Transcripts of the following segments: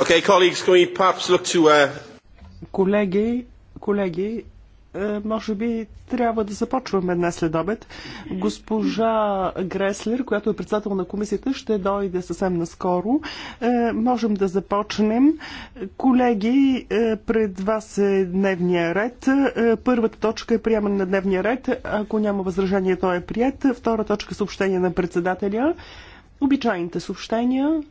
Okay, colleagues, can we perhaps look to... Uh... Колеги, колеги, е, може би трябва да започваме днес след обед. Госпожа Греслер, която е председател на комисията, ще дойде съвсем наскоро. Е, можем да започнем. Колеги, е, пред вас е дневния ред. Първата точка е приемане на дневния ред. Ако няма възражение, той е прият. Втора точка е съобщение на председателя. Обичайните съобщения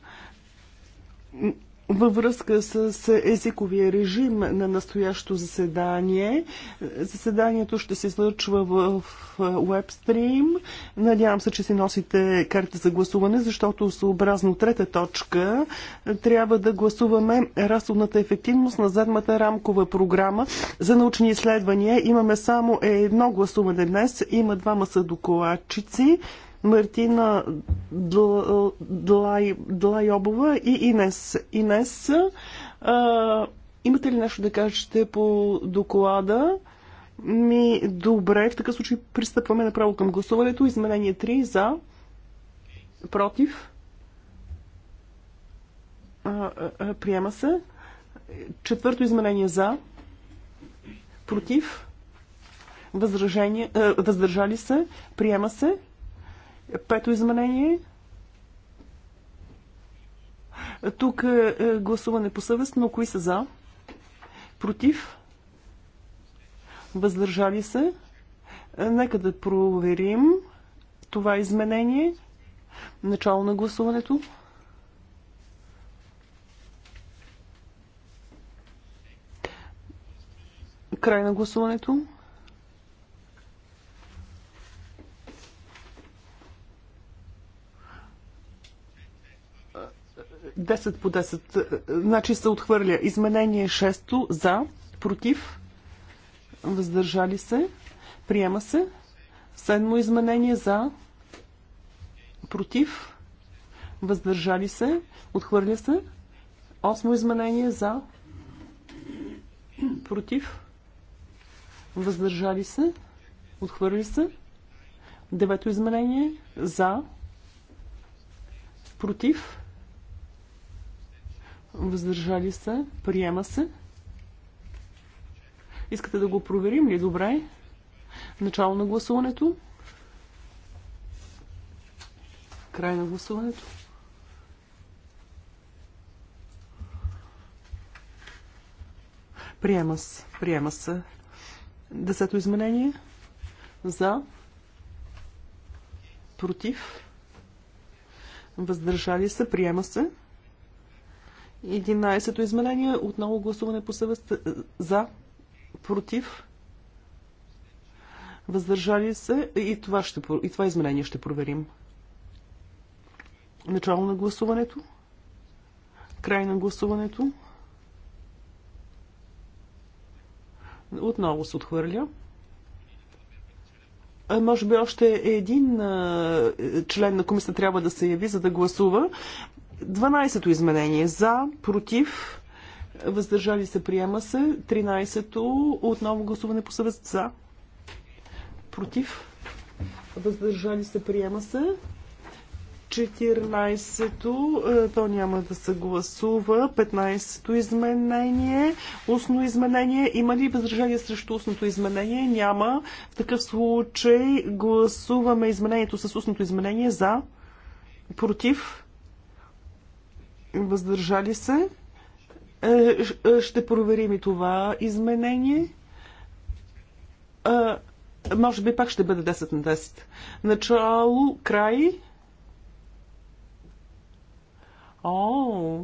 във връзка с езиковия режим на настоящото заседание. Заседанието ще се излъчва в WebStream. Надявам се, че си носите карта за гласуване, защото съобразно трета точка трябва да гласуваме разходната ефективност на задната рамкова програма за научни изследвания. Имаме само едно гласуване днес. Има двама са докладчици. Мартина Длайобова и Инес. Инес, а, имате ли нещо да кажете по доклада? Ми, добре, в такъв случай пристъпваме направо към гласуването. Изменение 3 за, против, а, а, приема се. Четвърто изменение за, против, възражение, а, въздържали се, приема се. Пето изменение. Тук е, е гласуване по съвест, но кои са за? Против? Въздържали се? Е, нека да проверим това изменение. Начало на гласуването. Край на гласуването. 10 по 10. Е, значи се отхвърля. Изменение 6 за, против, въздържали се, приема се. Седмо изменение за, против, въздържали се, отхвърля се. Осмо изменение за, против, въздържали се, отхвърли се. Девето изменение за, против, Въздържали се. Приема се. Искате да го проверим ли? Добре. Начало на гласуването. Край на гласуването. Приема се. Приема се. Десето изменение. За. Против. Въздържали се. Приема се. 11-то изменение, отново гласуване по съвест за, против, въздържали се и това, ще, и това изменение ще проверим. Начало на гласуването, край на гласуването, отново се отхвърля. Може би още един член на комисията трябва да се яви, за да гласува. 12-то изменение за, против, въздържали се, приема се. 13-то отново гласуване по съвест за, против, въздържали се, приема се. 14-то, е, то няма да се гласува. 15-то изменение, устно изменение. Има ли възражение срещу устното изменение? Няма. В такъв случай гласуваме изменението с устното изменение за, против, въздържали се. Е, е, ще проверим и това изменение. Е, може би пак ще бъде 10 на 10. Начало, край. О!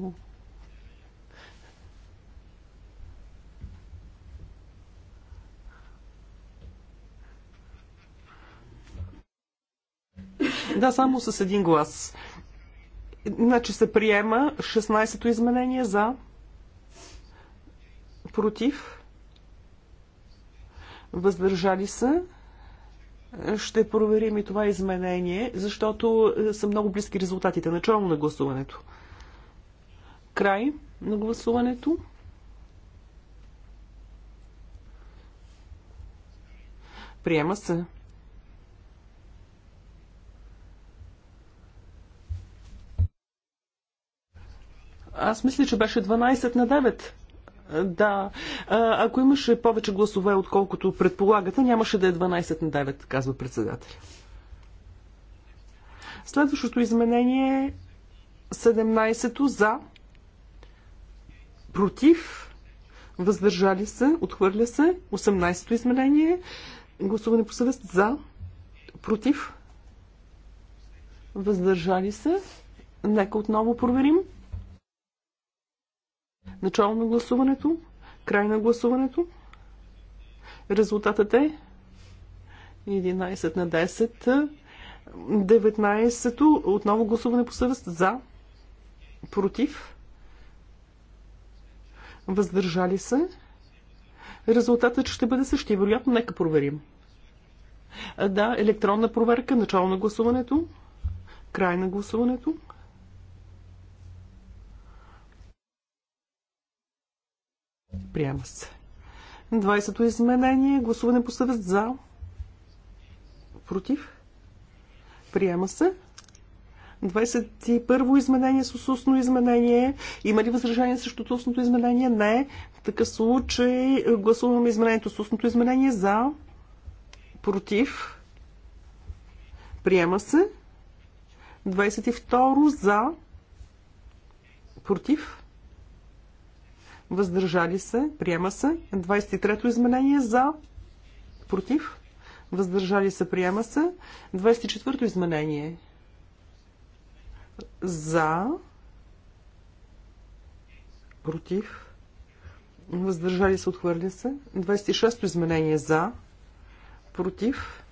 Да, само с един глас. Значи се приема 16-то изменение за против въздържали се. Ще проверим и това изменение, защото са много близки резултатите. Начало на гласуването. Край на гласуването. Приема се. Аз мисля, че беше 12 на 9. Да. Ако имаше повече гласове, отколкото предполагате, нямаше да е 12 на 9, казва председател. Следващото изменение 17-то е за против въздържали се, отхвърля се 18-то изменение гласуване по съвест за против въздържали се нека отново проверим Начало на гласуването. Край на гласуването. Резултатът е 11 на 10. 19-то отново гласуване по съвест за, против, въздържали се. Резултатът ще бъде същия. Вероятно, нека проверим. Да, електронна проверка, начало на гласуването, край на гласуването. Приема се. 20-то изменение. Гласуване по съвест за. Против. Приема се. 21-во изменение с устно изменение. Има ли възражение срещу устното изменение? Не. В такъв случай гласуваме изменението с устното изменение за. Против. Приема се. 22 за. Против въздържали се, приема се. 23-то изменение за, против, въздържали се, приема се. 24-то изменение за, против, въздържали се, отхвърля се. 26-то изменение за, против,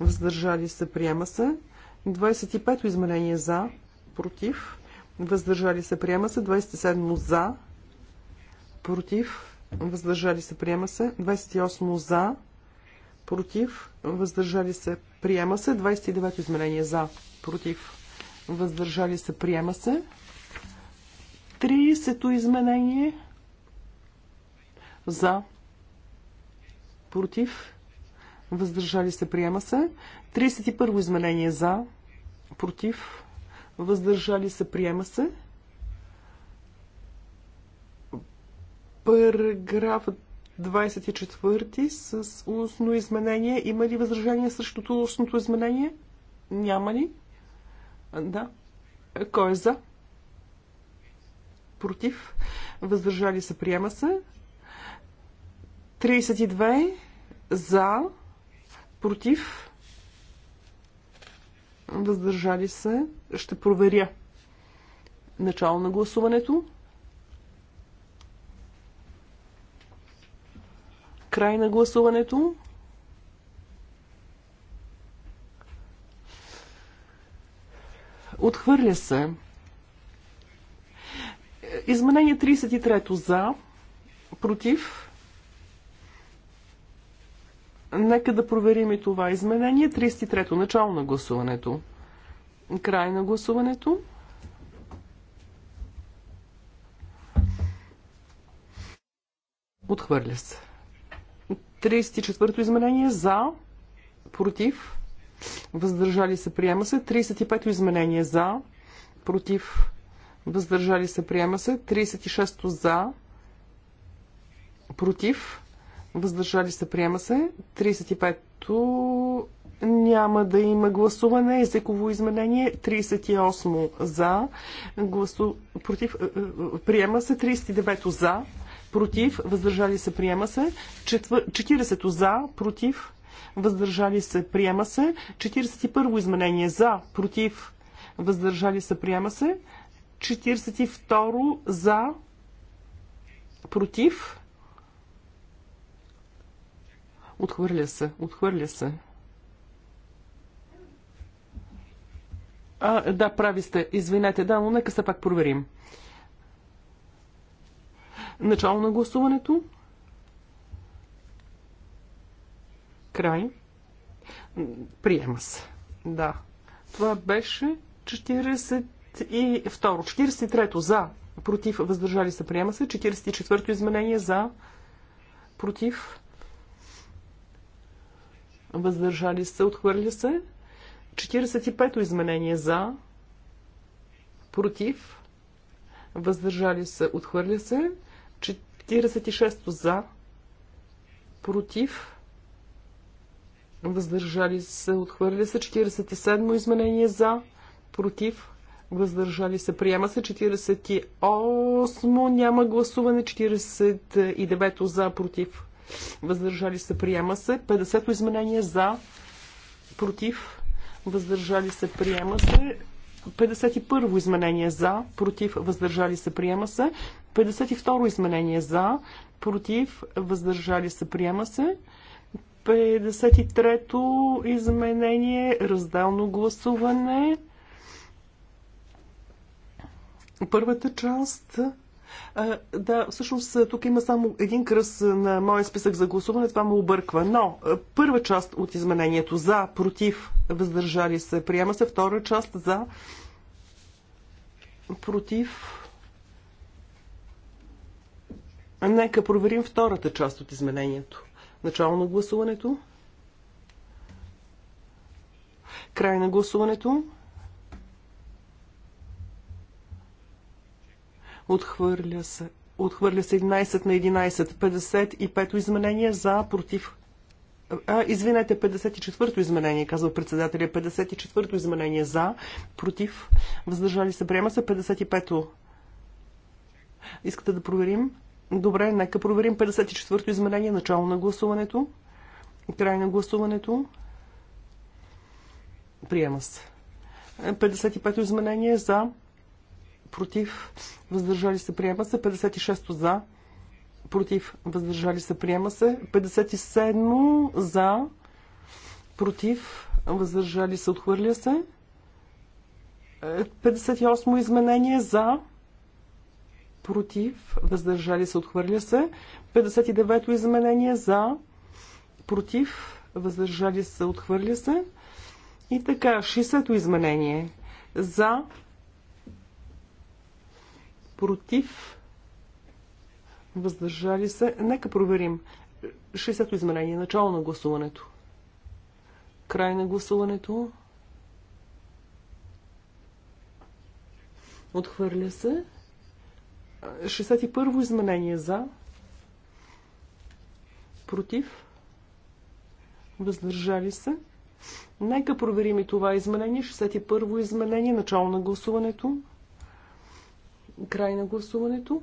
въздържали се, приема се. 25-то изменение за, против, въздържали се, приема се. 27-то за, против, въздържали се, приема се. 28 за, против, въздържали се, приема се. 29 измерение за, против, въздържали се, приема се. 30-то изменение за, против, въздържали се, приема се. 31-во изменение за, против, въздържали се, приема се. параграф 24 с устно изменение. Има ли възражение срещу устното изменение? Няма ли? Да. Кой е за? Против. Въздържали се. Приема се. 32 за. Против. Въздържали се. Ще проверя. Начало на гласуването. Край на гласуването. Отхвърля се. Изменение 33-то за, против. Нека да проверим и това изменение. 33-то начало на гласуването. Край на гласуването. Отхвърля се. 34-то изменение за, против, въздържали се, приема се. 35-то изменение за, против, въздържали се, приема се. 36-то за, против, въздържали се, приема се. 35-то няма да има гласуване. Езиково изменение 38 за, гласу... против, е, е, приема се 39 за, против, въздържали се, приема се. 40 за, против, въздържали се, приема се. 41 изменение за, против, въздържали се, приема се. 42 за, против, отхвърля се, отхвърля се. А, да, прави сте. Извинете, да, но нека се пак проверим. Начало на гласуването. Край. Приема се. Да. Това беше 42, 43 за, против, въздържали се, приема се. 44-то изменение за, против, въздържали се, отхвърля се. 45-то изменение за, против, въздържали се, отхвърля се. 46 за, против, въздържали се, отхвърля се. 47 изменение за, против, въздържали се, приема се. 48 няма гласуване. 49 за, против, въздържали се, приема се. 50 изменение за, против, въздържали се, приема се. 51 изменение за, против, въздържали се, приема се. 52 изменение за, против, въздържали се, приема се. 53-то изменение, разделно гласуване. Първата част да, всъщност тук има само един кръс на моя списък за гласуване, това му обърква. Но първа част от изменението за, против, въздържали се, приема се. Втора част за, против. Нека проверим втората част от изменението. Начало на гласуването. Край на гласуването. Отхвърля се. Отхвърля се 11 на 11. 55 изменение за против. А, извинете, 54-то изменение, казва председателя. 54-то изменение за против. Въздържали се. Приема се 55-то. Искате да проверим? Добре, нека проверим 54-то изменение, начало на гласуването, край на гласуването. Приема се. 55-то изменение за против, въздържали се, приема се. 56 за, против, въздържали се, приема се. 57 за, против, въздържали се, отхвърля се. 58 е, изменение за, против, въздържали се, отхвърля се. 59 изменение за, против, въздържали се, отхвърля се. И така, 60-то изменение за, против, въздържали се. Нека проверим. 60-то изменение, начало на гласуването. Край на гласуването. Отхвърля се. 61-во изменение за. Против. Въздържали се. Нека проверим и това изменение. 61-во изменение, начало на гласуването. Край на гласуването.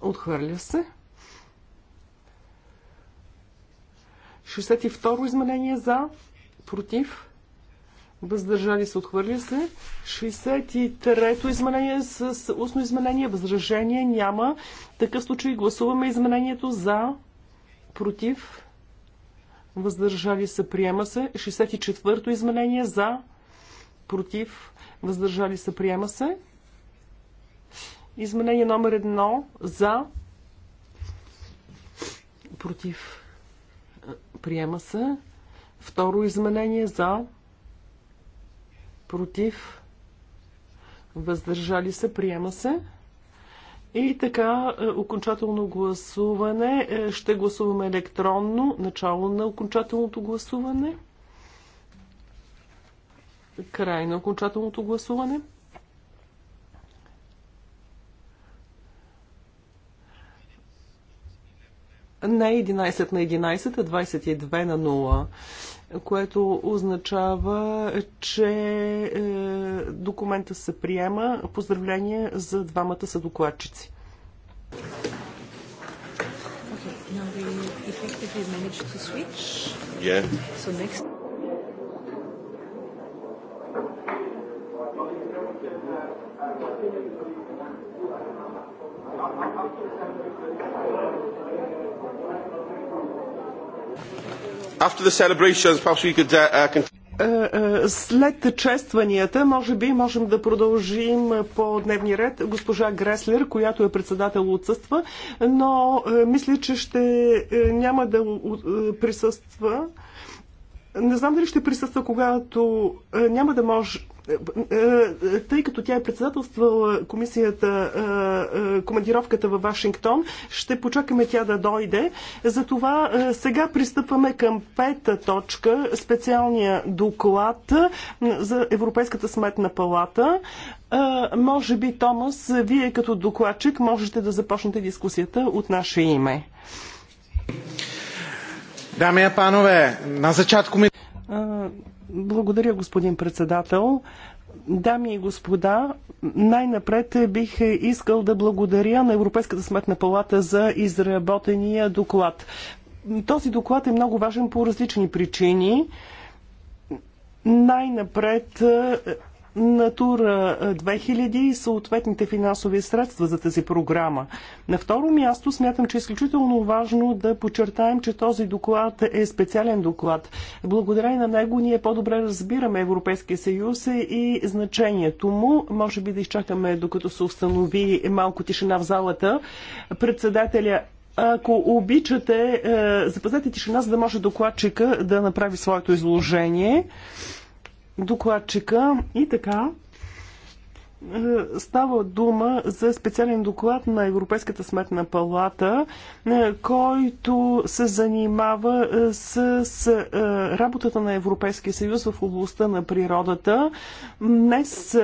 Отхвърля се. 62 изменение за, против, въздържали се, отхвърля се. 63-то изменение с устно изменение, възражение няма. В такъв случай гласуваме изменението за, против, въздържали се, приема се. 64-то изменение за, против, въздържали се, приема се. Изменение номер едно за, против, приема се. Второ изменение за, против, въздържали се, приема се. И така, е, окончателно гласуване. Е, ще гласуваме електронно начало на окончателното гласуване. Край на окончателното гласуване. не 11 на 11, а 22 на 0, което означава, че е, документа се приема. Поздравление за двамата са докладчици. Okay, now we effectively managed to switch. Yeah. So next. After the celebrations, perhaps we could uh, uh continue е, е, след честванията, може би можем да продължим по дневни ред. Госпожа Греслер, която е председател, отсъства, но е, мисля, че ще няма да присъства. Не знам дали ще присъства, когато няма да може е, е, тъй като тя е председателствала комисията е, командировката във Вашингтон, ще почакаме тя да дойде. Затова сега пристъпваме към пета точка, специалния доклад за Европейската сметна палата. Може би, Томас, вие като докладчик можете да започнете дискусията от наше име. Дами и панове, на зачатку ми... Благодаря, господин председател. Дами и господа, най-напред бих искал да благодаря на Европейската сметна палата за изработения доклад. Този доклад е много важен по различни причини. Най-напред Натура 2000 и съответните финансови средства за тази програма. На второ място смятам, че е изключително важно да подчертаем, че този доклад е специален доклад. Благодарение на него ние по-добре разбираме Европейския съюз и значението му. Може би да изчакаме докато се установи малко тишина в залата. Председателя ако обичате, е, запазете тишина, за да може докладчика да направи своето изложение докладчика и така. Е, става дума за специален доклад на Европейската сметна палата, е, който се занимава е, с, работата на Европейския съюз в областта на природата. Днес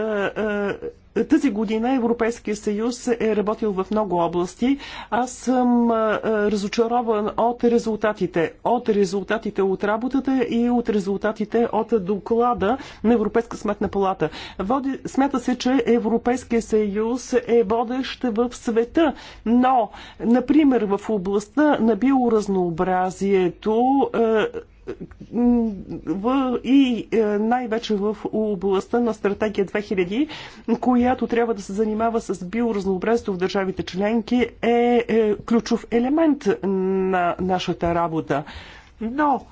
тази година Европейския съюз е работил в много области. Аз съм разочарован от резултатите. От резултатите от работата и от резултатите от доклада на Европейска сметна палата. Води, смята се, че Европейския съюз е водещ в света, но, например, в областта на биоразнообразието в, и е, най-вече в областта на стратегия 2000, която трябва да се занимава с биоразнообразието в държавите членки, е, е ключов елемент на нашата работа. Но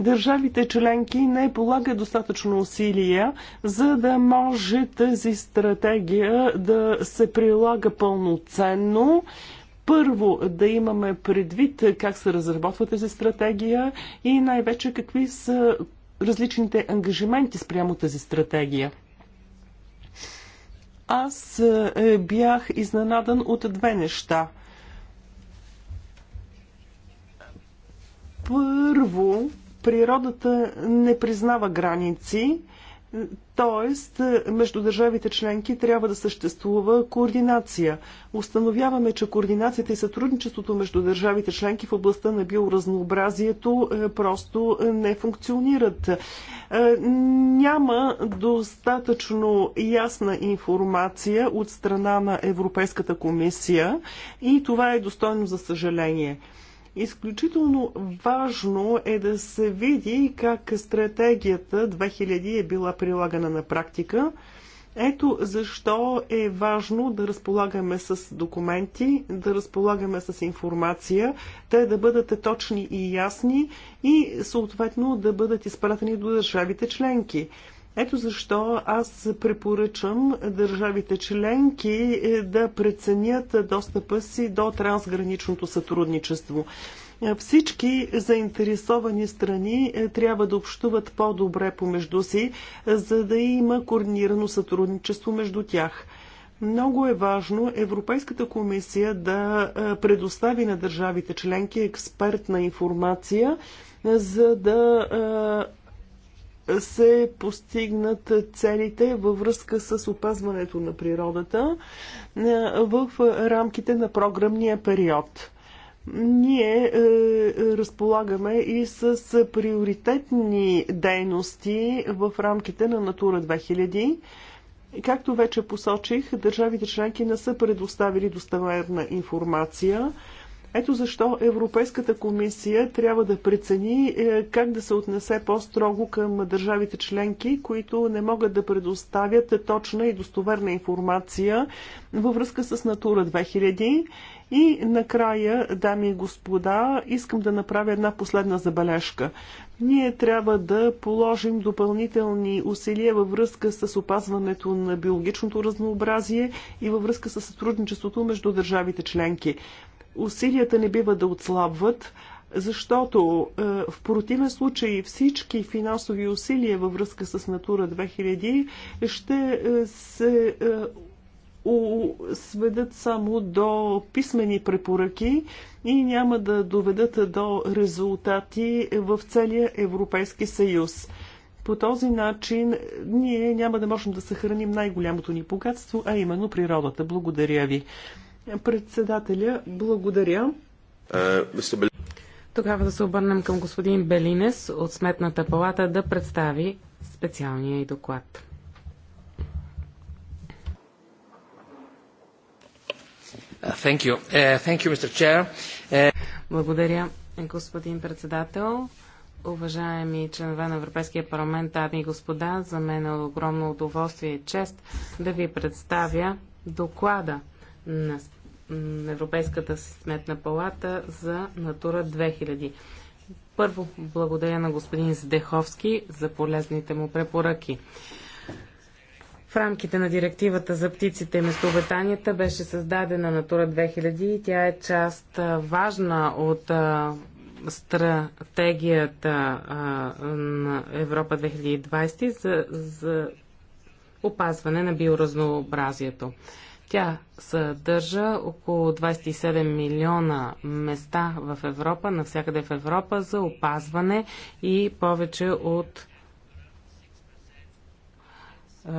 държавите членки не полагат достатъчно усилия, за да може тази стратегия да се прилага пълноценно първо да имаме предвид как се разработва тази стратегия и най-вече какви са различните ангажименти спрямо тази стратегия. Аз е, бях изненадан от две неща. Първо, природата не признава граници. Тоест, е, между държавите членки трябва да съществува координация. Установяваме, че координацията и сътрудничеството между държавите членки в областта на биоразнообразието е, просто е, не функционират. Няма достатъчно ясна информация от страна на Европейската комисия и това е достойно за съжаление. Изключително важно е да се види как стратегията 2000 е била прилагана на практика. Ето защо е важно да разполагаме с документи, да разполагаме с информация, те да бъдат точни и ясни и съответно да бъдат изпратени до държавите членки. Ето защо аз препоръчам държавите членки е, да преценят достъпа си до трансграничното сътрудничество. Е, всички заинтересовани страни е, трябва да общуват по-добре помежду си, за да има координирано сътрудничество между тях. Много е важно Европейската комисия да предостави на държавите членки експертна информация, за да се постигнат целите във връзка с опазването на природата е, в рамките на програмния период ние е, разполагаме и с приоритетни дейности в рамките на Натура 2000. Както вече посочих, държавите членки не са предоставили достоверна информация. Ето защо Европейската комисия трябва да прецени е, как да се отнесе по-строго към държавите членки, които не могат да предоставят точна и достоверна информация във връзка с Натура 2000. И накрая, дами и господа, искам да направя една последна забележка. Ние трябва да положим допълнителни усилия във връзка с опазването на биологичното разнообразие и във връзка с сътрудничеството между държавите членки усилията не бива да отслабват, защото е, в противен случай всички финансови усилия във връзка с Натура 2000 ще е, се е, сведат само до писмени препоръки и няма да доведат до резултати в целия Европейски съюз. По този начин ние няма да можем да съхраним най-голямото ни богатство, а именно природата. Благодаря ви. Председателя, благодаря. Е, Тогава да се обърнем към господин Белинес от Сметната палата да представи специалния и доклад. Uh, thank you. Uh, thank you, uh, Благодаря, господин председател. Уважаеми членове на Европейския парламент, дами и господа, за мен е огромно удоволствие и чест да ви представя доклада на Европейската сметна палата за Натура 2000. Първо, благодаря на господин Здеховски за полезните му препоръки. В рамките на директивата за птиците и местообитанията беше създадена Натура 2000 и тя е част важна от стратегията на Европа 2020 за, за опазване на биоразнообразието. Тя съдържа около 27 милиона места в Европа, навсякъде в Европа, за опазване и повече от е,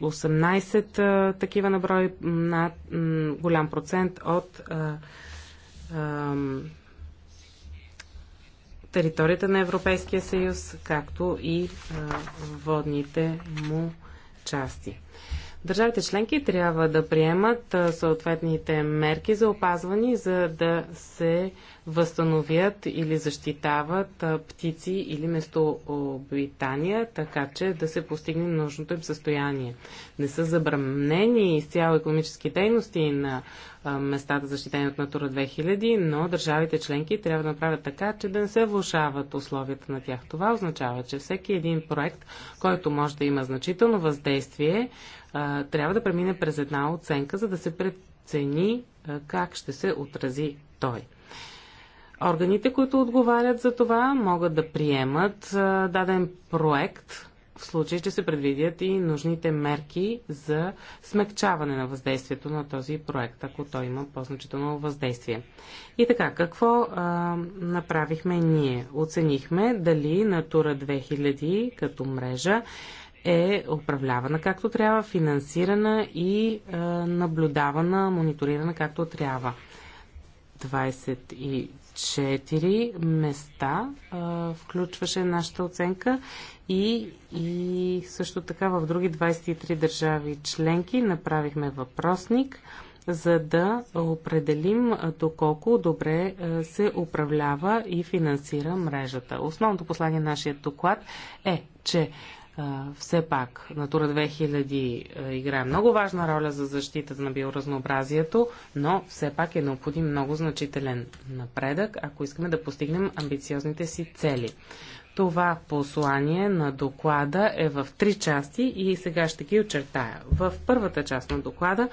18 такива наброи на голям процент от е, е, територията на Европейския съюз, както и водните му части. Държавите членки трябва да приемат съответните мерки за опазване, за да се възстановят или защитават птици или местообитания, така че да се постигне нужното им състояние. Не са забранени изцяло економически дейности на местата защитени от Натура 2000, но държавите членки трябва да направят така, че да не се влушават условията на тях. Това означава, че всеки един проект, който може да има значително въздействие, трябва да премине през една оценка, за да се прецени как ще се отрази той органите, които отговарят за това, могат да приемат даден проект, в случай че се предвидят и нужните мерки за смягчаване на въздействието на този проект, ако той има по-значително въздействие. И така, какво а, направихме ние? Оценихме дали Натура 2000 като мрежа е управлявана както трябва, финансирана и а, наблюдавана, мониторирана както трябва четири места а, включваше нашата оценка и, и също така в други 23 държави членки направихме въпросник, за да определим доколко добре се управлява и финансира мрежата. Основното послание на нашия доклад е, че все пак Натура 2000 играе много важна роля за защитата на биоразнообразието, но все пак е необходим много значителен напредък, ако искаме да постигнем амбициозните си цели. Това послание на доклада е в три части и сега ще ги очертая. В първата част на доклада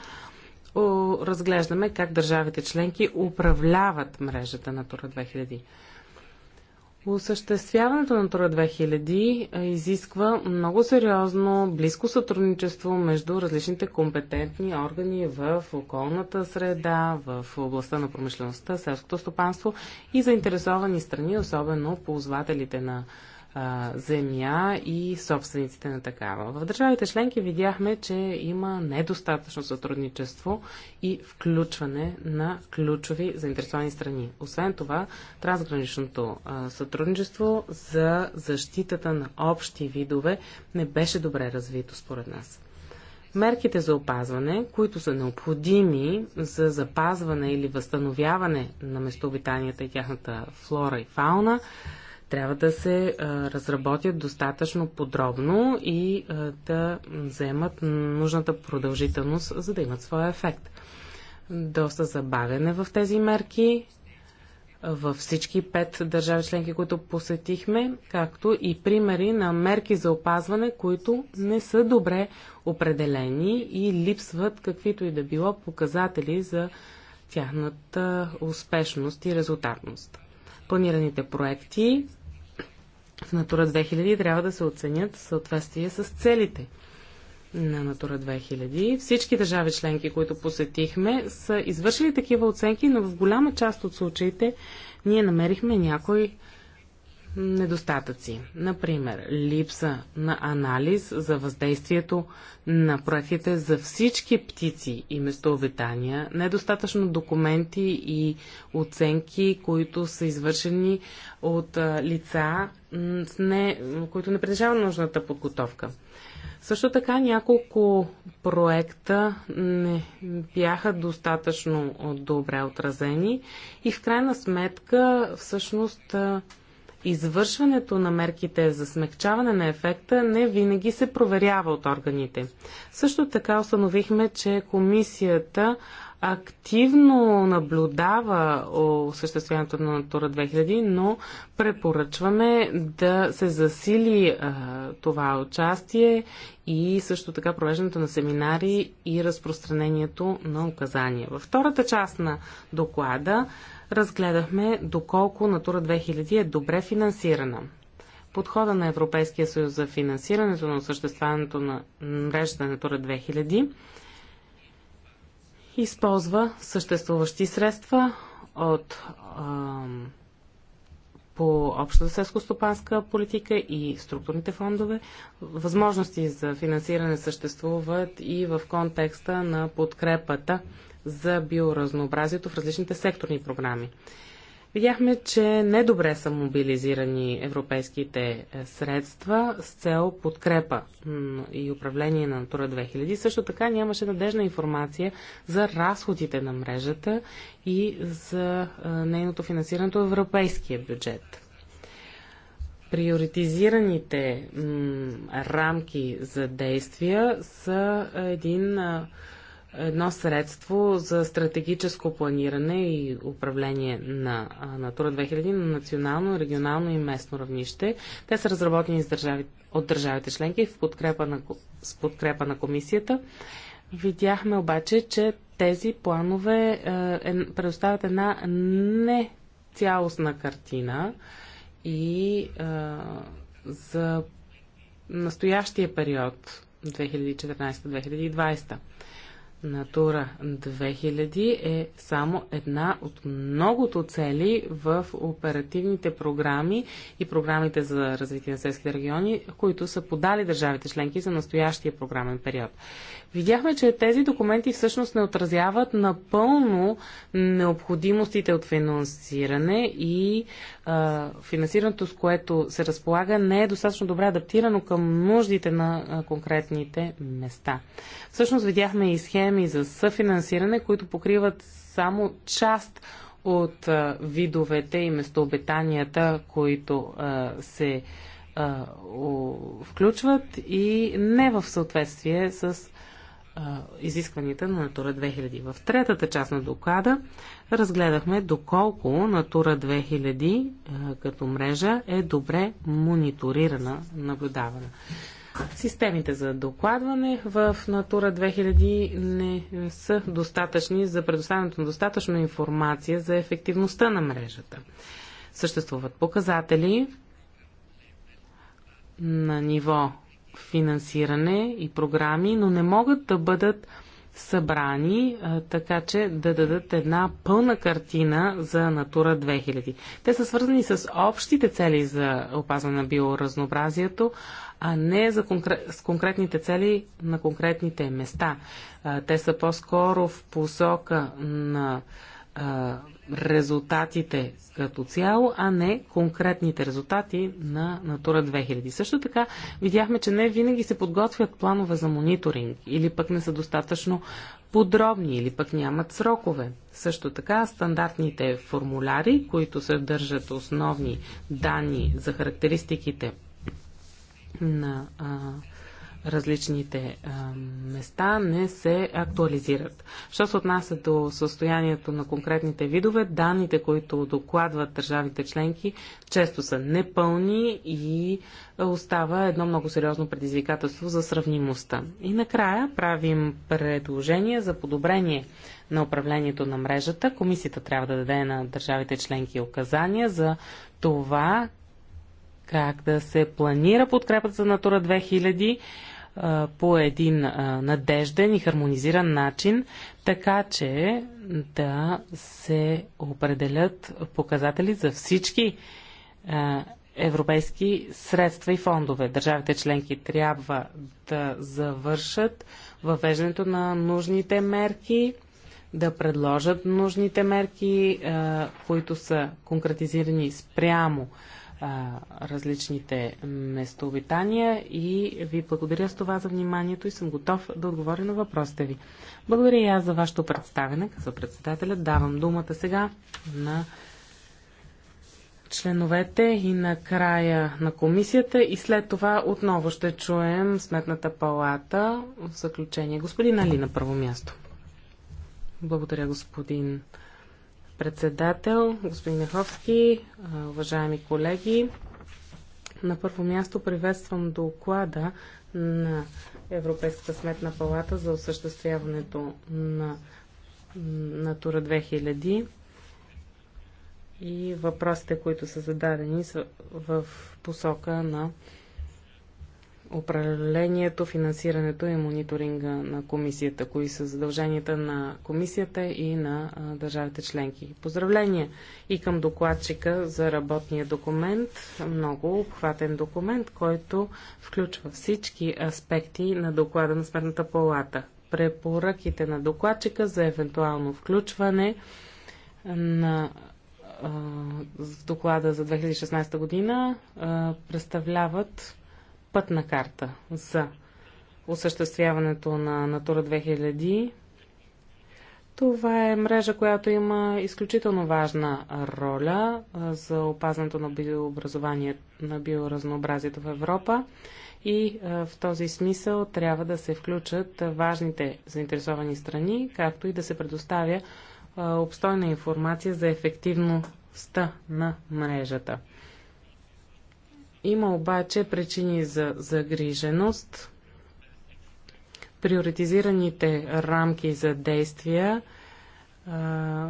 разглеждаме как държавите членки управляват мрежата Натура 2000. Осъществяването на Тура 2000 изисква много сериозно, близко сътрудничество между различните компетентни органи в околната среда, в областта на промишлеността, селското стопанство и заинтересовани страни, особено ползвателите на а, земя и собствениците на такава. В държавите членки видяхме, че има недостатъчно сътрудничество и включване на ключови заинтересовани страни. Освен това, трансграничното а, сътрудничество за защитата на общи видове не беше добре развито според нас. Мерките за опазване, които са необходими за запазване или възстановяване на местообитанията и тяхната флора и фауна, трябва да се разработят достатъчно подробно и да вземат нужната продължителност, за да имат своя ефект. Доста забавяне в тези мерки във всички пет държави членки, които посетихме, както и примери на мерки за опазване, които не са добре определени и липсват каквито и да било показатели за тяхната успешност и резултатност планираните проекти в Натура 2000 трябва да се оценят в съответствие с целите на Натура 2000. Всички държави членки, които посетихме, са извършили такива оценки, но в голяма част от случаите ние намерихме някои недостатъци. Например, липса на анализ за въздействието на проектите за всички птици и местообитания, недостатъчно документи и оценки, които са извършени от лица, не, които не притежават нужната подготовка. Също така няколко проекта не бяха достатъчно добре отразени и в крайна сметка всъщност извършването на мерките за смягчаване на ефекта не винаги се проверява от органите. Също така установихме, че комисията активно наблюдава осъществяването на Натура 2000, но препоръчваме да се засили а, това участие и също така провеждането на семинари и разпространението на указания. Във втората част на доклада разгледахме доколко Натура 2000 е добре финансирана. Подхода на Европейския съюз за финансирането на осъществяването на мрежата Натура 2000 използва съществуващи средства от а, по общата селско-стопанска политика и структурните фондове. Възможности за финансиране съществуват и в контекста на подкрепата за биоразнообразието в различните секторни програми. Видяхме, че недобре са мобилизирани европейските е, средства с цел подкрепа и управление на Натура 2000. Също така нямаше надежна информация за разходите на мрежата и за е, нейното финансирането в европейския бюджет. Приоритизираните рамки за действия са един е, едно средство за стратегическо планиране и управление на Натура 2000 на национално, регионално и местно равнище. Те са разработени държави, от държавите членки в подкрепа на, с подкрепа на комисията. Видяхме обаче, че тези планове е, е предоставят една не цялостна картина и е, за настоящия период 2014-2020. Натура 2000 е само една от многото цели в оперативните програми и програмите за развитие на селските региони, които са подали държавите членки за настоящия програмен период. Видяхме, че тези документи всъщност не отразяват напълно необходимостите от финансиране и финансирането, с което се разполага, не е достатъчно добре адаптирано към нуждите на конкретните места. Всъщност видяхме и схеми за съфинансиране, които покриват само част от видовете и местообитанията, които се включват и не в съответствие с изискванията на Натура 2000. В третата част на доклада разгледахме доколко Натура 2000 като мрежа е добре мониторирана, наблюдавана. Системите за докладване в Натура 2000 не са достатъчни за предоставянето на достатъчно информация за ефективността на мрежата. Съществуват показатели на ниво финансиране и програми, но не могат да бъдат събрани, така че да дадат една пълна картина за Натура 2000. Те са свързани с общите цели за опазване на биоразнообразието, а не за конкрет, с конкретните цели на конкретните места. Те са по-скоро в посока на резултатите като цяло, а не конкретните резултати на Натура 2000. Също така видяхме, че не винаги се подготвят планове за мониторинг или пък не са достатъчно подробни или пък нямат срокове. Също така стандартните формуляри, които съдържат основни данни за характеристиките на а, различните а, места не се актуализират. Що се отнася до състоянието на конкретните видове, данните, които докладват държавите членки, често са непълни и остава едно много сериозно предизвикателство за сравнимостта. И накрая правим предложение за подобрение на управлението на мрежата. Комисията трябва да даде на държавите членки указания за това как да се планира подкрепата за Натура 2000 по един надежден и хармонизиран начин, така че да се определят показатели за всички европейски средства и фондове. Държавите членки трябва да завършат въвеждането на нужните мерки, да предложат нужните мерки, които са конкретизирани спрямо различните местообитания и ви благодаря с това за вниманието и съм готов да отговоря на въпросите ви. Благодаря и аз за вашето представене, като председателя. Давам думата сега на членовете и на края на комисията и след това отново ще чуем Сметната палата в заключение. Господин Али на първо място. Благодаря, господин председател, господин Миховски, уважаеми колеги. На първо място приветствам доклада на Европейската сметна палата за осъществяването на Натура 2000 и въпросите, които са зададени в посока на управлението, финансирането и мониторинга на комисията, кои са задълженията на комисията и на държавите членки. Поздравления и към докладчика за работния документ, много обхватен документ, който включва всички аспекти на доклада на Сметната палата. Препоръките на докладчика за евентуално включване на в доклада за 2016 година представляват пътна карта за осъществяването на Натура 2000. Това е мрежа, която има изключително важна роля за опазването на биообразование, на биоразнообразието в Европа и в този смисъл трябва да се включат важните заинтересовани страни, както и да се предоставя обстойна информация за ефективността на мрежата. Има обаче причини за загриженост. Приоритизираните рамки за действия а,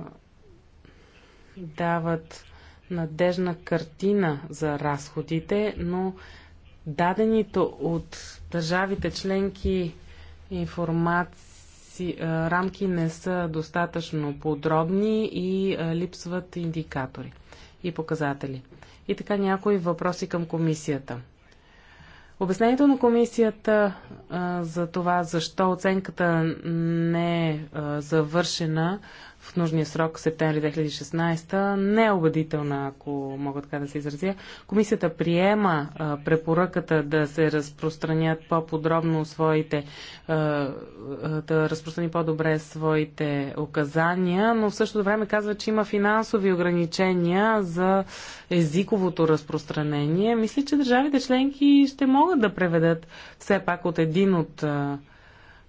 дават надежна картина за разходите, но дадените от държавите членки информации, рамки не са достатъчно подробни и липсват индикатори и показатели. И така някои въпроси към комисията. Обяснението на комисията а, за това защо оценката не е а, завършена в нужния срок септември 2016, не е убедителна, ако мога така да се изразя. Комисията приема а, препоръката да се разпространят по-подробно своите, а, да разпространи по-добре своите указания, но в същото време казва, че има финансови ограничения за езиковото разпространение. Мисля, че държавите членки ще могат да преведат все пак от един от а,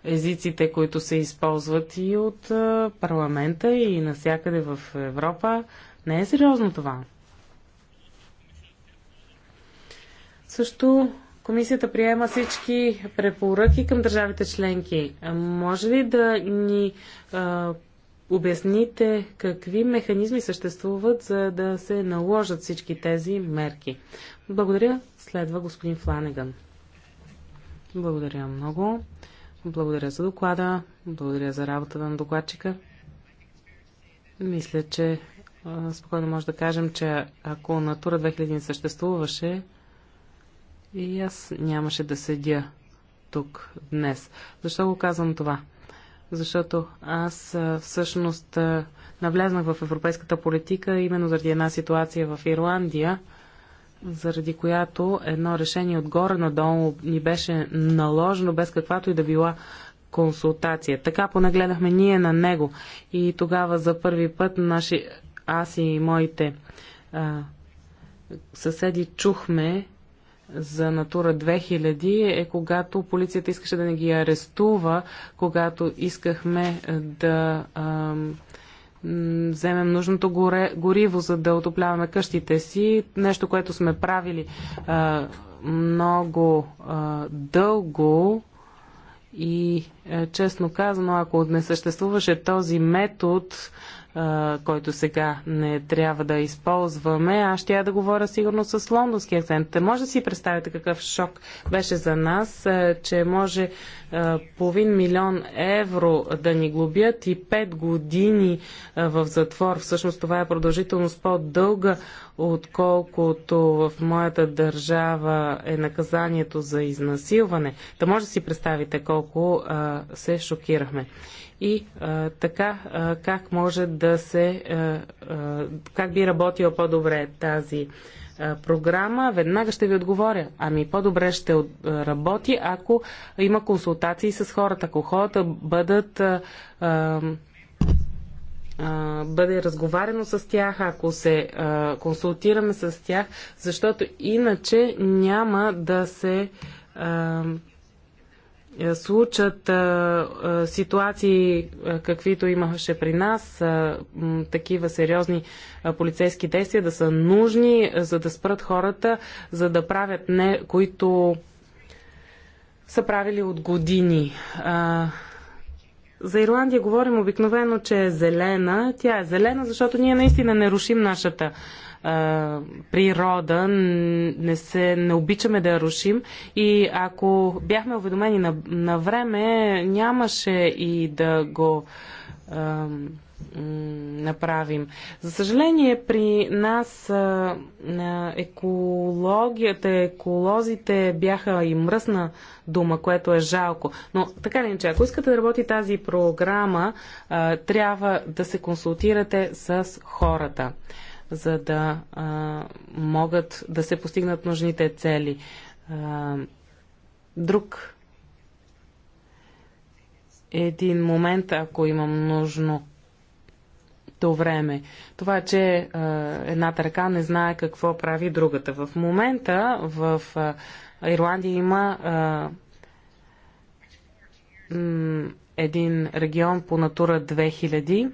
езиците, които се използват и от парламента и навсякъде в Европа. Не е сериозно това. Също комисията приема всички препоръки към държавите членки. Може ли да ни а, обясните какви механизми съществуват, за да се наложат всички тези мерки? Благодаря. Следва господин Фланеган. Благодаря много. Благодаря за доклада, благодаря за работата на докладчика. Мисля, че спокойно може да кажем, че ако Натура 2000 съществуваше, и аз нямаше да седя тук днес. Защо го казвам това? Защото аз всъщност навлязнах в европейската политика именно заради една ситуация в Ирландия, заради която едно решение отгоре надолу ни беше наложено без каквато и да била консултация. Така понагледахме ние на него и тогава за първи път наши, аз и моите а, съседи чухме за Натура 2000 е когато полицията искаше да не ги арестува, когато искахме да а, вземем нужното горе, гориво, за да отопляваме къщите си. Нещо, което сме правили а, много а, дълго и а, е, честно казано, ако не съществуваше този метод който сега не трябва да използваме, аз ще я да говоря сигурно с лондонски акцент. Може да си представите какъв шок беше за нас, че може половин милион евро да ни глобят и 5 години в затвор. Всъщност това е продължителност по-дълга, отколкото в моята държава е наказанието за изнасилване. Та може да си представите колко се шокирахме и а, така а, как може да се. А, а, как би работила по-добре тази а, програма? Веднага ще ви отговоря. Ами по-добре ще от, а, работи, ако има консултации с хората, ако хората бъдат. А, а, бъде разговарено с тях, ако се консултираме с тях, защото иначе няма да се а, е, случат а, е, а, е, ситуации, а, каквито имаше при нас, м, такива сериозни полицейски действия да са нужни, за да спрат хората, за да правят не, които са правили от години. За Ирландия говорим обикновено, че е зелена. Тя е зелена, защото ние наистина не рушим нашата природа, не, се, не обичаме да я рушим и ако бяхме уведомени на, на време, нямаше и да го а, направим. За съжаление, при нас а, екологията, еколозите бяха и мръсна дума, което е жалко. Но така ли иначе, ако искате да работи тази програма, а, трябва да се консултирате с хората за да а, могат да се постигнат нужните цели. А, друг един момент, ако имам нужно то време. Това, че е, едната ръка не знае какво прави другата. В момента в е, Ирландия има е, един регион по Натура 2000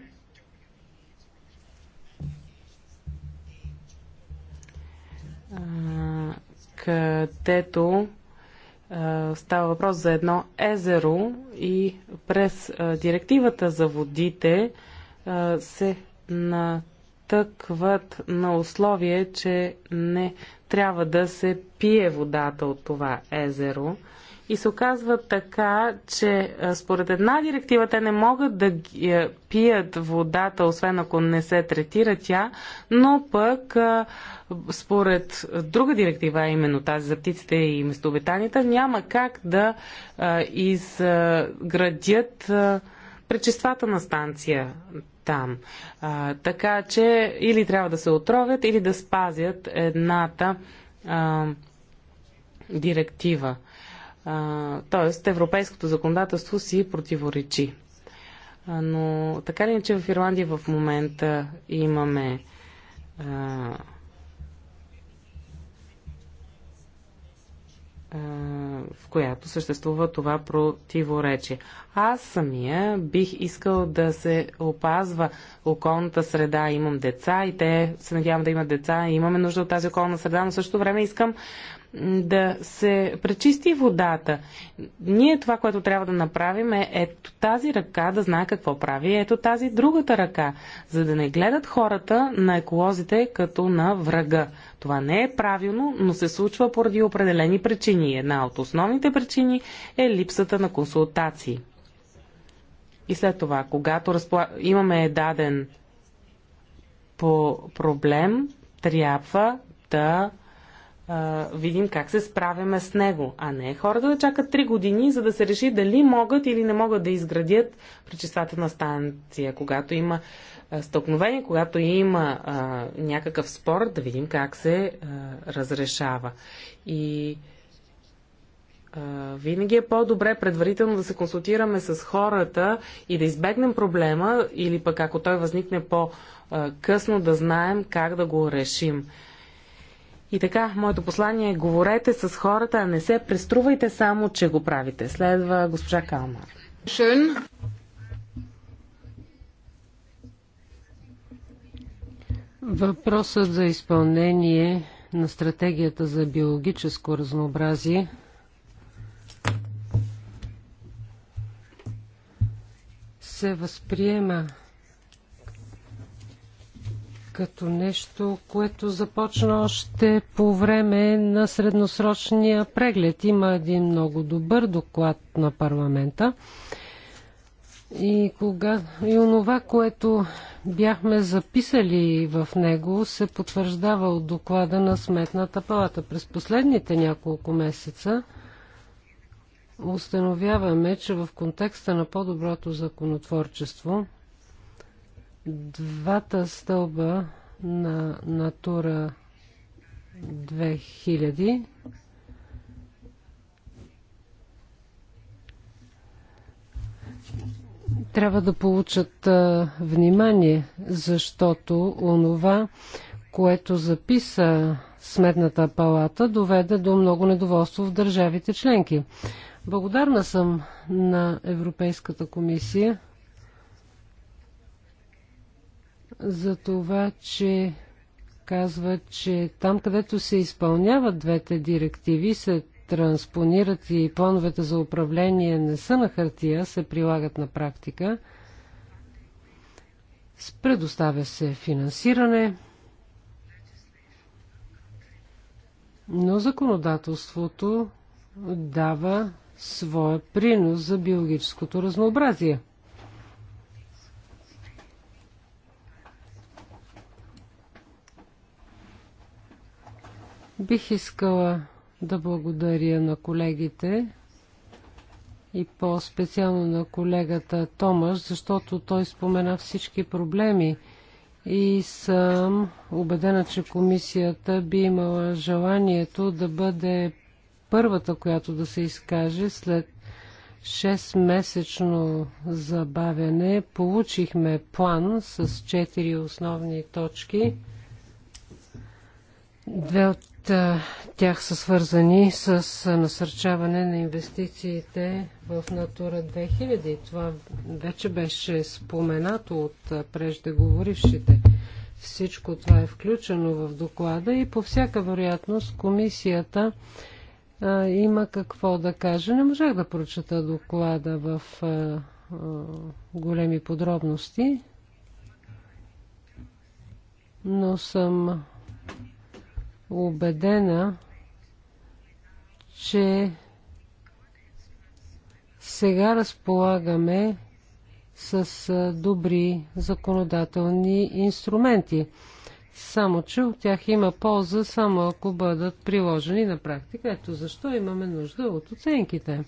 където става въпрос за едно езеро и през директивата за водите се натъкват на условие, че не трябва да се пие водата от това езеро. И се оказва така, че според една директива те не могат да пият водата, освен ако не се третира тя, но пък според друга директива, именно тази за птиците и местообитаните, няма как да изградят пречиствателна станция там. А, така че или трябва да се отровят, или да спазят едната а, директива. Тоест, европейското законодателство си противоречи. Но така ли че в Ирландия в момента имаме в която съществува това противоречие. Аз самия бих искал да се опазва околната среда. Имам деца и те се надявам да имат деца. Имаме нужда от тази околна среда, но също време искам да се пречисти водата. Ние това, което трябва да направим е ето тази ръка да знае какво прави, ето тази другата ръка, за да не гледат хората на еколозите като на врага. Това не е правилно, но се случва поради определени причини. Една от основните причини е липсата на консултации. И след това, когато разпла... имаме даден по проблем, трябва да видим как се справяме с него, а не хората да чакат 3 години, за да се реши дали могат или не могат да изградят пречиствателна станция, когато има стълкновение, когато има а, някакъв спор, да видим как се а, разрешава. И винаги е по-добре предварително да се консултираме с хората и да избегнем проблема, или пък ако той възникне по-късно, да знаем как да го решим. И така, моето послание е говорете с хората, а не се преструвайте само, че го правите. Следва госпожа Калмар. Шън. Въпросът за изпълнение на стратегията за биологическо разнообразие се възприема като нещо, което започна още по време на средносрочния преглед. Има един много добър доклад на парламента. И, кога... и онова, което бяхме записали в него, се потвърждава от доклада на Сметната палата. През последните няколко месеца установяваме, че в контекста на по-доброто законотворчество Двата стълба на Натура 2000 трябва да получат а, внимание, защото онова, което записа Сметната палата, доведе до много недоволство в държавите членки. Благодарна съм на Европейската комисия за това, че казва, че там, където се изпълняват двете директиви, се транспонират и плановете за управление не са на хартия, се прилагат на практика. Предоставя се финансиране, но законодателството дава своя принос за биологическото разнообразие. Бих искала да благодаря на колегите и по-специално на колегата Томаш, защото той спомена всички проблеми и съм убедена, че комисията би имала желанието да бъде първата, която да се изкаже след 6-месечно забавяне. Получихме план с 4 основни точки. Две от тях са свързани с насърчаване на инвестициите в Натура 2000. Това вече беше споменато от преждеговорившите. Всичко това е включено в доклада и по всяка вероятност комисията а, има какво да каже. Не можах да прочета доклада в а, а, големи подробности, но съм убедена, че сега разполагаме с добри законодателни инструменти. Само, че от тях има полза само ако бъдат приложени на практика. Ето защо имаме нужда от оценките.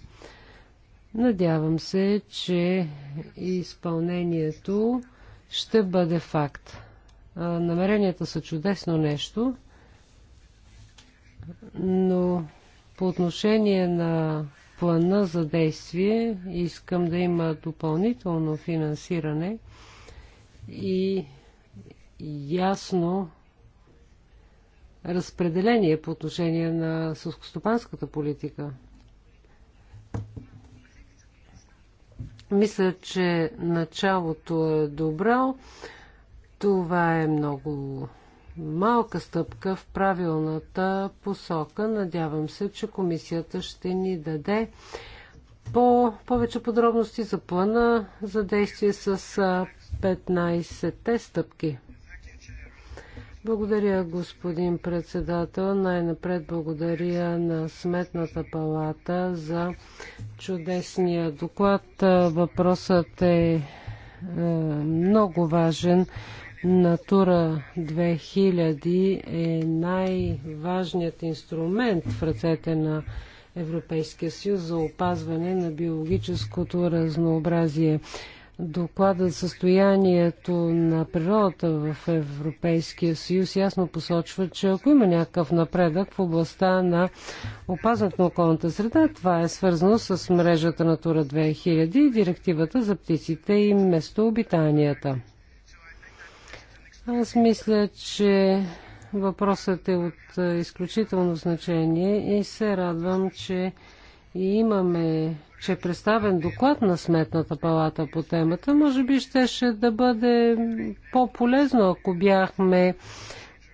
Надявам се, че изпълнението ще бъде факт. Намеренията са чудесно нещо. Но по отношение на плана за действие искам да има допълнително финансиране и ясно разпределение по отношение на сълскостопанската политика. Мисля, че началото е добро. Това е много малка стъпка в правилната посока. Надявам се, че комисията ще ни даде по повече подробности за плана за действие с 15-те стъпки. Благодаря, господин председател. Най-напред благодаря на Сметната палата за чудесния доклад. Въпросът е, е много важен Натура 2000 е най-важният инструмент в ръцете на Европейския съюз за опазване на биологическото разнообразие. Докладът състоянието на природата в Европейския съюз ясно посочва, че ако има някакъв напредък в областта на опазването на околната среда, това е свързано с мрежата Натура 2000 и директивата за птиците и местообитанията. Аз мисля, че въпросът е от е, изключително значение и се радвам, че и имаме, че е представен доклад на Сметната палата по темата. Може би щеше да бъде по-полезно, ако бяхме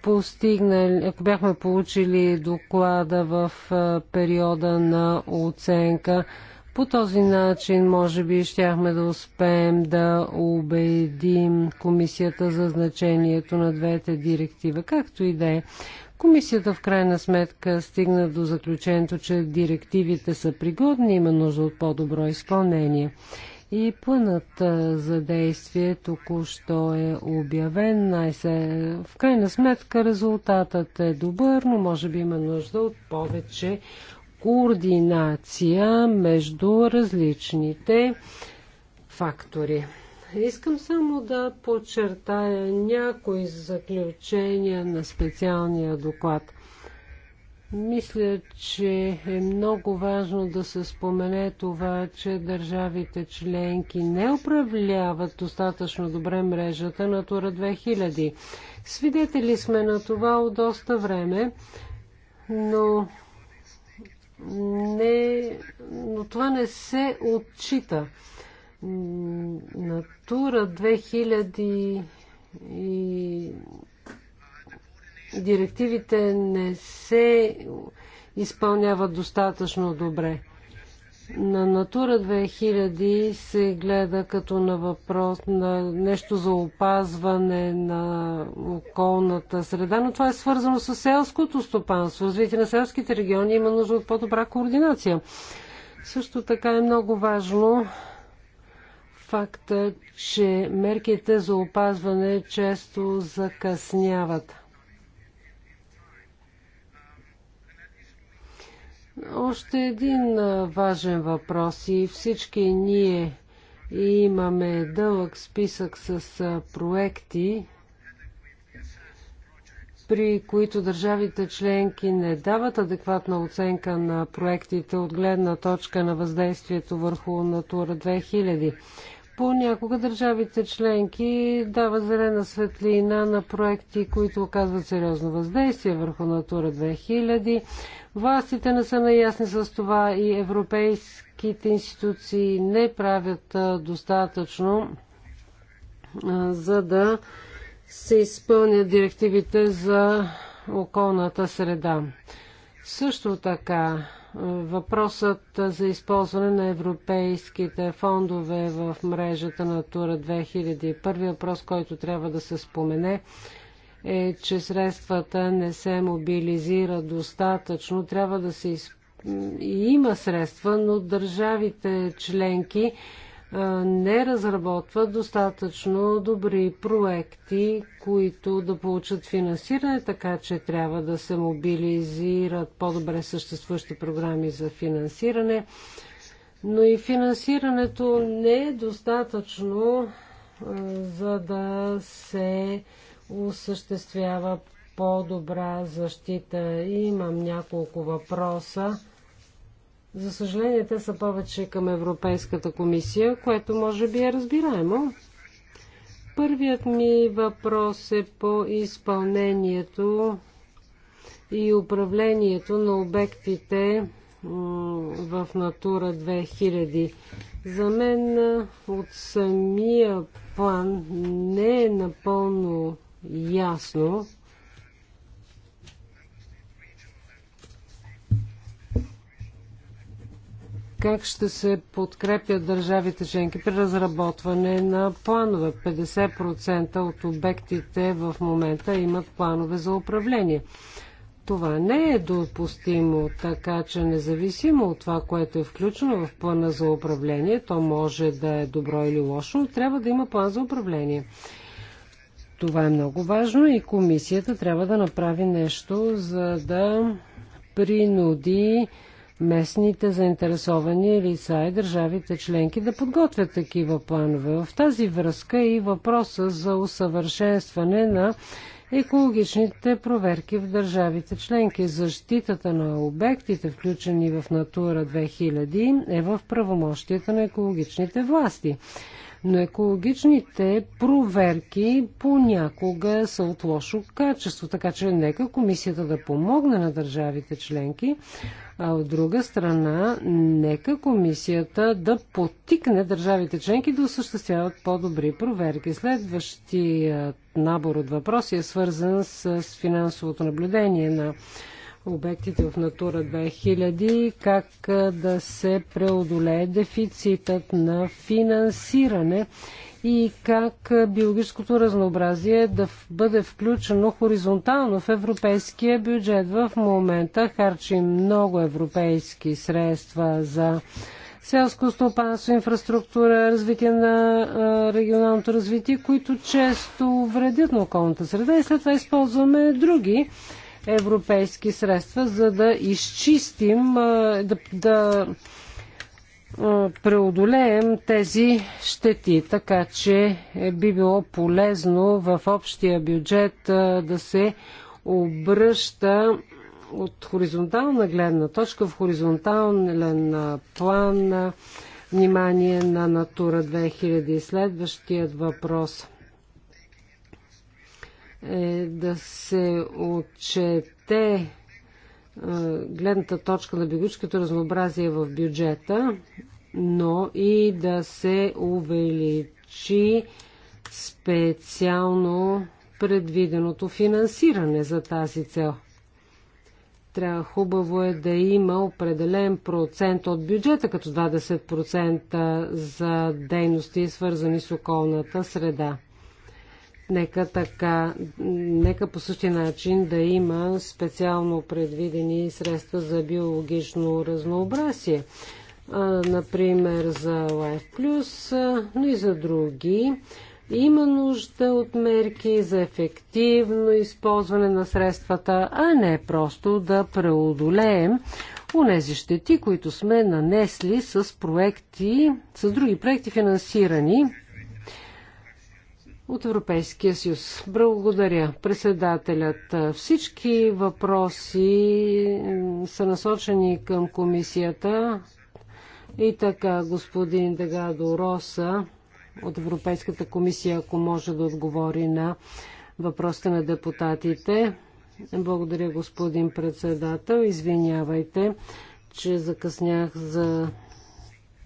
постигнали, ако бяхме получили доклада в е, периода на оценка по този начин, може би, щяхме да успеем да убедим комисията за значението на двете директива, както и да е. Комисията в крайна сметка стигна до заключението, че директивите са пригодни, има нужда от по-добро изпълнение. И планът за действие току-що е обявен. Най-се... В крайна сметка резултатът е добър, но може би има нужда от повече координация между различните фактори. Искам само да подчертая някои заключения на специалния доклад. Мисля, че е много важно да се спомене това, че държавите членки не управляват достатъчно добре мрежата на Тура 2000. Свидетели сме на това от доста време, но не, но това не се отчита. Натура 2000 и директивите не се изпълняват достатъчно добре. На Натура 2000 се гледа като на въпрос на нещо за опазване на околната среда, но това е свързано с селското стопанство. Развитие на селските региони има нужда от по-добра координация. Също така е много важно факта, че мерките за опазване често закъсняват. Още един важен въпрос и всички ние имаме дълъг списък с проекти, при които държавите членки не дават адекватна оценка на проектите от гледна точка на въздействието върху Натура 2000. Понякога държавите членки дават зелена светлина на проекти, които оказват сериозно въздействие върху Натура 2000. Властите не са наясни с това и европейските институции не правят достатъчно, за да се изпълнят директивите за околната среда. Също така Въпросът за използване на европейските фондове в мрежата на Тура 2000 Първият въпрос, който трябва да се спомене, е, че средствата не се мобилизират достатъчно. Трябва да се изп... и има средства, но държавите членки не разработват достатъчно добри проекти, които да получат финансиране, така че трябва да се мобилизират по-добре съществуващи програми за финансиране. Но и финансирането не е достатъчно, за да се осъществява по-добра защита. Имам няколко въпроса за съжаление, те са повече към Европейската комисия, което може би е разбираемо. Първият ми въпрос е по изпълнението и управлението на обектите в Натура 2000. За мен от самия план не е напълно ясно как ще се подкрепят държавите членки при разработване на планове. 50% от обектите в момента имат планове за управление. Това не е допустимо, така че независимо от това, което е включено в плана за управление, то може да е добро или лошо, но трябва да има план за управление. Това е много важно и комисията трябва да направи нещо, за да принуди местните заинтересовани лица и държавите членки да подготвят такива планове. В тази връзка е и въпроса за усъвършенстване на екологичните проверки в държавите членки. Защитата на обектите, включени в Натура 2000, е в правомощията на екологичните власти. Но екологичните проверки понякога са от лошо качество, така че нека комисията да помогне на държавите членки а от друга страна, нека комисията да потикне държавите членки да осъществяват по-добри проверки. Следващият набор от въпроси е свързан с финансовото наблюдение на обектите в Натура 2000, как да се преодолее дефицитът на финансиране и как биологическото разнообразие да бъде включено хоризонтално в европейския бюджет. В момента харчи много европейски средства за селско стопанство, инфраструктура, развитие на а, регионалното развитие, които често вредят на околната среда и след това използваме други европейски средства, за да изчистим, а, да, да преодолеем тези щети, така че е, би било полезно в общия бюджет да се обръща от хоризонтална гледна точка в хоризонтален план внимание на Натура 2000. Следващият въпрос е да се отчете гледната точка на биологическото разнообразие в бюджета, но и да се увеличи специално предвиденото финансиране за тази цел. Трябва хубаво е да има определен процент от бюджета, като 20% за дейности, свързани с околната среда. Нека така, нека по същия начин да има специално предвидени средства за биологично разнообразие. Например, за Life Plus, но и за други. Има нужда от мерки за ефективно използване на средствата, а не просто да преодолеем унези щети, които сме нанесли с проекти, с други проекти финансирани от Европейския съюз. Благодаря. Председателят, всички въпроси са насочени към комисията. И така, господин Дегадо Роса от Европейската комисия, ако може да отговори на въпросите на депутатите. Благодаря, господин председател. Извинявайте, че закъснях за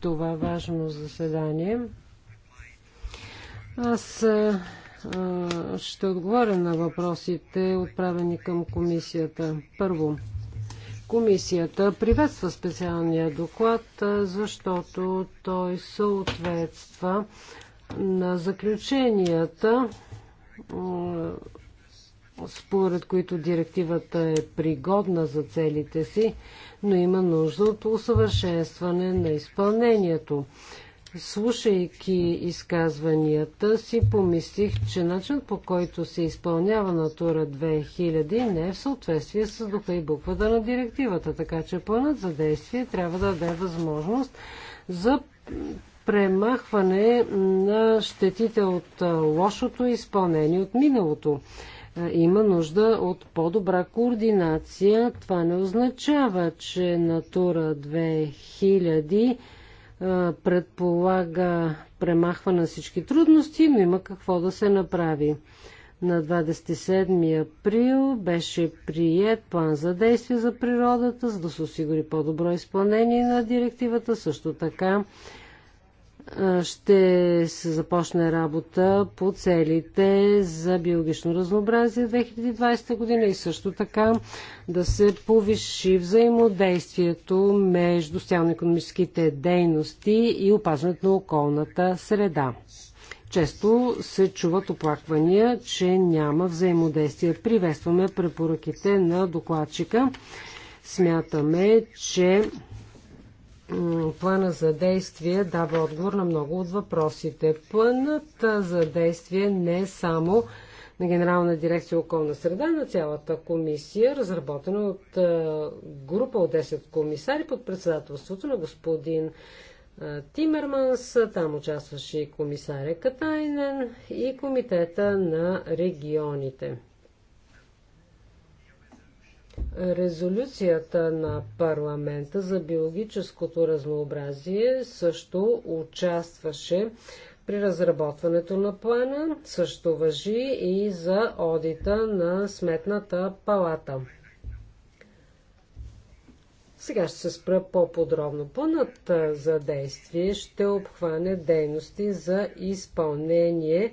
това важно заседание. Аз а, ще отговоря на въпросите, отправени към комисията. Първо, комисията приветства специалния доклад, защото той съответства на заключенията, според които директивата е пригодна за целите си, но има нужда от усъвършенстване на изпълнението слушайки изказванията си, помислих, че начинът по който се изпълнява Натура 2000 не е в съответствие с духа и буквата на директивата, така че планът за действие трябва да даде възможност за премахване на щетите от лошото изпълнение от миналото. Има нужда от по-добра координация. Това не означава, че Натура 2000 предполага премахване на всички трудности, но има какво да се направи. На 27 април беше прият план за действие за природата, за да се осигури по-добро изпълнение на директивата. Също така ще се започне работа по целите за биологично разнообразие 2020 година и също така да се повиши взаимодействието между социално-економическите дейности и опазването на околната среда. Често се чуват оплаквания, че няма взаимодействие. Приветстваме препоръките на докладчика. Смятаме, че плана за действие дава отговор на много от въпросите. Планът за действие не е само на Генерална дирекция околна среда, на цялата комисия, разработена от група от 10 комисари под председателството на господин Тимерманс. Там участваше и комисаря Катайнен и комитета на регионите. Резолюцията на парламента за биологическото разнообразие също участваше при разработването на плана, също въжи и за одита на Сметната палата. Сега ще се спра по-подробно. Планът за действие ще обхване дейности за изпълнение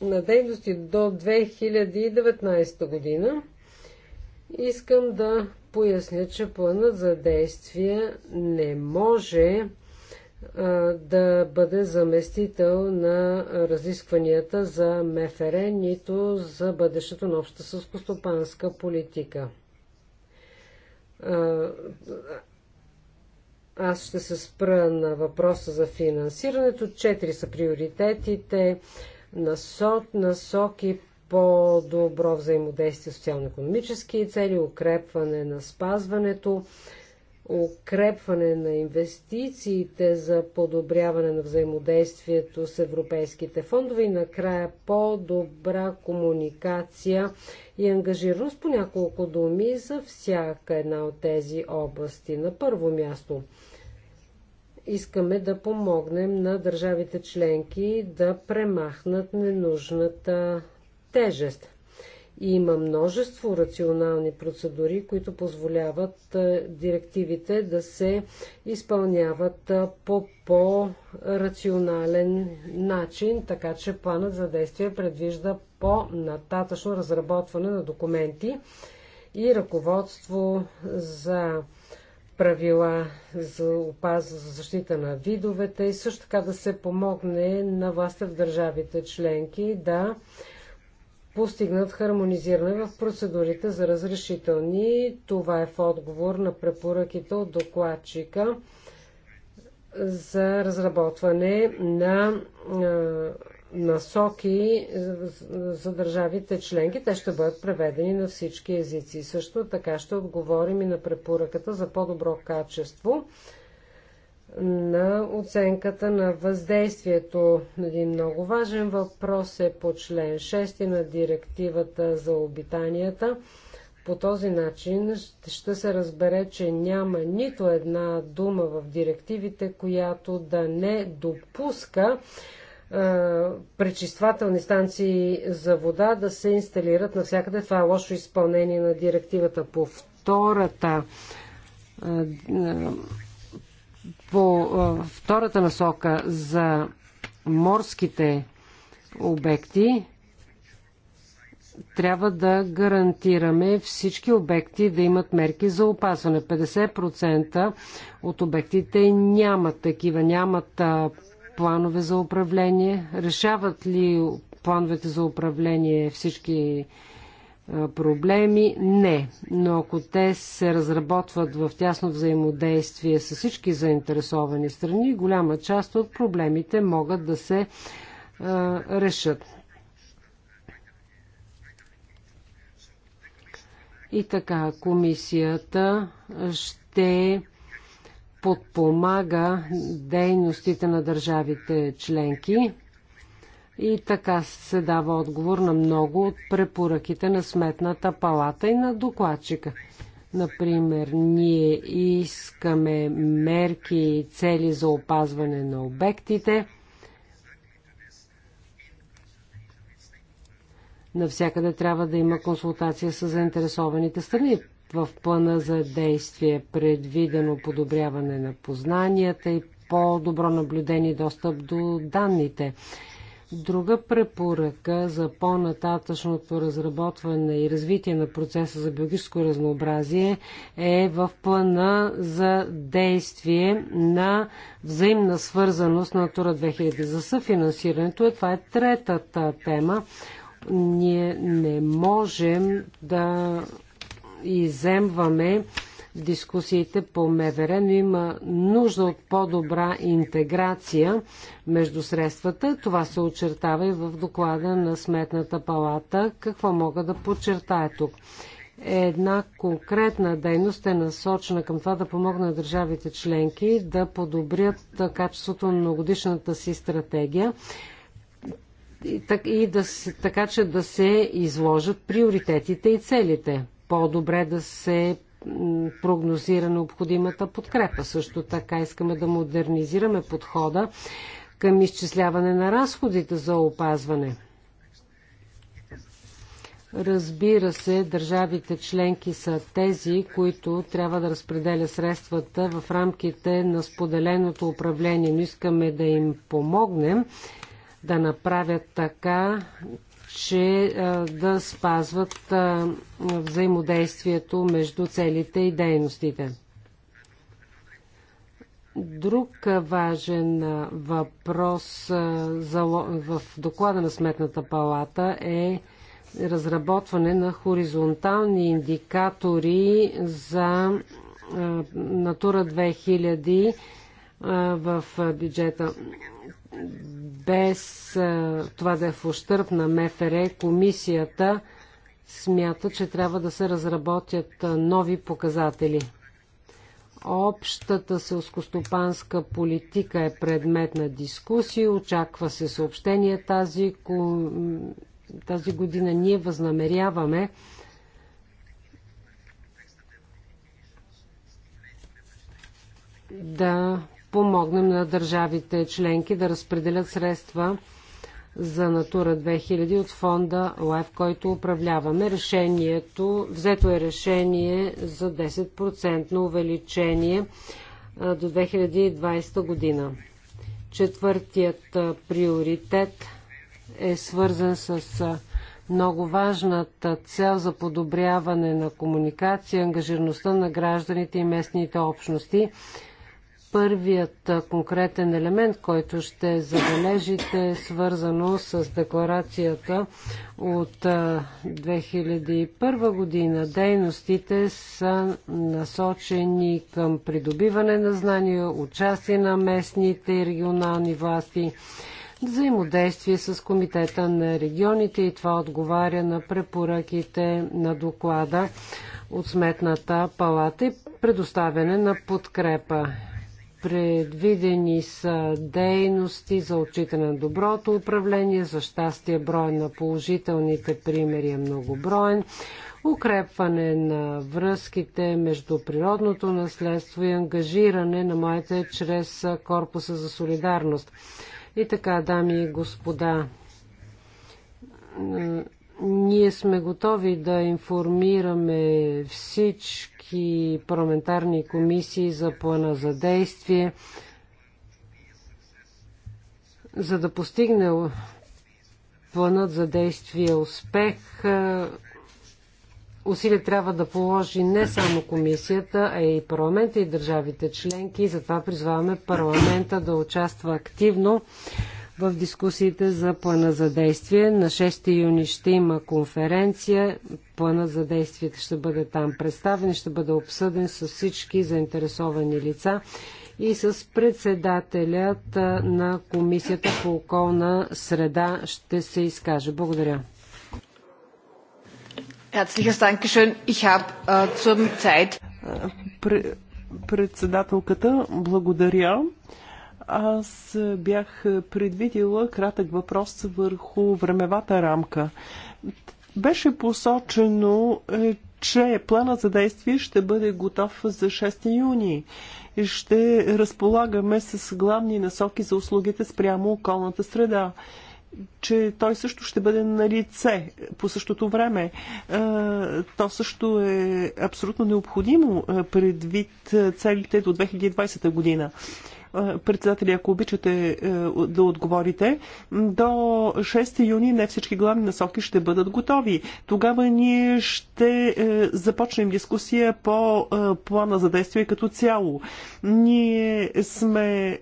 на дейности до 2019 година Искам да поясня, че планът за действие не може а, да бъде заместител на разискванията за МФР, нито за бъдещето на обща съскостопанска политика. А, аз ще се спра на въпроса за финансирането. Четири са приоритетите, насок, насоки, по-добро взаимодействие с социално-економически цели, укрепване на спазването, укрепване на инвестициите за подобряване на взаимодействието с европейските фондове и накрая по-добра комуникация и ангажираност по няколко думи за всяка една от тези области. На първо място искаме да помогнем на държавите членки да премахнат ненужната тежест. Има множество рационални процедури, които позволяват е, директивите да се изпълняват е, по по-рационален начин, така че планът за действие предвижда по-нататъчно разработване на документи и ръководство за правила за опаза за защита на видовете и също така да се помогне на властта в държавите членки да постигнат хармонизиране в процедурите за разрешителни. Това е в отговор на препоръките от докладчика за разработване на е, насоки за държавите членки. Те ще бъдат преведени на всички езици. Също така ще отговорим и на препоръката за по-добро качество на оценката на въздействието. Един много важен въпрос е по член 6 на директивата за обитанията. По този начин ще се разбере, че няма нито една дума в директивите, която да не допуска пречиствателни станции за вода да се инсталират навсякъде. Това е лошо изпълнение на директивата по втората по втората насока за морските обекти трябва да гарантираме всички обекти да имат мерки за опазване. 50% от обектите нямат такива, нямат планове за управление. Решават ли плановете за управление всички проблеми? Не. Но ако те се разработват в тясно взаимодействие с всички заинтересовани страни, голяма част от проблемите могат да се решат. И така, комисията ще подпомага дейностите на държавите членки и така се дава отговор на много от препоръките на Сметната палата и на докладчика. Например, ние искаме мерки и цели за опазване на обектите. Навсякъде трябва да има консултация с заинтересованите страни. В плана за действие е предвидено подобряване на познанията и по-добро наблюдение и достъп до данните. Друга препоръка за по-нататъчното разработване и развитие на процеса за биологическо разнообразие е в плана за действие на взаимна свързаност на Натура 2000. За съфинансирането е това е третата тема. Ние не можем да иземваме дискусиите по МВР, но има нужда от по-добра интеграция между средствата. Това се очертава и в доклада на Сметната палата. Какво мога да подчертая тук? Една конкретна дейност е насочена към това да помогна държавите членки да подобрят качеството на многодишната си стратегия и да, така че да се изложат приоритетите и целите. По-добре да се прогнозира необходимата подкрепа. Също така искаме да модернизираме подхода към изчисляване на разходите за опазване. Разбира се, държавите членки са тези, които трябва да разпределя средствата в рамките на споделеното управление, но искаме да им помогнем да направят така, че е, да спазват е, взаимодействието между целите и дейностите. Друг е, важен въпрос в доклада на Сметната палата е разработване на хоризонтални индикатори за Натура 2000 в бюджета без това да е в ощърп на МФР, комисията смята, че трябва да се разработят нови показатели. Общата селскостопанска политика е предмет на дискусии. Очаква се съобщение тази, тази година. Ние възнамеряваме да помогнем на държавите членки да разпределят средства за Натура 2000 от фонда ЛАЙФ, който управляваме. Решението, взето е решение за 10% увеличение до 2020 година. Четвъртият приоритет е свързан с много важната цел за подобряване на комуникация, ангажираността на гражданите и местните общности – Първият конкретен елемент, който ще забележите, е свързано с декларацията от 2001 година. Дейностите са насочени към придобиване на знания, участие на местните и регионални власти, взаимодействие с Комитета на регионите и това отговаря на препоръките на доклада от Сметната палата и предоставяне на подкрепа. Предвидени са дейности за отчитане на доброто управление. За щастие брой на положителните примери е многоброен. Укрепване на връзките между природното наследство и ангажиране на моите чрез Корпуса за солидарност. И така, дами и господа, ние сме готови да информираме всички парламентарни комисии за плана за действие, за да постигне планът за действие успех. Усилия трябва да положи не само комисията, а и парламента и държавите членки. Затова призваваме парламента да участва активно в дискусиите за плана за действие. На 6 юни ще има конференция. Плана за действие ще бъде там представен, ще бъде обсъден с всички заинтересовани лица и с председателят на Комисията по околна среда ще се изкаже. Благодаря. Председателката, благодаря. Аз бях предвидила кратък въпрос върху времевата рамка. Беше посочено, е, че планът за действие ще бъде готов за 6 юни. Ще разполагаме с главни насоки за услугите спрямо околната среда че той също ще бъде на лице по същото време. Е, то също е абсолютно необходимо е, предвид целите до 2020 година председатели, ако обичате е, да отговорите, до 6 юни не всички главни насоки ще бъдат готови. Тогава ние ще е, започнем дискусия по е, плана за действие като цяло. Ние сме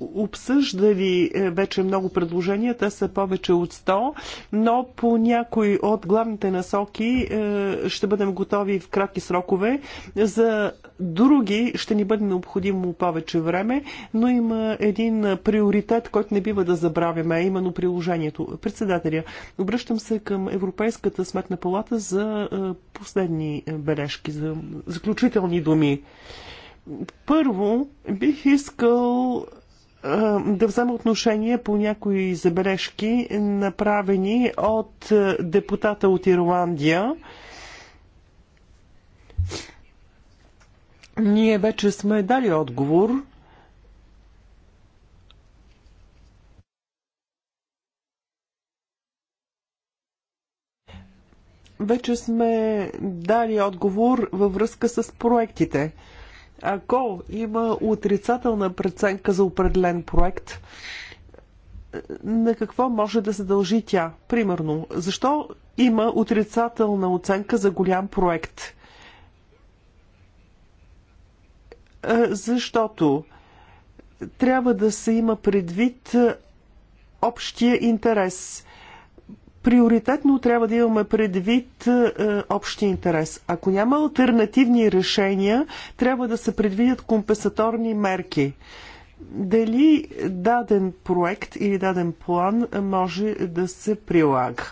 обсъждали е, вече много предложения, те са повече от 100, но по някои от главните насоки е, ще бъдем готови в кратки срокове. За други ще ни бъде необходимо повече време, но има един приоритет, който не бива да забравяме, именно приложението. Председателя, обръщам се към Европейската сметна палата за е, последни бележки, за заключителни думи. Първо, бих искал да взема отношение по някои забележки, направени от е, депутата от Ирландия. Ние вече сме дали отговор. Вече сме дали отговор във връзка с проектите. Ако има отрицателна преценка за определен проект, на какво може да се дължи тя? Примерно, защо има отрицателна оценка за голям проект? Е, защото трябва да се има предвид общия интерес. Приоритетно трябва да имаме предвид е, общи интерес. Ако няма альтернативни решения, трябва да се предвидят компенсаторни мерки. Дали даден проект или даден план може да се прилага.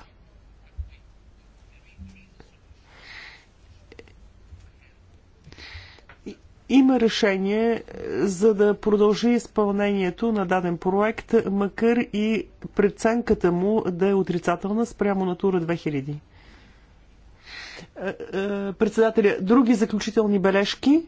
Има решение е, за да продължи изпълнението на даден проект, макар и преценката му да е отрицателна спрямо Натура 2000. Е, е, председателя, други заключителни бележки?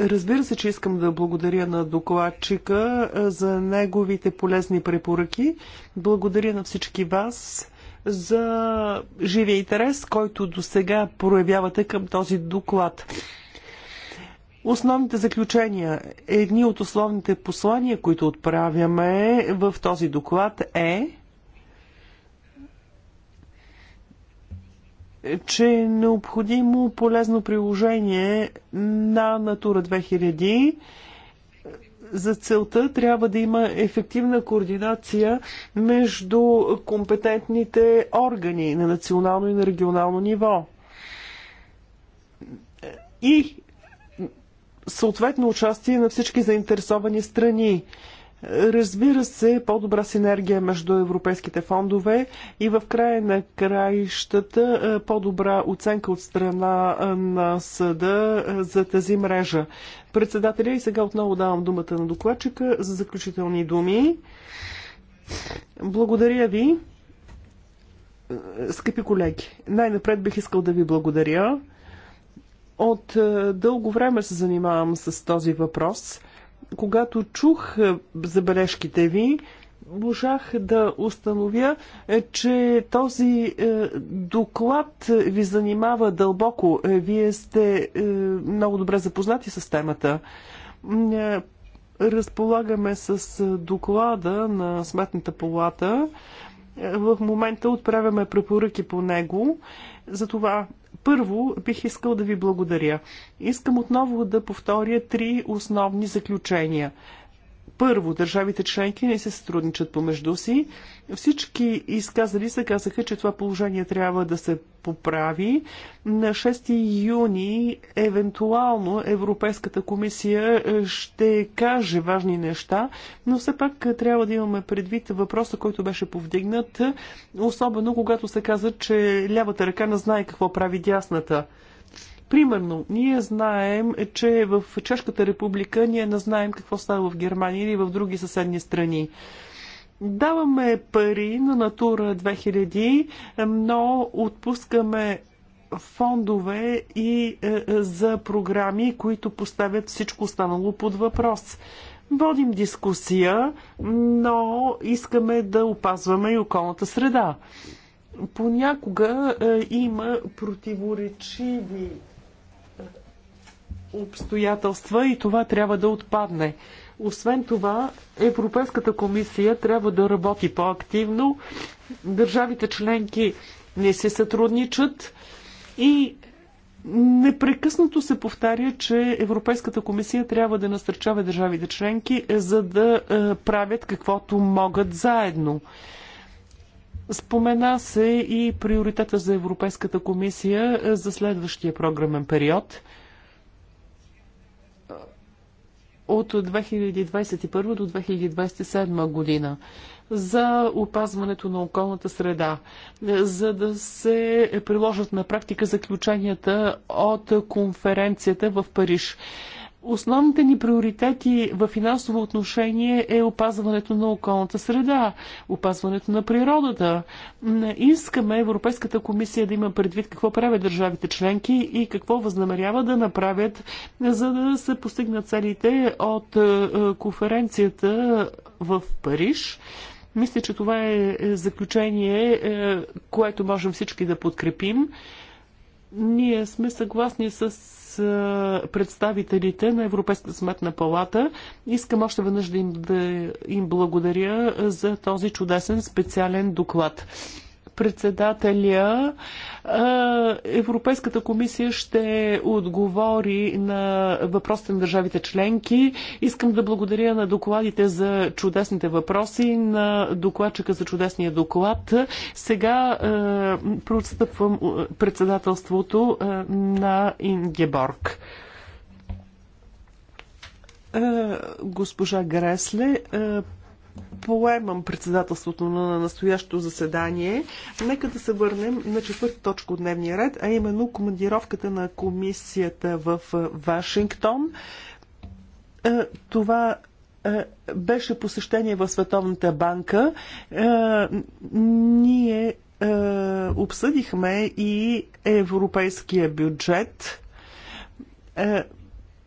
Разбира се, че искам да благодаря на докладчика за неговите полезни препоръки. Благодаря на всички вас за живия интерес, който до сега проявявате към този доклад. Основните заключения, едни от основните послания, които отправяме в този доклад е, че е необходимо полезно приложение на Натура 2000 за целта трябва да има ефективна координация между компетентните органи на национално и на регионално ниво. И съответно участие на всички заинтересовани страни. Разбира се, по-добра синергия между европейските фондове и в края на краищата е, по-добра оценка от страна е, на съда е, за тази мрежа. Председателя и сега отново давам думата на докладчика за заключителни думи. Благодаря ви, скъпи колеги. Най-напред бих искал да ви благодаря. От дълго време се занимавам с този въпрос когато чух е, забележките ви, можах да установя, е, че този е, доклад ви занимава дълбоко. Вие сте много добре запознати с темата. Разполагаме с доклада на Сметната палата. В момента отправяме препоръки по него. Затова първо, бих искал да ви благодаря. Искам отново да повторя три основни заключения. Първо, държавите членки не се сътрудничат помежду си. Всички изказали се казаха, че това положение трябва да се поправи. На 6 юни евентуално Европейската комисия е, ще каже важни неща, но все пак е, трябва да имаме предвид въпроса, който беше повдигнат, е, особено когато се каза, че лявата ръка не знае какво прави дясната. Примерно, ние знаем, че в Чешката република ние не знаем какво става в Германия или в други съседни страни. Даваме пари на Натура 2000, но отпускаме фондове и е, е, за програми, които поставят всичко останало под въпрос. Водим дискусия, но искаме да опазваме и околната среда понякога е, има противоречиви обстоятелства и това трябва да отпадне. Освен това, Европейската комисия трябва да работи по-активно, държавите членки не се сътрудничат и непрекъснато се повтаря, че Европейската комисия трябва да насърчава държавите членки, за да е, правят каквото могат заедно. Спомена се и приоритета за Европейската комисия е, за следващия програмен период – от 2021 до 2027 година за опазването на околната среда, за да се приложат на практика заключенията от конференцията в Париж. Основните ни приоритети в финансово отношение е опазването на околната среда, опазването на природата. Искаме Европейската комисия да има предвид какво правят държавите членки и какво възнамерява да направят, за да се постигнат целите от е, е, конференцията в Париж. Мисля, че това е, е заключение, което можем всички да подкрепим. Ние сме съгласни с представителите на Европейската сметна палата. Искам още веднъж да им, да им благодаря за този чудесен специален доклад председателя, Европейската комисия ще отговори на въпросите на държавите членки. Искам да благодаря на докладите за чудесните въпроси, на докладчика за чудесния доклад. Сега пристъпвам председателството на Ингеборг госпожа Гресле поемам председателството на настоящото заседание. Нека да се върнем на четвърта точка от дневния ред, а именно командировката на комисията в е, Вашингтон. Е, това е, беше посещение в Световната банка. Ние обсъдихме и европейския бюджет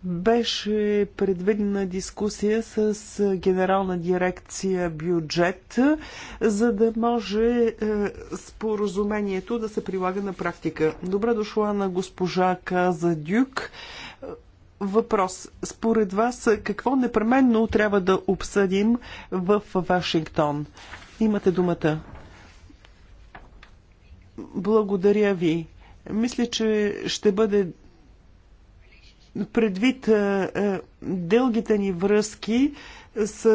беше предвидена дискусия с Генерална дирекция бюджет, за да може е, споразумението да се прилага на практика. Добре дошла на госпожа Каза Дюк. Въпрос. Според вас какво непременно трябва да обсъдим в Вашингтон? Имате думата. Благодаря ви. Мисля, че ще бъде предвид е, е, дългите ни връзки с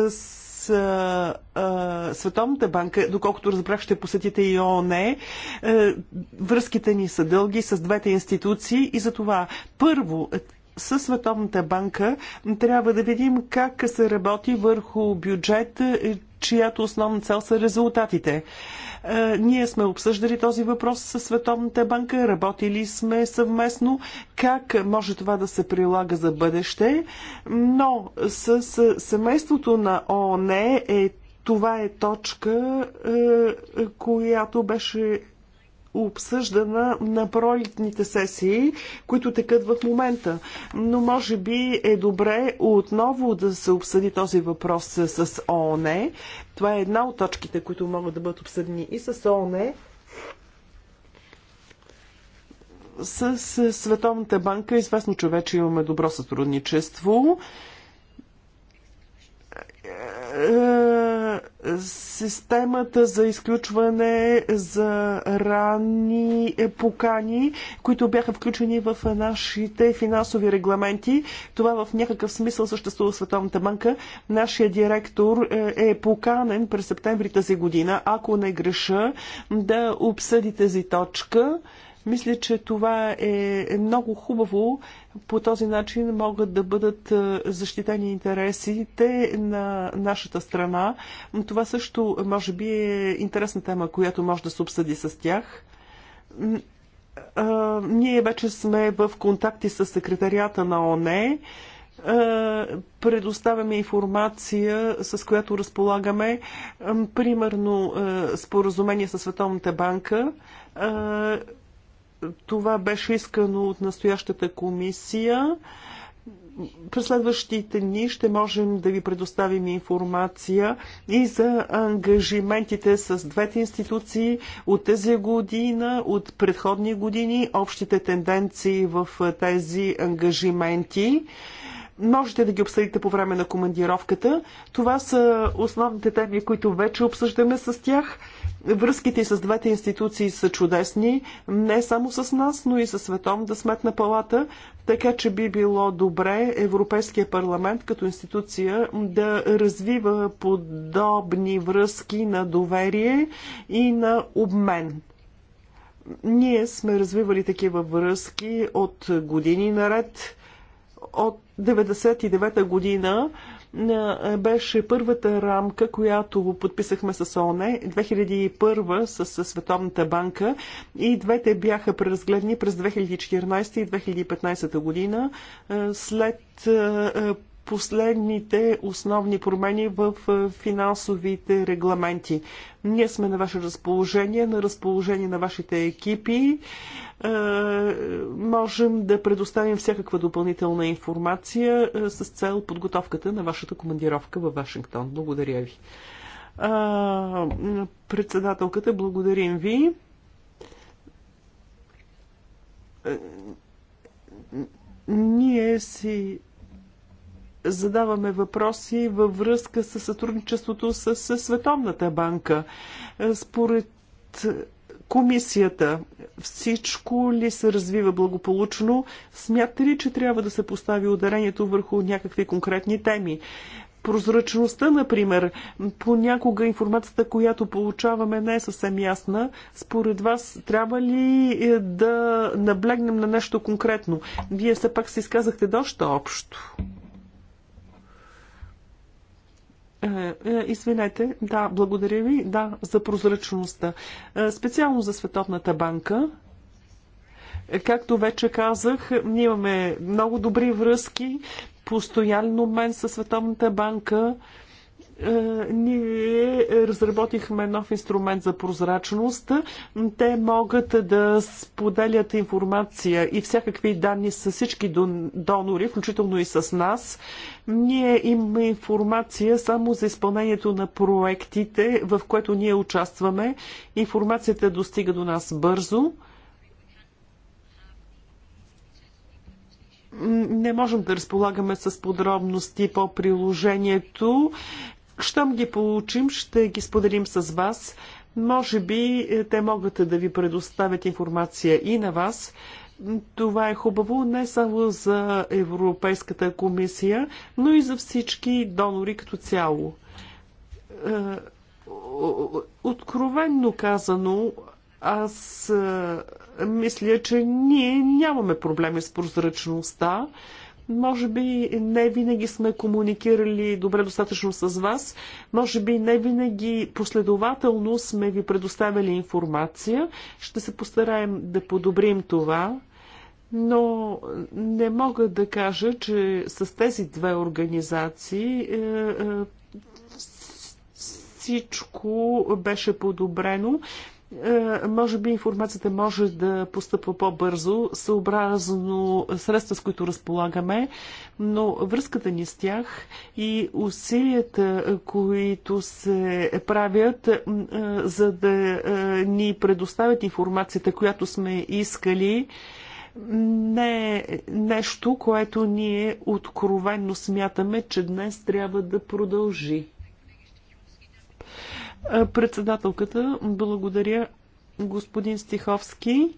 а, е, а, Световната банка, доколкото разбрах, ще посетите и ООН. А, връзките ни са дълги с двете институции и за това първо със Световната банка трябва да видим как се работи върху бюджет, чиято основна цел са резултатите. Е, ние сме обсъждали този въпрос със Световната банка, работили сме съвместно как може това да се прилага за бъдеще, но с семейството на ООН е това е точка, е, която беше обсъждана на пролетните сесии, които текат в момента. Но може би е добре отново да се обсъди този въпрос с ООН. Това е една от точките, които могат да бъдат обсъдени и с ООН, с Световната банка. Известно, че вече имаме добро сътрудничество. Е, системата за изключване за ранни покани, които бяха включени в нашите финансови регламенти. Това в някакъв смисъл съществува в Световната банка. Нашия директор е, е поканен през септември тази година, ако не греша, да обсъди тази точка. Мисля, че това е много хубаво, по този начин могат да бъдат е, защитени интересите на нашата страна. Това също, може би, е интересна тема, която може да се обсъди с тях. Ние вече сме в контакти с секретарията на ОНЕ е, предоставяме информация, с която разполагаме, е, примерно споразумение със Световната банка, това беше искано от настоящата комисия. През следващите дни ще можем да ви предоставим информация и за ангажиментите с двете институции от тези година, от предходни години, общите тенденции в тези ангажименти. Можете да ги обсъдите по време на командировката. Това са основните теми, които вече обсъждаме с тях. Връзките с двете институции са чудесни, не само с нас, но и с Световната сметна палата, така че би било добре Европейския парламент като институция да развива подобни връзки на доверие и на обмен. Ние сме развивали такива връзки от години наред от 1999 година беше първата рамка, която подписахме с ООН 2001 с Световната банка и двете бяха преразгледани през 2014 и 2015 година след последните основни промени в е, финансовите регламенти. Ние сме на ваше разположение, на разположение на вашите екипи. Е, можем да предоставим всякаква допълнителна информация е, с цел подготовката на вашата командировка във Вашингтон. Благодаря ви. председателката, благодарим ви ние си задаваме въпроси във връзка с сътрудничеството с Световната банка. Е, според комисията всичко ли се развива благополучно? Смятате ли, че трябва да се постави ударението върху някакви конкретни теми? Прозрачността, например, понякога информацията, която получаваме, не е съвсем ясна. Според вас, трябва ли е, да наблегнем на нещо конкретно? Вие все пак се изказахте доста общо. Е, е, извинете, да, благодаря ви, да, за прозрачността. Е, специално за Световната банка, както вече казах, ние имаме много добри връзки, постоянно обмен със Световната банка. Е, ние разработихме нов инструмент за прозрачност. Те могат да споделят информация и всякакви данни с всички донори, включително и с нас. Ние имаме информация само за изпълнението на проектите, в което ние участваме. Информацията достига до нас бързо. не можем да разполагаме с подробности по приложението. Щом ги получим, ще ги споделим с вас. Може би е, те могат да ви предоставят информация и на вас. Това е хубаво не само за Европейската комисия, но и за всички донори като цяло. Е, откровенно казано, аз е, мисля, че ние нямаме проблеми с прозрачността. Може би не винаги сме комуникирали добре достатъчно с вас. Може би не винаги последователно сме ви предоставили информация. Ще се постараем да подобрим това. Но не мога да кажа, че с тези две организации е, е, всичко беше подобрено. Е, може би информацията може да постъпва по-бързо, съобразно средства, с които разполагаме, но връзката ни с тях и усилията, които се правят, е, за да е, ни предоставят информацията, която сме искали, не е нещо, което ние откровенно смятаме, че днес трябва да продължи. Председателката, благодаря господин Стиховски.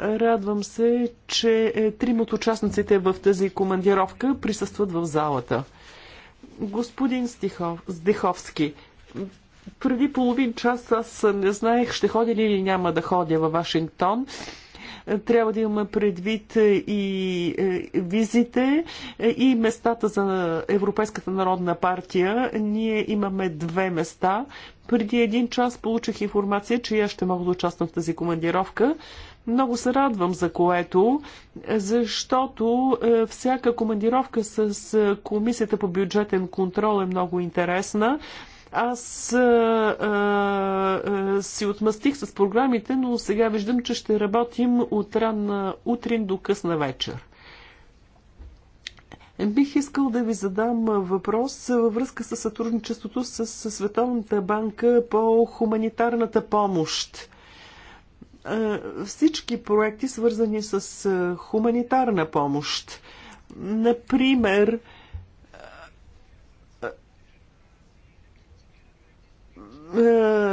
Радвам се, че е, трима от участниците в тази командировка присъстват в залата. Господин Стихов, преди половин час аз не знаех ще ходя ли или няма да ходя във Вашингтон. Трябва да имаме предвид е, и е, визите е, и местата за Европейската народна партия. Ние имаме две места. Преди един час получих информация, че я ще мога да участвам в тази командировка. Много се радвам за което, защото всяка командировка с Комисията по бюджетен контрол е много интересна. Аз а, а, си отмъстих с програмите, но сега виждам, че ще работим от ранна утрин до късна вечер. Бих искал да ви задам въпрос във връзка с сътрудничеството с Световната банка по хуманитарната помощ. Всички проекти, свързани с хуманитарна помощ, например, Е,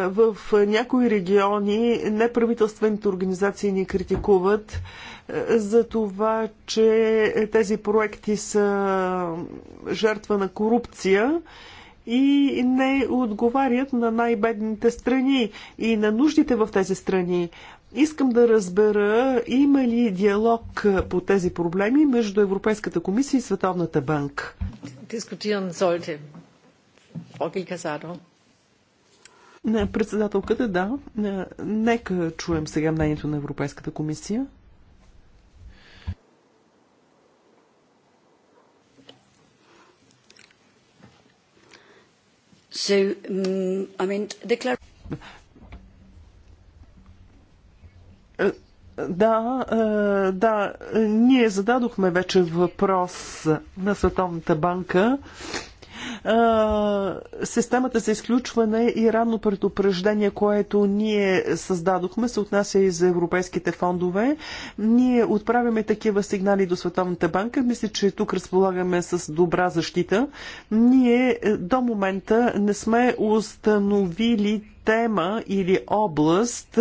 в някои региони неправителствените организации ни критикуват е, за това, че тези проекти са жертва на корупция и не отговарят на най-бедните страни и на нуждите в тези страни. Искам да разбера има ли диалог по тези проблеми между Европейската комисия и Световната банка. Дискутирам, солте. Фроги Касадо. Председателката, да. Е, нека чуем сега мнението на Европейската комисия. So, um, I mean, е, Да, е, да, ние зададохме вече въпрос на Световната банка Системата за изключване и ранно предупреждение, което ние създадохме, се отнася и за европейските фондове. Ние отправяме такива сигнали до Световната банка. Мисля, че тук разполагаме с добра защита. Ние е, до момента не сме установили тема или област,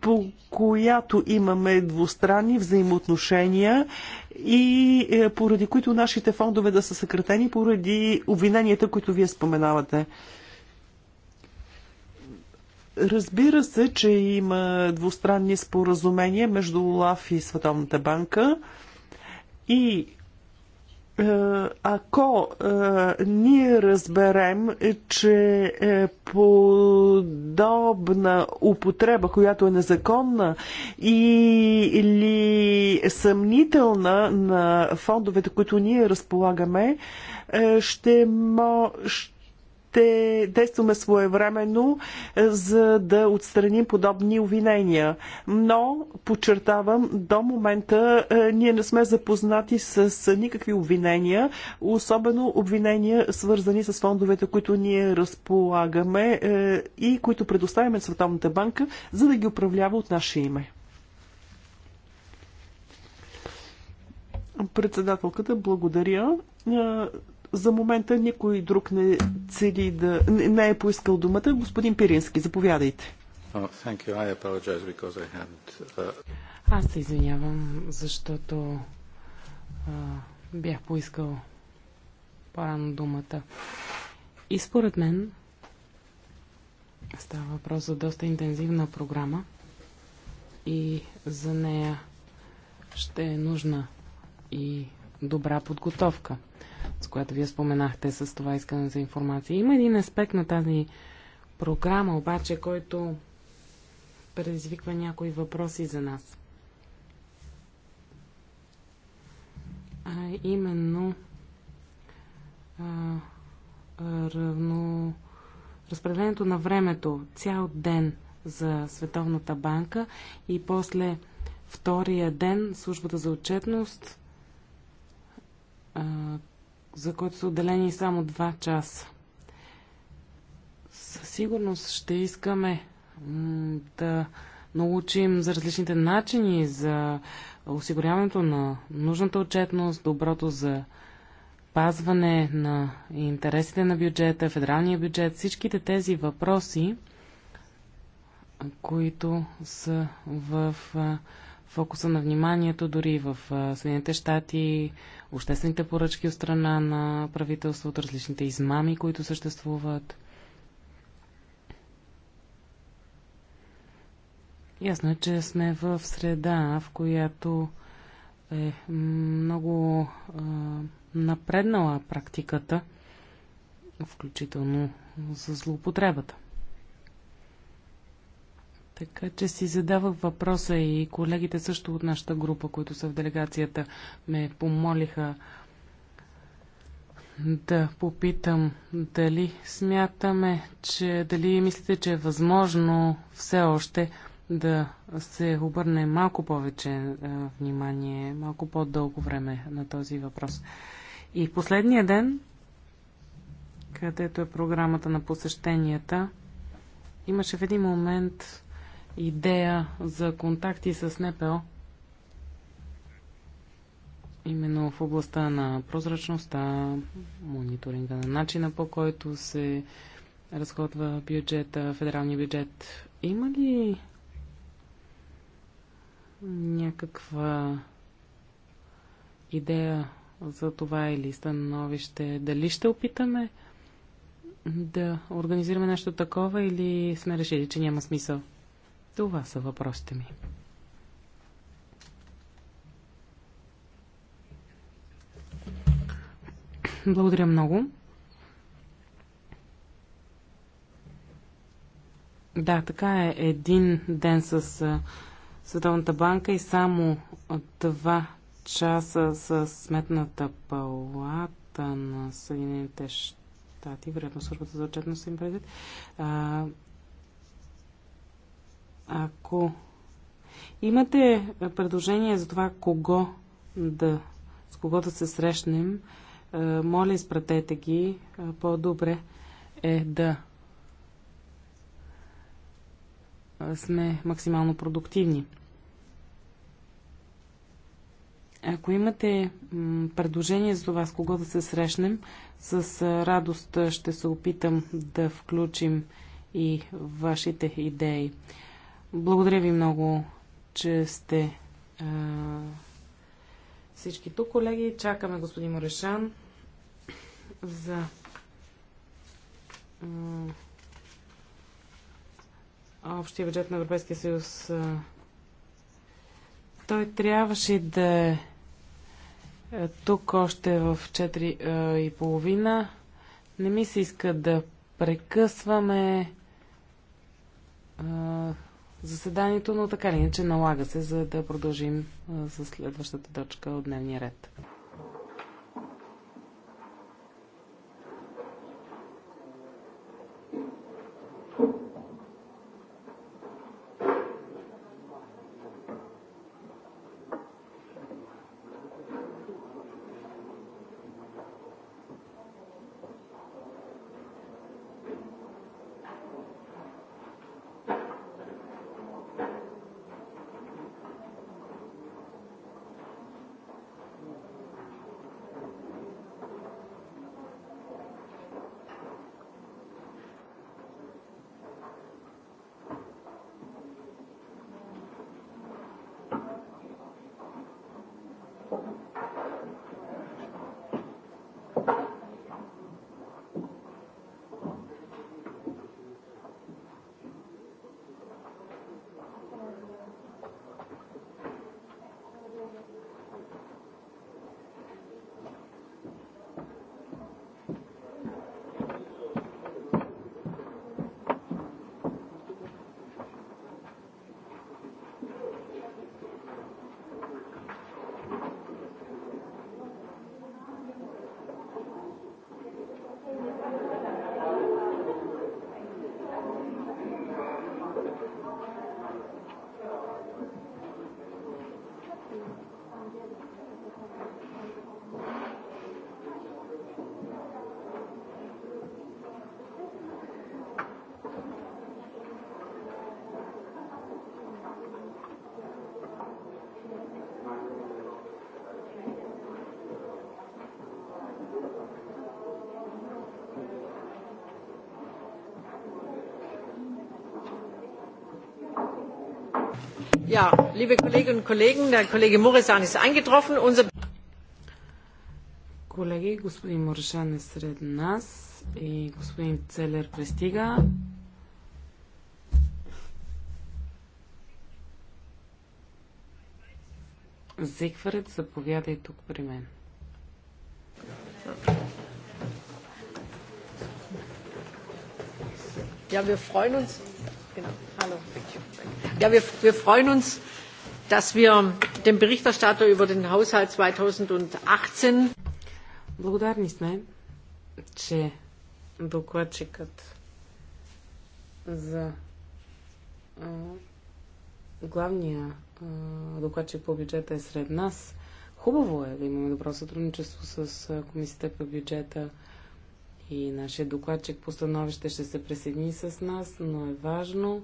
по която имаме двустранни взаимоотношения и е, поради които нашите фондове да са съкратени, поради обвиненията, които вие споменавате. Разбира се, че има двустранни споразумения между ОЛАФ и Световната банка и е, ако е, ние разберем, че е, подобна употреба, която е незаконна или съмнителна на фондовете, които ние разполагаме, ще, може ще действаме своевременно, е, за да отстраним подобни обвинения. Но, подчертавам, до момента е, ние не сме запознати с никакви обвинения, особено обвинения свързани с фондовете, които ние разполагаме е, и които предоставяме Световната банка, за да ги управлява от наше име. Председателката, благодаря. За момента никой друг не цели да... не, не е поискал думата. Господин Пирински, заповядайте. Oh, uh, Аз се извинявам, защото а, бях поискал по-рано думата. И според мен става въпрос за доста интензивна програма и за нея ще е нужна и добра подготовка с която вие споменахте с това искане за информация. Има един аспект на тази програма, обаче, който предизвиква някои въпроси за нас. А именно а, равно разпределението на времето цял ден за Световната банка и после втория ден службата за отчетност за който са отделени само 2 часа. Със сигурност ще искаме да научим за различните начини за осигуряването на нужната отчетност, доброто за пазване на интересите на бюджета, федералния бюджет, всичките тези въпроси, които са в фокуса на вниманието дори в Съединените щати, обществените поръчки от страна на правителството, различните измами, които съществуват. Ясно е, че сме в среда, в която е много е, напреднала практиката, включително за злоупотребата. Така че си задавах въпроса и колегите също от нашата група, които са в делегацията, ме помолиха да попитам дали смятаме, че дали мислите, че е възможно все още да се обърне малко повече е, внимание, малко по-дълго време на този въпрос. И последния ден, където е програмата на посещенията, имаше в един момент идея за контакти с НПО, именно в областта на прозрачността, мониторинга на начина по който се разходва бюджета, федералния бюджет. Има ли някаква идея за това или становище? Дали ще опитаме да организираме нещо такова или сме решили, че няма смисъл? Това са въпросите ми. Благодаря много. Да, така е. Един ден с Световната банка и само два часа с Сметната палата на Съединените щати, вероятно службата за отчетност им предвид, ако имате предложение за това кого да, с кого да се срещнем, е, моля, изпратете ги. Е, по-добре е да е, сме максимално продуктивни. Ако имате предложение за това с кого да се срещнем, с радост ще се опитам да включим и вашите идеи. Благодаря ви много, че сте а, всички тук, колеги. Чакаме господин Морешан за а, общия бюджет на Европейския съюз. А, той трябваше да е тук още в 4 и половина. Не ми се иска да прекъсваме. А, заседанието, но така или иначе налага се, за да продължим с следващата точка от дневния ред. liebe Kolleginnen und Kollegen, der Kollege Muresan ist eingetroffen. Unser Колеги, господин Моршан е сред нас и господин Целер пристига. Зигфред, заповядай тук при мен. Ja, wir freuen uns. Ja, wir, wir freuen uns, dass wir den Berichterstatter über den Haushalt 2018 Благодарни сме, че докладчикът за а, главния а, докладчик по бюджета е сред нас. Хубаво е да имаме добро сътрудничество с комисията по бюджета и нашия докладчик по становище ще се присъедини с нас, но е важно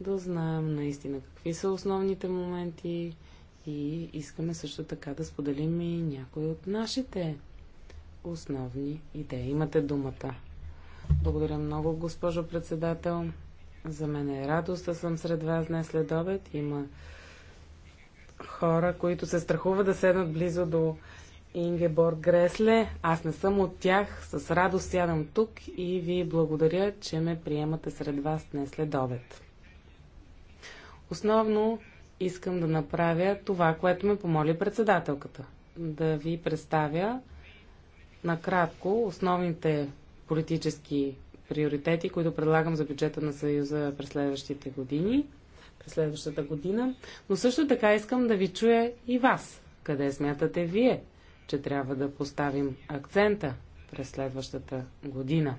да знаем наистина какви са основните моменти и искаме също така да споделим и някои от нашите основни идеи. Имате думата. Благодаря много, госпожо председател. За мен е радост да съм сред вас днес след обед. Има хора, които се страхуват да седнат близо до Ингебор Гресле. Аз не съм от тях. С радост сядам тук и ви благодаря, че ме приемате сред вас днес след обед. Основно искам да направя това, което ме помоли председателката. Да ви представя накратко основните политически приоритети, които предлагам за бюджета на Съюза през следващите години, през следващата година. Но също така искам да ви чуя и вас. Къде смятате вие, че трябва да поставим акцента през следващата година?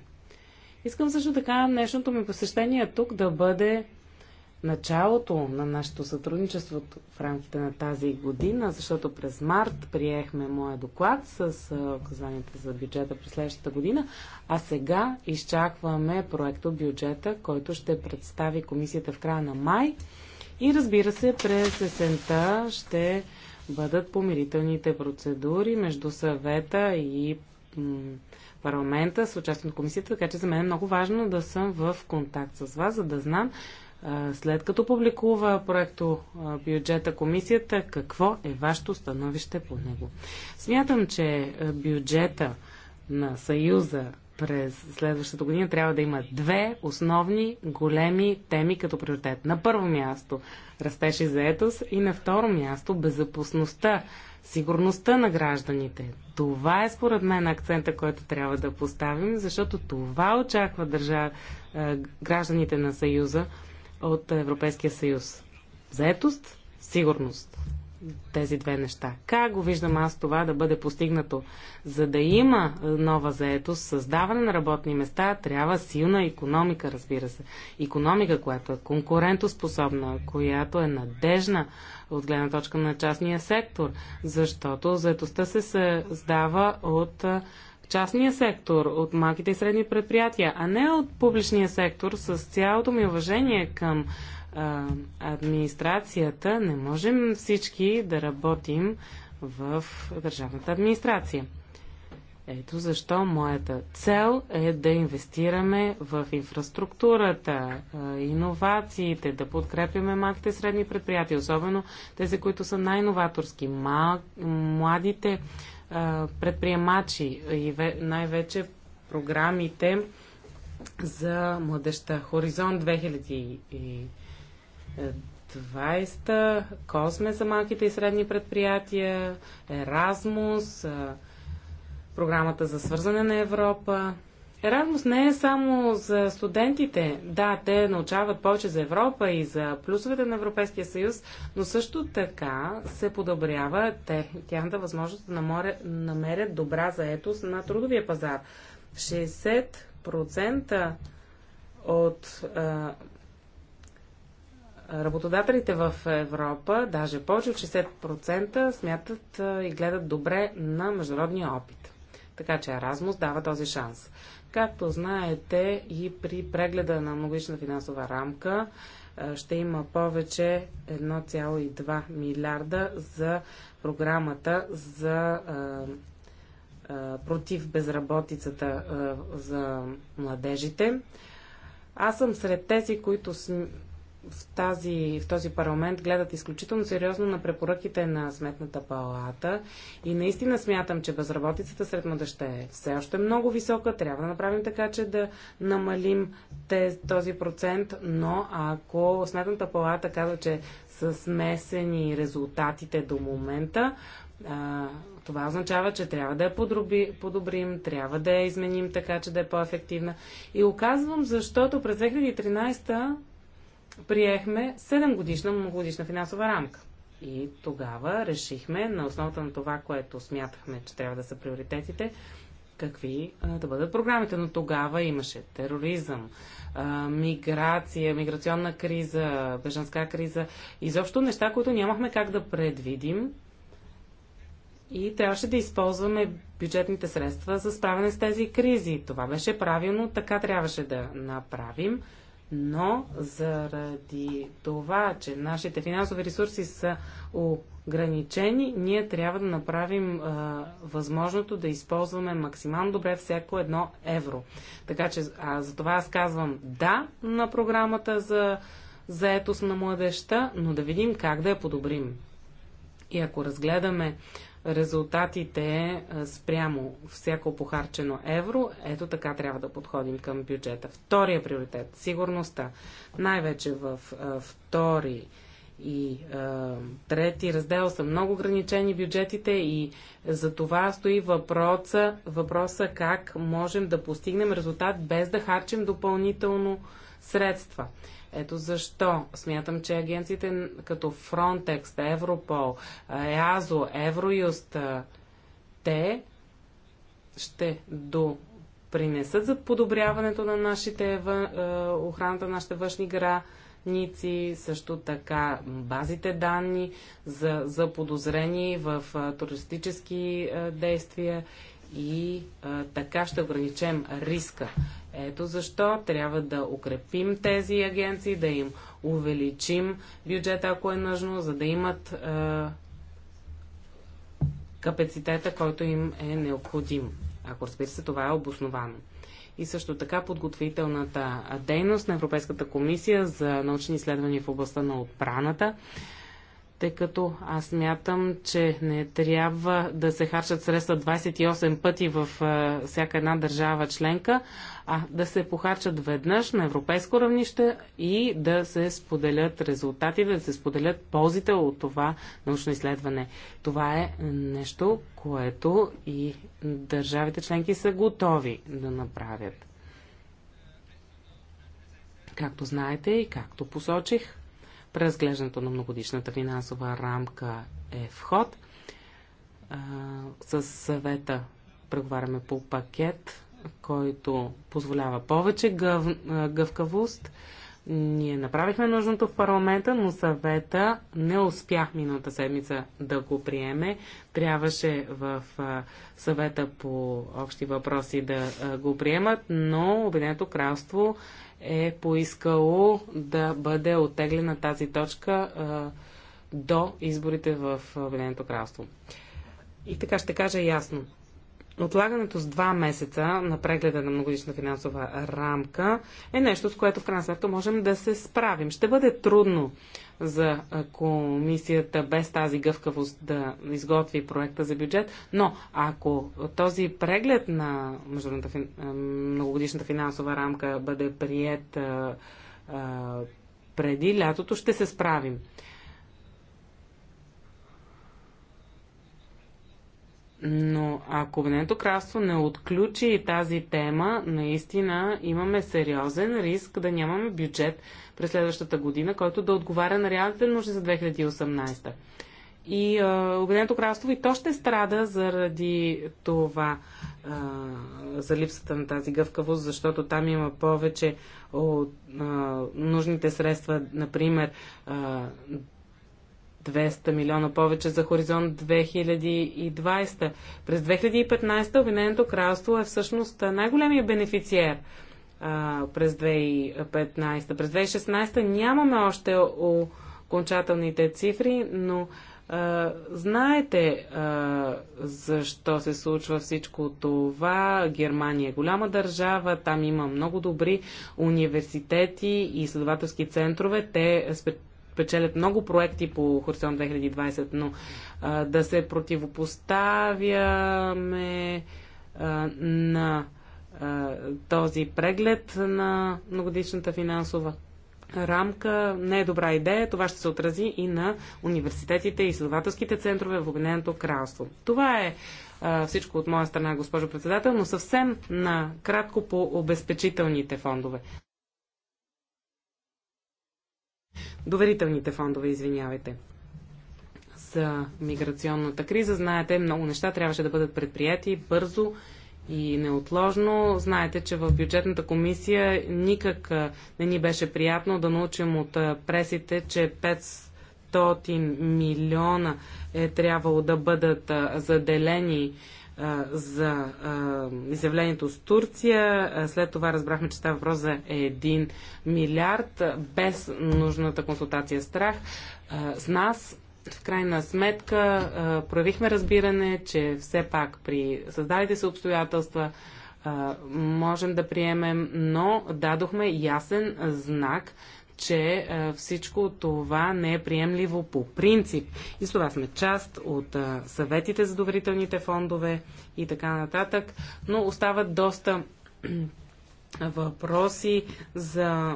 Искам също така днешното ми посещение тук да бъде началото на нашето сътрудничество в рамките на тази година, защото през март приехме моя доклад с указанията за бюджета през следващата година, а сега изчакваме проекто бюджета, който ще представи комисията в края на май. И разбира се, през есента ще бъдат помирителните процедури между съвета и парламента с участието на комисията, така че за мен е много важно да съм в контакт с вас, за да знам след като публикува проекто бюджета комисията, какво е вашето становище по него? Смятам, че бюджета на Съюза през следващата година трябва да има две основни големи теми като приоритет. На първо място растеше заетост и на второ място безопасността, сигурността на гражданите. Това е според мен акцента, който трябва да поставим, защото това очаква държа... гражданите на Съюза от Европейския съюз. Заетост, сигурност. Тези две неща. Как го виждам аз това да бъде постигнато? За да има нова заетост, създаване на работни места, трябва силна економика, разбира се. Економика, която е конкурентоспособна, която е надежна от гледна точка на частния сектор, защото заетостта се създава от частния сектор, от малките и средни предприятия, а не от публичния сектор. С цялото ми уважение към а, администрацията, не можем всички да работим в държавната администрация. Ето защо моята цел е да инвестираме в инфраструктурата, иновациите, да подкрепяме малките и средни предприятия, особено тези, които са най-новаторски, мал... младите предприемачи и най-вече програмите за младеща. Хоризонт 2020, Косме за малките и средни предприятия, Еразмус, програмата за свързане на Европа, Еразмус не е само за студентите. Да, те научават повече за Европа и за плюсовете на Европейския съюз, но също така се подобрява те, тяхната възможност да намерят добра заетост на трудовия пазар. 60% от а, работодателите в Европа, даже повече от 60%, смятат и гледат добре на международния опит. Така че Еразмус дава този шанс. Както знаете и при прегледа на многогодишна финансова рамка ще има повече 1,2 милиарда за програмата за против безработицата за младежите. Аз съм сред тези, които в, тази, в този парламент гледат изключително сериозно на препоръките на Сметната палата и наистина смятам, че безработицата сред младеща е все още много висока. Трябва да направим така, че да намалим този процент, но ако Сметната палата казва, че са смесени резултатите до момента, а, това означава, че трябва да я подроби, подобрим, трябва да я изменим така, че да е по-ефективна. И оказвам, защото през 2013 приехме 7 годишна многогодишна финансова рамка. И тогава решихме, на основата на това, което смятахме, че трябва да са приоритетите, какви да бъдат програмите. Но тогава имаше тероризъм, миграция, миграционна криза, бежанска криза. Изобщо неща, които нямахме как да предвидим и трябваше да използваме бюджетните средства за справяне с тези кризи. Това беше правилно, така трябваше да направим но заради това, че нашите финансови ресурси са ограничени, ние трябва да направим а, възможното да използваме максимално добре всяко едно евро. Така че а, за това аз казвам да на програмата за заетост на младеща, но да видим как да я подобрим. И ако разгледаме резултатите спрямо всяко похарчено евро, ето така трябва да подходим към бюджета. Втория приоритет – сигурността. Най-вече в втори и трети раздел са много ограничени бюджетите и за това стои въпроса, въпроса как можем да постигнем резултат без да харчим допълнително средства. Ето защо смятам, че агенциите като Frontex, Европол, EASO, Евроюст, те ще до принесат за подобряването на нашите, охраната на нашите външни граници, също така базите данни за, за подозрени в туристически действия и така ще ограничем риска ето защо трябва да укрепим тези агенции, да им увеличим бюджета, ако е нужно, за да имат е, капацитета, който им е необходим. Ако разбира се, това е обосновано. И също така подготвителната дейност на Европейската комисия за научни изследвания в областта на отбраната тъй като аз мятам, че не трябва да се харчат средства 28 пъти в всяка една държава членка, а да се похарчат веднъж на европейско равнище и да се споделят резултатите, да се споделят ползите от това научно изследване. Това е нещо, което и държавите членки са готови да направят. Както знаете и както посочих, Преразглеждането на многодишната финансова рамка е вход. С съвета преговаряме по пакет, който позволява повече гъв... гъвкавост. Ние направихме нужното в парламента, но съвета не успях миналата седмица да го приеме. Трябваше в съвета по общи въпроси да го приемат, но Обединеното кралство е поискало да бъде оттеглена тази точка а, до изборите в Обединеното кралство. И така ще кажа ясно. Отлагането с два месеца на прегледа на многодишна финансова рамка е нещо, с което в крайна сметка можем да се справим. Ще бъде трудно за комисията без тази гъвкавост да изготви проекта за бюджет, но ако този преглед на многогодишната финансова рамка бъде прият преди лятото, ще се справим. Но ако Обединеното кралство не отключи тази тема, наистина имаме сериозен риск да нямаме бюджет през следващата година, който да отговаря на реалните нужди за 2018. И Обединеното кралство и то ще страда заради това, а, за липсата на тази гъвкавост, защото там има повече от а, нужните средства, например, а, 200 милиона повече за хоризонт 2020. През 2015 Обединеното кралство е всъщност най-големия бенефициер а, през 2015. През 2016 нямаме още окончателните цифри, но а, знаете а, защо се случва всичко това. Германия е голяма държава, там има много добри университети и изследователски центрове. Те печелят много проекти по Хоризонт 2020, но а, да се противопоставяме а, на а, този преглед на многодишната финансова рамка не е добра идея. Това ще се отрази и на университетите и изследователските центрове в Обединеното кралство. Това е всичко от моя страна, госпожо председател, но съвсем на кратко по обезпечителните фондове. Доверителните фондове, извинявайте. За миграционната криза, знаете, много неща трябваше да бъдат предприяти бързо и неотложно. Знаете, че в бюджетната комисия никак не ни беше приятно да научим от пресите, че 500 милиона е трябвало да бъдат заделени за изявлението с Турция. След това разбрахме, че става въпрос за 1 милиард без нужната консултация страх с нас. В крайна сметка проявихме разбиране, че все пак при създалите се обстоятелства можем да приемем, но дадохме ясен знак, че е, всичко това не е приемливо по принцип. И с това сме част от е, съветите за доверителните фондове и така нататък, но остават доста въпроси за е,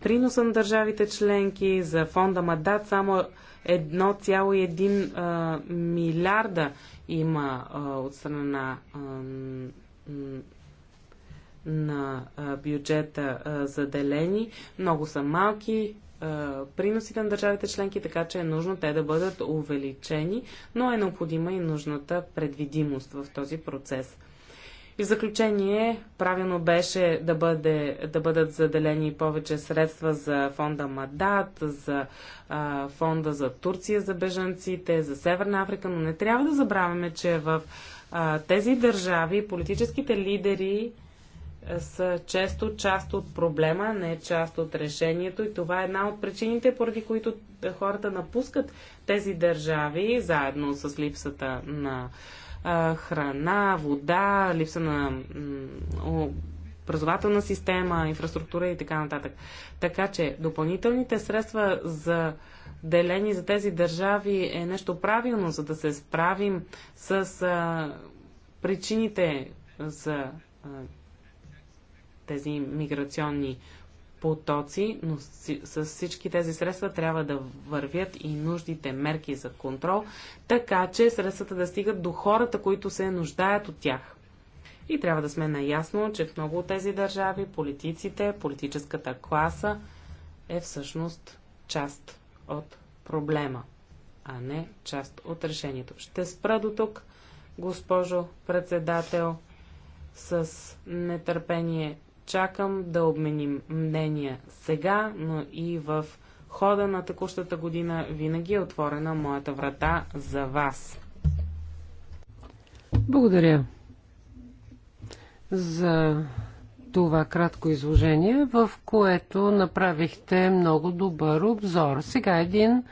приноса на държавите членки, за фонда МАДАТ само 1,1 милиарда има от страна на на бюджета заделени. Много са малки приносите на държавите членки, така че е нужно те да бъдат увеличени, но е необходима и нужната предвидимост в този процес. И в заключение, правилно беше да, бъде, да бъдат заделени повече средства за фонда Мадат, за а, фонда за Турция за бежанците, за Северна Африка, но не трябва да забравяме, че в а, тези държави политическите лидери са често част от проблема, не част от решението и това е една от причините, поради които хората напускат тези държави, заедно с липсата на храна, вода, липса на образователна система, инфраструктура и така нататък. Така че допълнителните средства за делени за тези държави е нещо правилно, за да се справим с а, причините за а, тези миграционни потоци, но с, с всички тези средства трябва да вървят и нуждите мерки за контрол, така че средствата да стигат до хората, които се нуждаят от тях. И трябва да сме наясно, че в много от тези държави политиците, политическата класа е всъщност част от проблема, а не част от решението. Ще спра до тук, госпожо председател. С нетърпение чакам да обменим мнения сега, но и в хода на текущата година винаги е отворена моята врата за вас. Благодаря за това кратко изложение, в което направихте много добър обзор. Сега един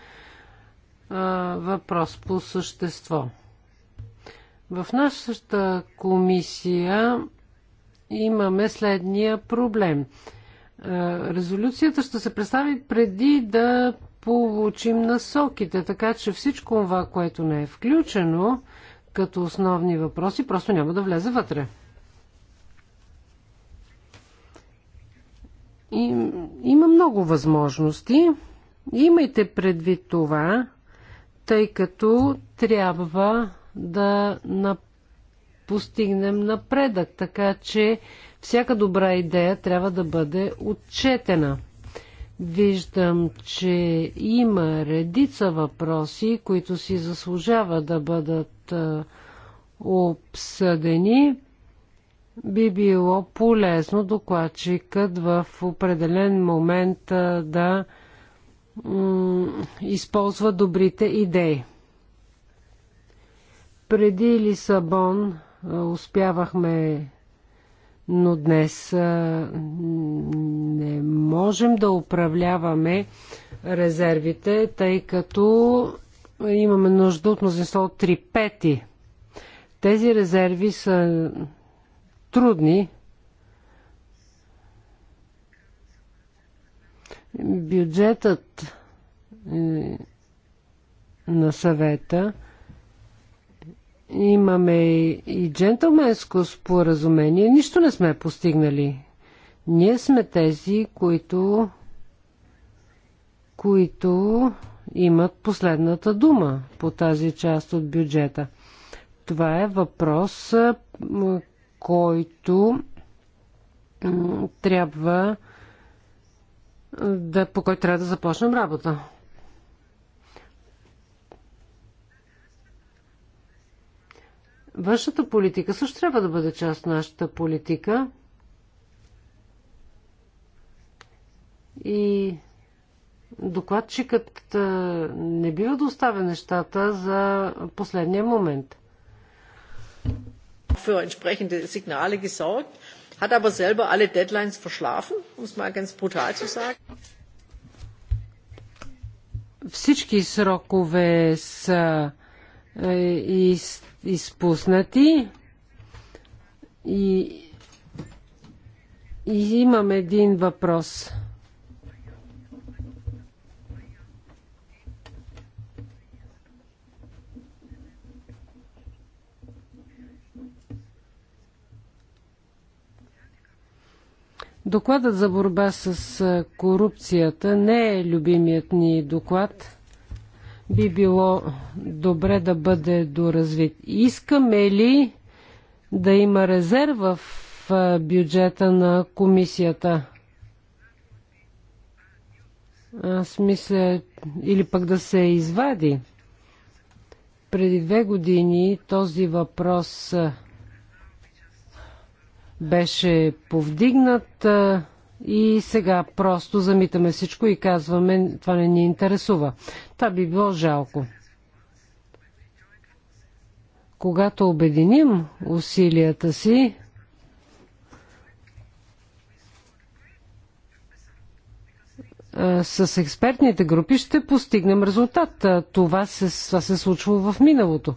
а, въпрос по същество. В нашата комисия имаме следния проблем. Е, резолюцията ще се представи преди да получим насоките, така че всичко това, което не е включено като основни въпроси, просто няма да влезе вътре. И, има много възможности. Имайте предвид това, тъй като трябва да направим постигнем напредък, така че всяка добра идея трябва да бъде отчетена. Виждам, че има редица въпроси, които си заслужава да бъдат обсъдени. Би било полезно докладчикът в определен момент да използва добрите идеи. Преди Лисабон успявахме, но днес не можем да управляваме резервите, тъй като имаме нужда от мнозинство от 3 пети. Тези резерви са трудни. Бюджетът е, на съвета имаме и джентълменско споразумение. Нищо не сме постигнали. Ние сме тези, които, които имат последната дума по тази част от бюджета. Това е въпрос, който трябва да, по който трябва да започнем работа. Външната политика също трябва да бъде част от нашата политика. И докладчикът не бива да оставя нещата за последния момент. Für entsprechende Signale gesorgt, hat aber selber alle Deadlines verschlafen, um es mal ganz brutal zu sagen. Всички срокове са е, и изпуснати и, и имам един въпрос. Докладът за борба с корупцията не е любимият ни доклад би било добре да бъде доразвит. Искаме ли да има резерв в бюджета на комисията? Аз мисля, или пък да се извади. Преди две години този въпрос беше повдигнат. И сега просто замитаме всичко и казваме, това не ни интересува. Това би било жалко. Когато обединим усилията си, с експертните групи ще постигнем резултат. Това се, това се случва в миналото.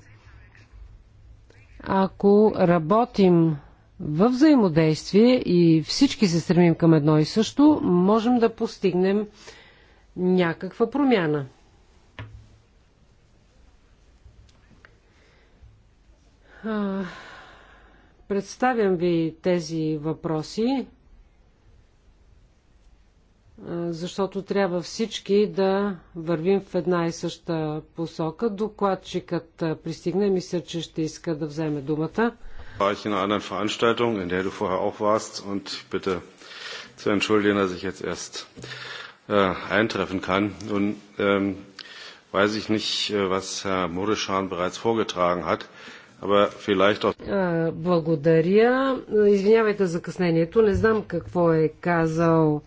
Ако работим в взаимодействие и всички се стремим към едно и също, можем да постигнем някаква промяна. Представям ви тези въпроси, защото трябва всички да вървим в една и съща посока. Докладчикът пристигне, мисля, че ще иска да вземе думата war ich in einer anderen Veranstaltung, in der du vorher auch warst und ich bitte zu entschuldigen, dass ich jetzt erst äh, eintreffen kann. Nun ähm, weiß ich nicht, was Herr Mureschan bereits vorgetragen hat, aber vielleicht auch... Благодаря. Извинявайте за къснението. Не знам какво е казал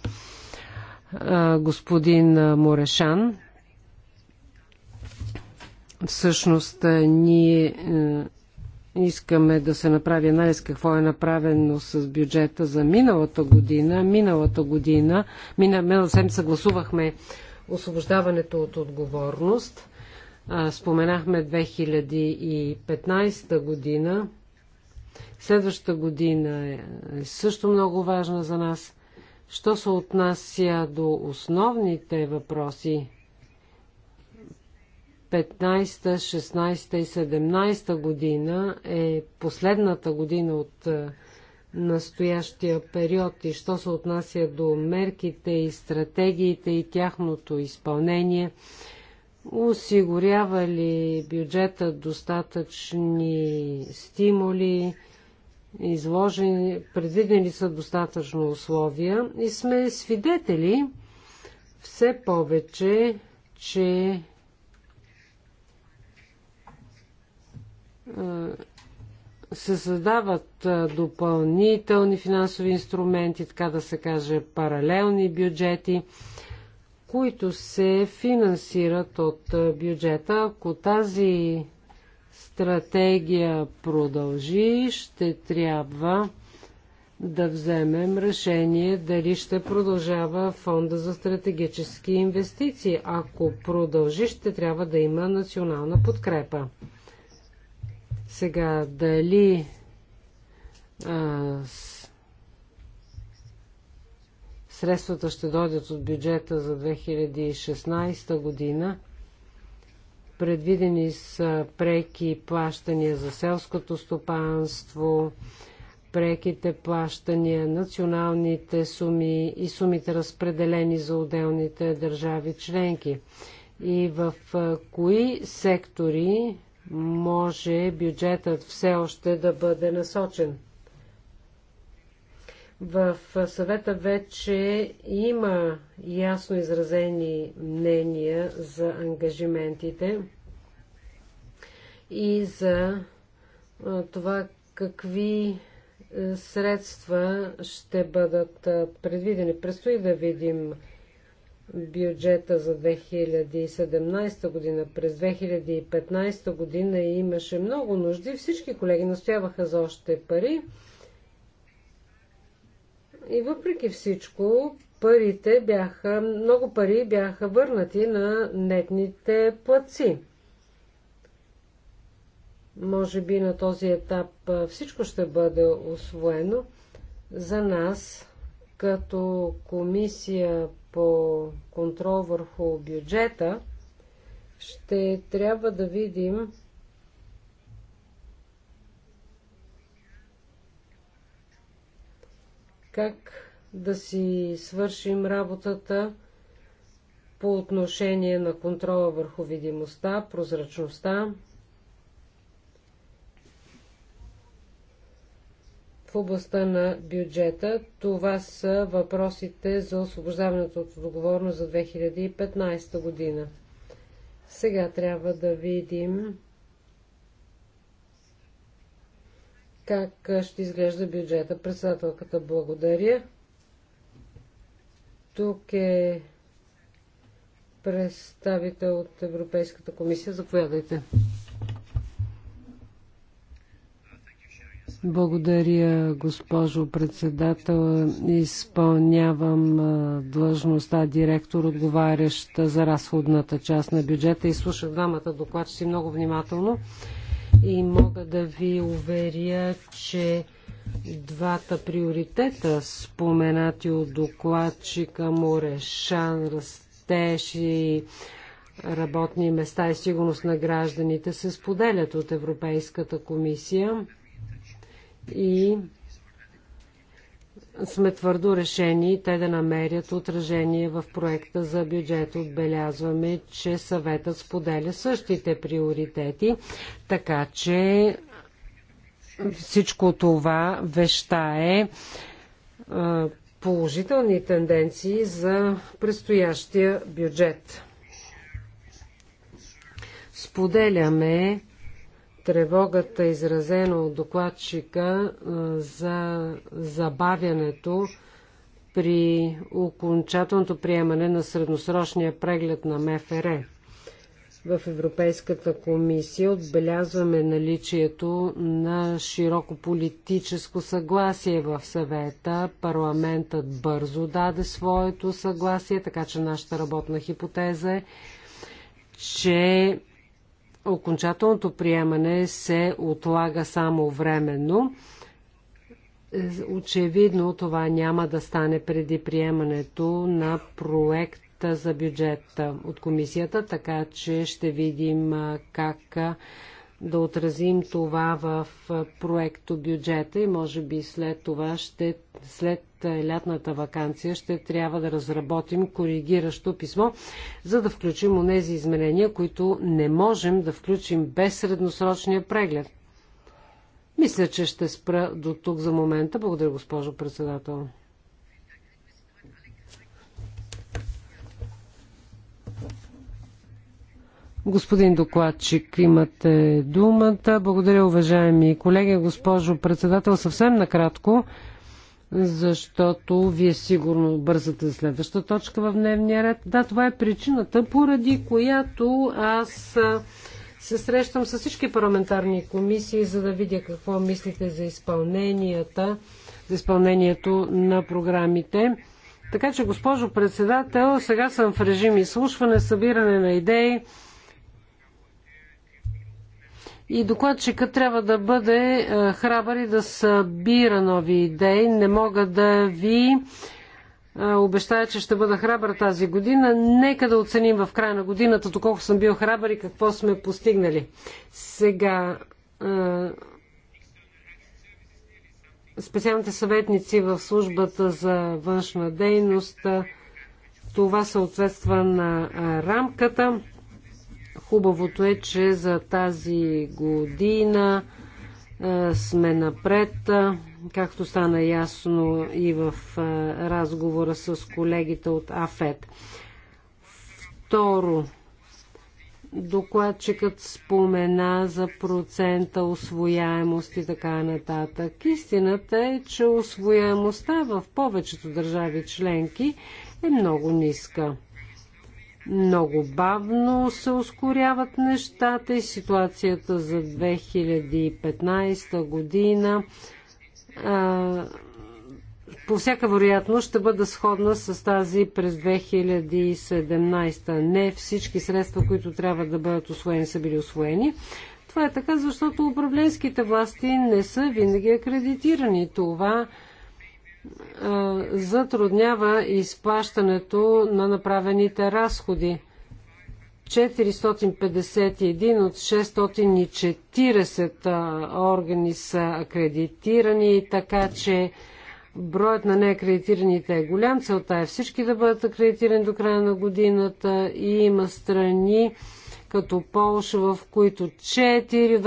господин Морешан. Всъщност, ние Искаме да се направи анализ какво е направено с бюджета за миналата година. Миналата година, миналата седмица гласувахме освобождаването от отговорност. Споменахме 2015 година. Следващата година е, е също много важна за нас. Що се отнася до основните въпроси, 15, 16 и 17 година е последната година от е, настоящия период и що се отнася до мерките и стратегиите и тяхното изпълнение, осигурява ли бюджета достатъчни стимули, изложени, предвидени са достатъчно условия и сме свидетели все повече, че Е, се създават е, допълнителни финансови инструменти, така да се каже паралелни бюджети, които се финансират от е, бюджета. Ако тази стратегия продължи, ще трябва да вземем решение дали ще продължава фонда за стратегически инвестиции. Ако продължи, ще трябва да има национална подкрепа. Сега, дали а, с... средствата ще дойдат от бюджета за 2016 година, предвидени са преки плащания за селското стопанство, преките плащания, националните суми и сумите разпределени за отделните държави членки. И в кои сектори може бюджетът все още да бъде насочен. В съвета вече има ясно изразени мнения за ангажиментите и за това какви е, средства ще бъдат предвидени. Предстои да видим бюджета за 2017 година. През 2015 година имаше много нужди. Всички колеги настояваха за още пари. И въпреки всичко, парите бяха, много пари бяха върнати на нетните плаци. Може би на този етап всичко ще бъде освоено. За нас, като комисия по контрол върху бюджета, ще трябва да видим как да си свършим работата по отношение на контрола върху видимостта, прозрачността, в областта на бюджета. Това са въпросите за освобождаването от отговорност за 2015 година. Сега трябва да видим как ще изглежда бюджета. Председателката благодаря. Тук е представител от Европейската комисия. Заповядайте. Благодаря, госпожо председател. Изпълнявам длъжността директор, отговаряща за разходната част на бюджета. И слушах двамата докладчици много внимателно. И мога да ви уверя, че двата приоритета, споменати от докладчика Морешан, растеж и работни места и сигурност на гражданите, се споделят от Европейската комисия и сме твърдо решени те да намерят отражение в проекта за бюджет. Отбелязваме, че съветът споделя същите приоритети, така че всичко това вещае положителни тенденции за предстоящия бюджет. Споделяме тревогата, изразена от докладчика за забавянето при окончателното приемане на средносрочния преглед на МФР. В Европейската комисия отбелязваме наличието на широко политическо съгласие в съвета. Парламентът бързо даде своето съгласие, така че нашата работна хипотеза е, че окончателното приемане се отлага само временно. Е, очевидно това няма да стане преди приемането на проекта за бюджет от комисията, така че ще видим как да отразим това в проекто бюджета и може би след това ще, след лятната вакансия ще трябва да разработим коригиращо писмо, за да включим онези изменения, които не можем да включим без средносрочния преглед. Мисля, че ще спра до тук за момента. Благодаря, госпожо председател. Господин докладчик, имате думата. Благодаря, уважаеми колеги. Госпожо председател, съвсем накратко, защото вие сигурно бързате за следваща точка в дневния ред. Да, това е причината, поради която аз се срещам с всички парламентарни комисии, за да видя какво мислите за изпълненията, за изпълнението на програмите. Така че, госпожо председател, сега съм в режим изслушване, събиране на идеи, и докладчика трябва да бъде е, храбър и да събира нови идеи. Не мога да ви е, обещая, че ще бъда храбър тази година. Нека да оценим в края на годината доколко съм бил храбър и какво сме постигнали. Сега е, специалните съветници в службата за външна дейност. Това съответства на рамката. Хубавото е, че за тази година сме напред, както стана ясно и в разговора с колегите от АФЕД. Второ, докладчикът спомена за процента освояемост и така нататък. Истината е, че освояемостта в повечето държави членки е много ниска. Много бавно се ускоряват нещата и ситуацията за 2015 година а, по всяка вероятност ще бъде сходна с тази през 2017. Не всички средства, които трябва да бъдат освоени, са били освоени. Това е така, защото управленските власти не са винаги акредитирани. Това е затруднява изплащането на направените разходи. 451 от 640 органи са акредитирани, така че броят на неакредитираните е голям. Целта е всички да бъдат акредитирани до края на годината и има страни като Полша, в които 4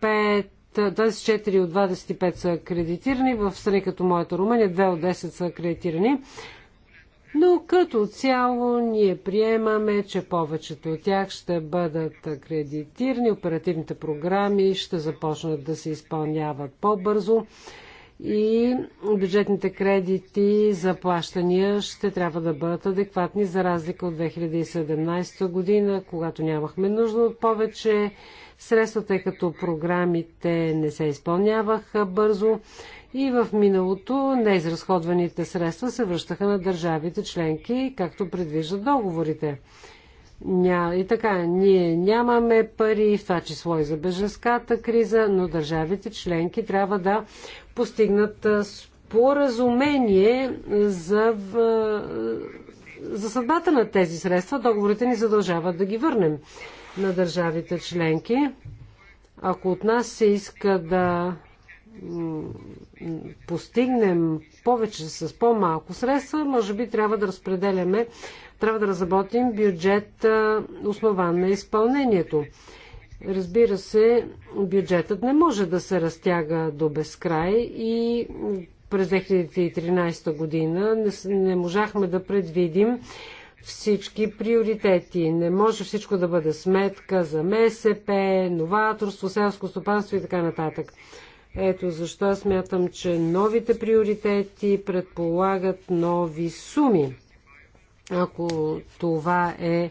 25 24 от 25 са акредитирани, в страни като моята Румъния 2 от 10 са акредитирани. Но като цяло ние приемаме, че повечето от тях ще бъдат акредитирани, оперативните програми ще започнат да се изпълняват по-бързо и бюджетните кредити за плащания ще трябва да бъдат адекватни за разлика от 2017 година, когато нямахме нужда от повече средства, тъй като програмите не се изпълняваха бързо и в миналото неизразходваните средства се връщаха на държавите членки, както предвиждат договорите. Ня, и така, ние нямаме пари, в това число и за беженската криза, но държавите членки трябва да постигнат споразумение за, в, за съдбата на тези средства. Договорите ни задължават да ги върнем на държавите членки. Ако от нас се иска да постигнем повече с по-малко средства, може би трябва да разпределяме трябва да разработим бюджет, основан на изпълнението. Разбира се, бюджетът не може да се разтяга до безкрай и през 2013 година не, можахме да предвидим всички приоритети. Не може всичко да бъде сметка за МСП, новаторство, селско стопанство и така нататък. Ето защо смятам, че новите приоритети предполагат нови суми. Ако това е,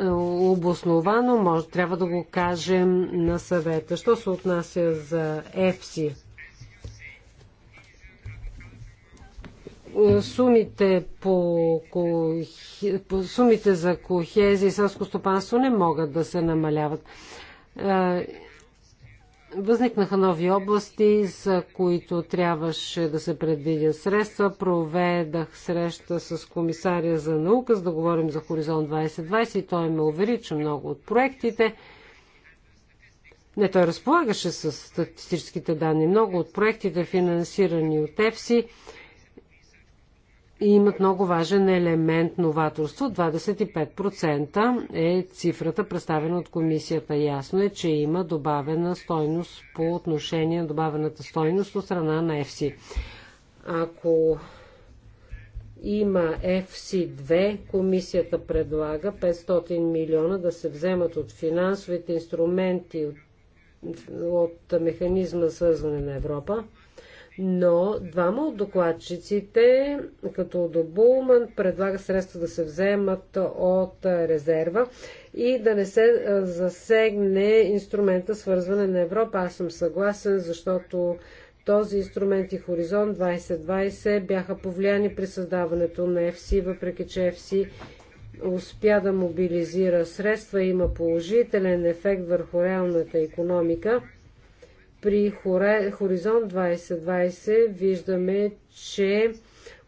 е обосновано, може, трябва да го кажем на съвета. Що се отнася за ЕФСИ? Сумите, по, по, сумите за кохезия и селско стопанство не могат да се намаляват. Е, Възникнаха нови области, за които трябваше да се предвидят средства. Проведах среща с комисаря за наука, за да говорим за Хоризонт 2020 и той ме увери, че много от проектите не, той разполагаше с статистическите данни. Много от проектите, финансирани от ЕФСИ, и имат много важен елемент новаторство. 25% е цифрата, представена от комисията. Ясно е, че има добавена стойност по отношение на добавената стойност от страна на FC. Ако има FC2, комисията предлага 500 милиона да се вземат от финансовите инструменти от, от механизма свързване на Европа но двама от докладчиците, като до Булман, предлага средства да се вземат от резерва и да не се засегне инструмента свързване на Европа. Аз съм съгласен, защото този инструмент и Хоризонт 2020 бяха повлияни при създаването на FC, въпреки че FC успя да мобилизира средства, и има положителен ефект върху реалната економика при Хоризонт 2020 виждаме, че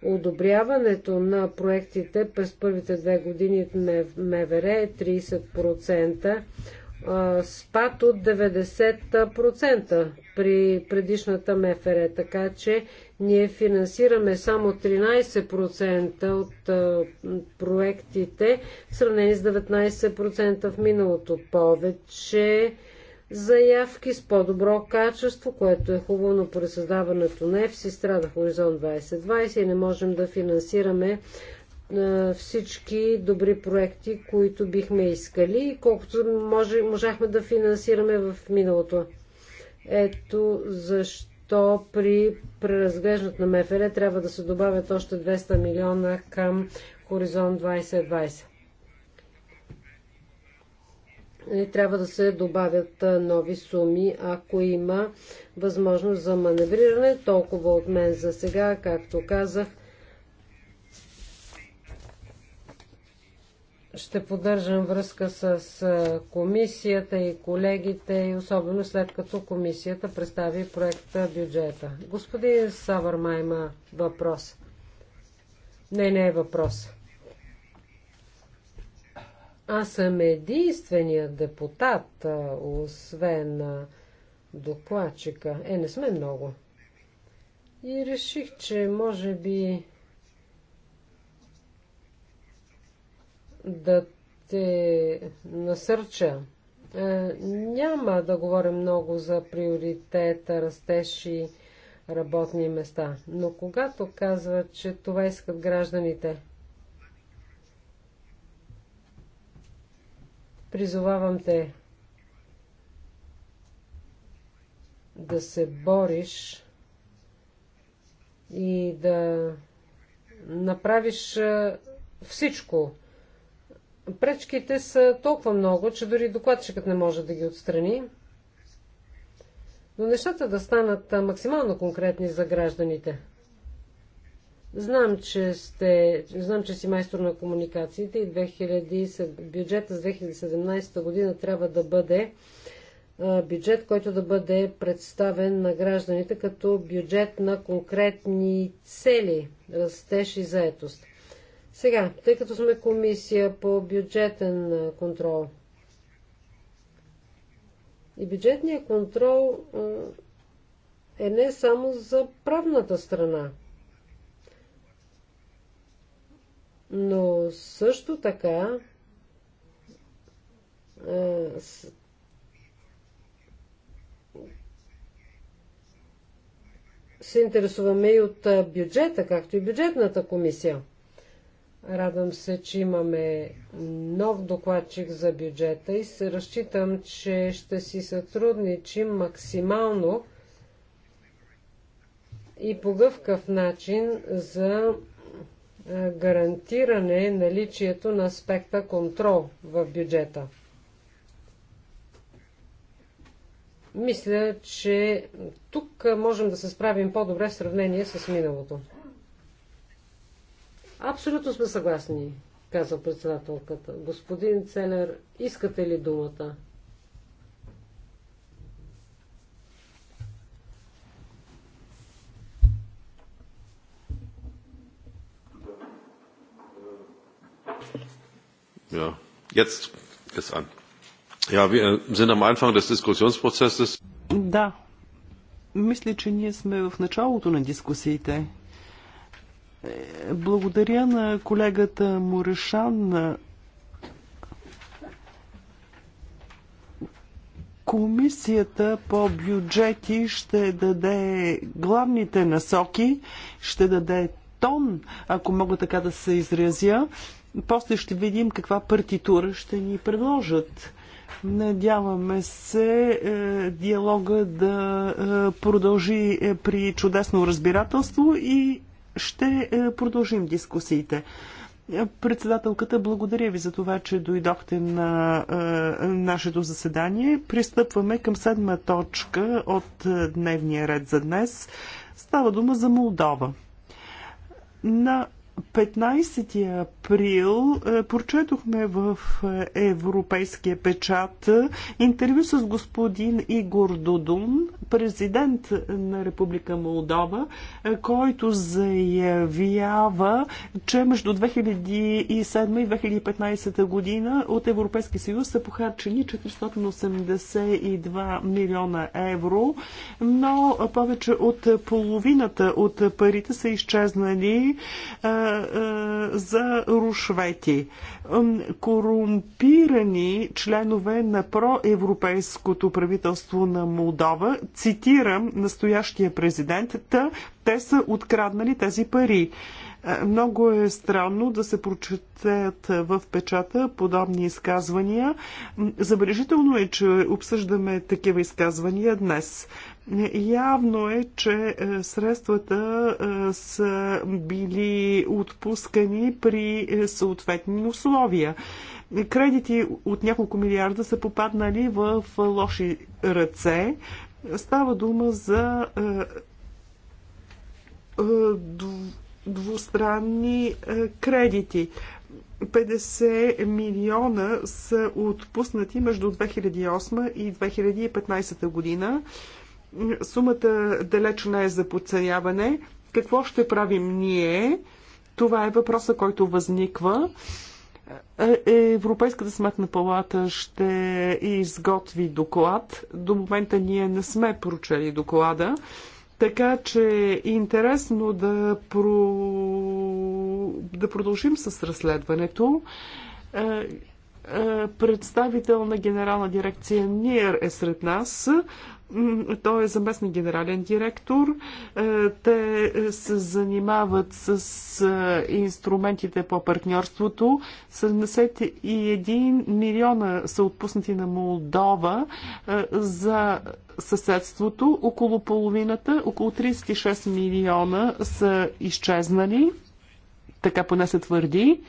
одобряването на проектите през първите две години в МВР е 30%, спад от 90% при предишната МФР, така че ние финансираме само 13% от проектите, в с 19% в миналото. Повече заявки с по-добро качество, което е хубаво, но при създаването на ЕФСИ страда Хоризонт 2020 и не можем да финансираме всички добри проекти, които бихме искали, и колкото можахме да финансираме в миналото. Ето защо при преразглеждат на МФР трябва да се добавят още 200 милиона към Хоризонт 2020 и трябва да се добавят нови суми, ако има възможност за маневриране. Толкова от мен за сега, както казах. Ще поддържам връзка с комисията и колегите, и особено след като комисията представи проекта бюджета. Господин Саварма има въпрос. Не, не е въпрос. Аз съм единственият депутат, освен докладчика. Е, не сме много. И реших, че може би да те насърча. Е, няма да говоря много за приоритета, растеж и работни места. Но когато казва, че това искат гражданите, Призовавам те да се бориш и да направиш всичко. Пречките са толкова много, че дори докладчикът не може да ги отстрани. Но нещата да станат максимално конкретни за гражданите. Знам, че сте, знам, че си майстор на комуникациите и 2000, бюджета за 2017 година трябва да бъде бюджет, който да бъде представен на гражданите като бюджет на конкретни цели, растеж и заетост. Сега, тъй като сме комисия по бюджетен контрол и бюджетният контрол е не само за правната страна – Но също така е, с... се интересуваме и от бюджета, както и бюджетната комисия. Радвам се, че имаме нов докладчик за бюджета и се разчитам, че ще си сътрудничим максимално и по гъвкав начин за е, гарантиране наличието на аспекта контрол в бюджета. Мисля, че тук можем да се справим по-добре в сравнение с миналото. Абсолютно сме съгласни, каза председателката. Господин Целер, искате ли думата? Ja, jetzt ist an. Ja, wir sind am Anfang des Diskussionsprozesses. Да, мисля, че ние сме в началото на дискусиите. Благодаря на колегата Морешан. Комисията по бюджети ще даде главните насоки, ще даде тон, ако мога така да се изразя, после ще видим каква партитура ще ни предложат. Надяваме се е, диалога да е, продължи е, при чудесно разбирателство и ще е, продължим дискусиите. Председателката, благодаря ви за това, че дойдохте на е, нашето заседание. Пристъпваме към седма точка от е, дневния ред за днес. Става дума за Молдова. На 15 април е, прочетохме в е, Европейския печат е, интервю с господин Игор Додун, президент на Република Молдова, който заявява, че между 2007 и 2015 година от Европейския съюз са похарчени 482 милиона евро, но повече от половината от парите са изчезнали за рушвети. Корумпирани членове на проевропейското правителство на Молдова, цитирам настоящия президент, та те са откраднали тези пари. Много е странно да се прочетат в печата подобни изказвания. Забележително е, че обсъждаме такива изказвания днес. Явно е, че е, средствата е, са били отпускани при е, съответни условия. Кредити от няколко милиарда са попаднали в лоши ръце. Става дума за двустранни кредити. 50 милиона са отпуснати между 2008 и 2015 година Сумата далеч не е за подценяване. Какво ще правим ние? Това е въпроса, който възниква. Е, Европейската сметна палата ще изготви доклад. До момента ние не сме прочели доклада, така че е интересно да, про... да продължим с разследването. Е, е, представител на генерална дирекция НИР е сред нас. Той е заместник генерален директор. Е, те се занимават с е, инструментите по партньорството. 71 милиона са отпуснати на Молдова е, за съседството. Около половината, около 36 милиона са изчезнали. Така поне се твърди.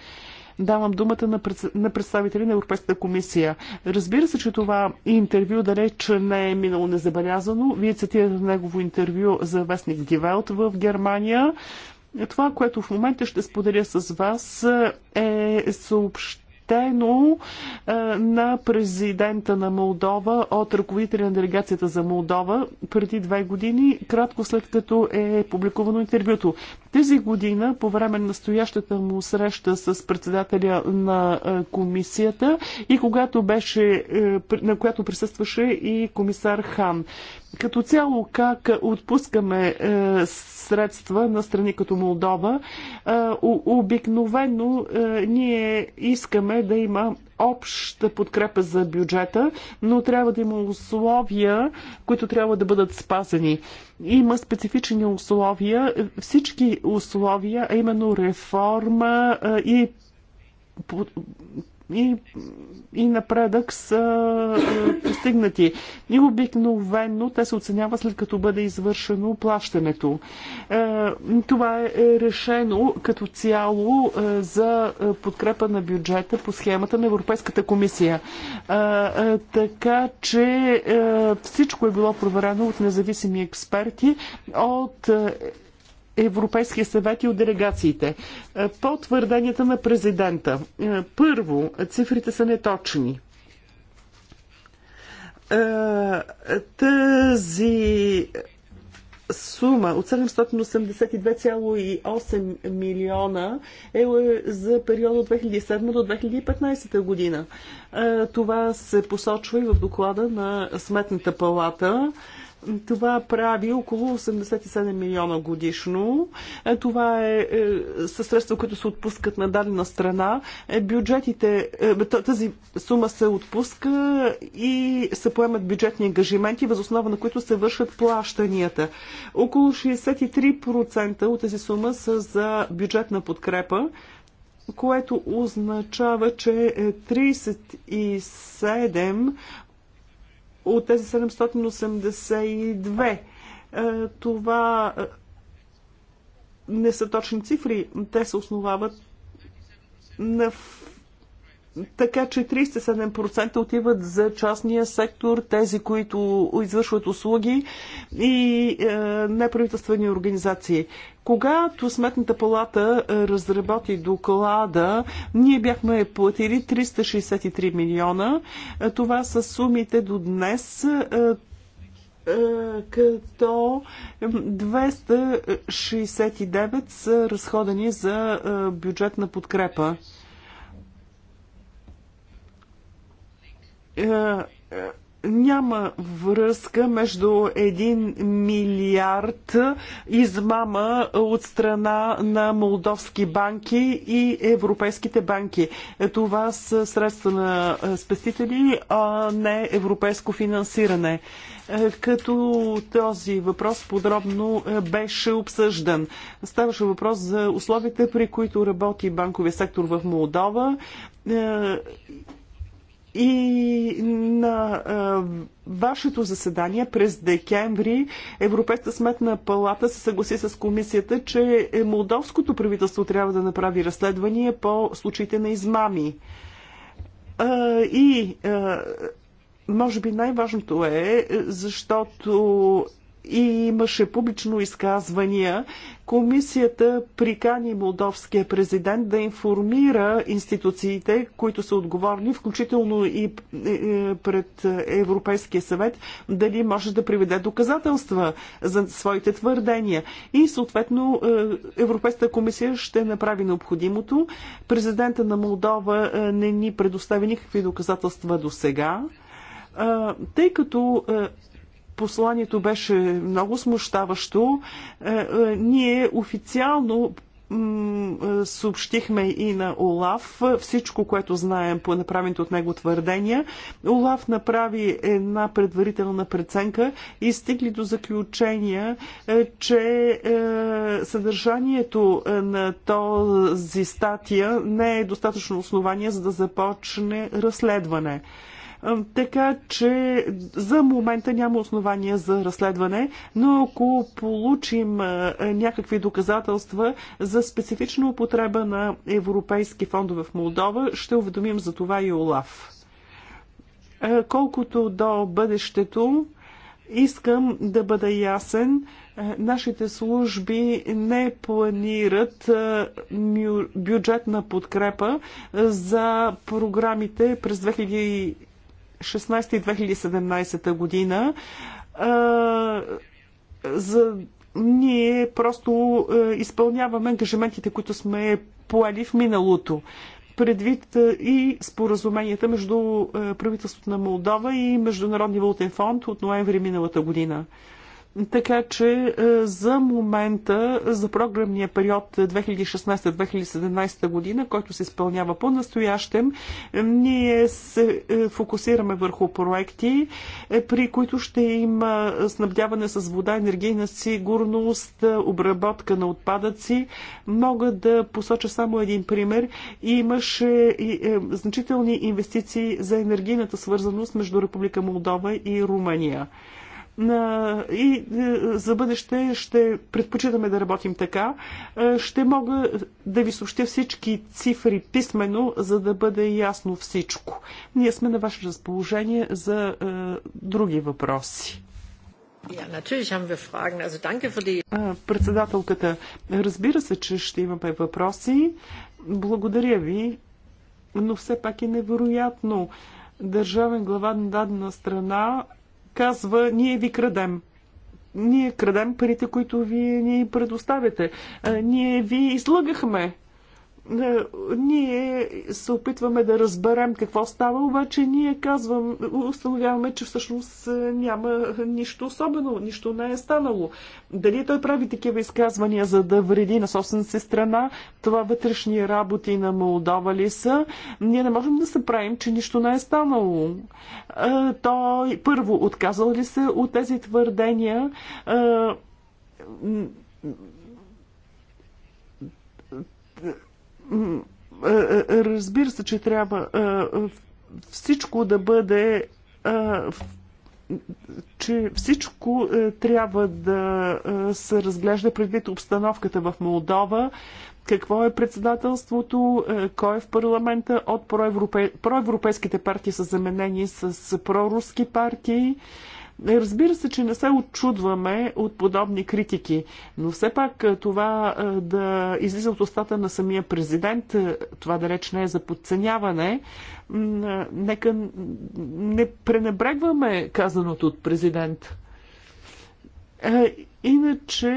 Давам думата на, пред... на представители на Европейската комисия. Разбира се, че това интервю далеч не е минало незабелязано. Вие цитирате негово интервю за вестник Гивелт в Германия. Това, което в момента ще споделя с вас е съобщение на президента на Молдова от ръководителя на делегацията за Молдова преди две години, кратко след като е публикувано интервюто. Тези година, по време на настоящата му среща с председателя на е, комисията и когато беше, е, на която присъстваше и комисар Хан. Като цяло, как отпускаме е, средства на страни като Молдова, обикновено ние искаме да има обща подкрепа за бюджета, но трябва да има условия, които трябва да бъдат спазени. Има специфични условия, всички условия, а именно реформа и и, и напредък са е, постигнати. И обикновено те се оценява след като бъде извършено плащането. Е, това е решено като цяло е, за подкрепа на бюджета по схемата на Европейската комисия. Така че всичко е било проверено от независими експерти, от Европейския съвет и от делегациите. Е, По твърденията на президента. Е, първо, цифрите са неточни е, тази сума от 782,8 милиона е за периода от 2007 до 2015 година. Това се посочва и в доклада на Сметната палата. Това прави около 87 милиона годишно. Е, това е, е със средства, които се отпускат на дадена страна. Е, бюджетите, тази сума се отпуска и се поемат бюджетни ангажименти, възоснова на които се вършат плащанията. Около 63% от тази сума са за бюджетна подкрепа което означава, че 37 от тези 782. Е, това е, не са точни цифри, те се основават на така че 37% отиват за частния сектор, тези, които извършват услуги и е, неправителствени организации. Когато Сметната палата е, разработи доклада, ние бяхме платили 363 милиона. Е, това са сумите до днес е, като 269 са разходени за бюджетна подкрепа няма връзка между 1 милиард измама от страна на молдовски банки и европейските банки. Е, това са средства на е, спестители, а не европейско финансиране. Е, като този въпрос подробно беше обсъждан. Ставаше въпрос за условията, при които работи банковия сектор в Молдова и на а, вашето заседание през декември Европейската сметна палата се съгласи с комисията, че молдовското правителство трябва да направи разследвания по случаите на измами. А, и а, може би най-важното е, защото и имаше публично изказвания. Комисията прикани молдовския президент да информира институциите, които са отговорни, включително и е, е, пред Европейския съвет, дали може да приведе доказателства за своите твърдения. И съответно е, Европейската комисия ще направи необходимото. Президента на Молдова не ни предостави никакви доказателства до сега тъй като Посланието беше много смущаващо. Е, е, ние официално е, съобщихме и на Олаф всичко, което знаем по направените от него твърдения. Олаф направи една предварителна преценка и стигли до заключения, че съдържанието на този статия не е достатъчно основание за да започне разследване. Така че за момента няма основания за разследване, но ако получим някакви доказателства за специфична употреба на европейски фондове в Молдова, ще уведомим за това и ОЛАФ. Колкото до бъдещето, искам да бъда ясен. Нашите служби не планират бюджетна подкрепа за програмите през 2000 2016 2017 година, за ние просто изпълняваме ангажиментите, които сме поели в миналото предвид и споразуменията между правителството на Молдова и Международния валутен фонд от ноември миналата година. Така че е, за момента, за програмния период 2016-2017 година, който се изпълнява по-настоящем, е, ние се е, фокусираме върху проекти, при които ще има снабдяване с вода, енергийна сигурност, обработка на отпадъци. Мога да посоча само един пример. Имаше значителни инвестиции за енергийната свързаност между Република Молдова и Румъния и е, за бъдеще ще предпочитаме да работим така. Е, ще мога да ви съобщя всички цифри писменно, за да бъде ясно всичко. Ние сме на ваше разположение за е, други въпроси. Председателката, разбира се, че ще имаме въпроси. Благодаря ви, но все пак е невероятно държавен глава на дадена страна казва, ние ви крадем. Ние крадем парите, които вие ни предоставяте. Ние ви излъгахме. Е, ние се опитваме да разберем какво става, обаче ние казвам, установяваме, че всъщност е, няма нищо особено, нищо не е станало. Дали той прави такива изказвания, за да вреди на собствената си страна, това вътрешни работи на Молдова ли са, ние не можем да се правим, че нищо не е станало. Е, той първо отказал ли се от тези твърдения, разбира се, че трябва всичко да бъде че всичко трябва да се разглежда предвид обстановката в Молдова, какво е председателството, кой е в парламента, от проевропейските партии са заменени с проруски партии. Разбира се, че не се очудваме от подобни критики, но все пак това да излиза от устата на самия президент, това да реч не е за подценяване, нека не пренебрегваме казаното от президент. Иначе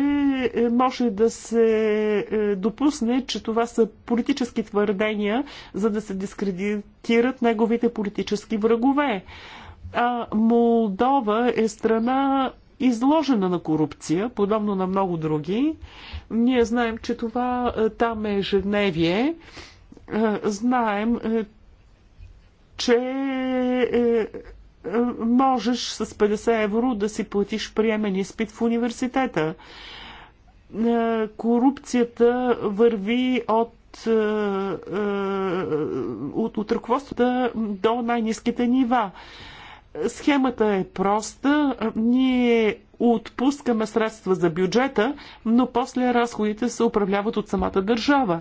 е, може да се е, допусне, че това са политически твърдения, за да се дискредитират неговите политически врагове. А Молдова е страна изложена на корупция, подобно на много други. Ние знаем, че това там е ежедневие. Знаем, че е, е, можеш с 50 евро да си платиш приемен изпит в университета. Корупцията върви от е, от, от ръководството до най-низките нива. Схемата е проста. Ние отпускаме средства за бюджета, но после разходите се управляват от самата държава.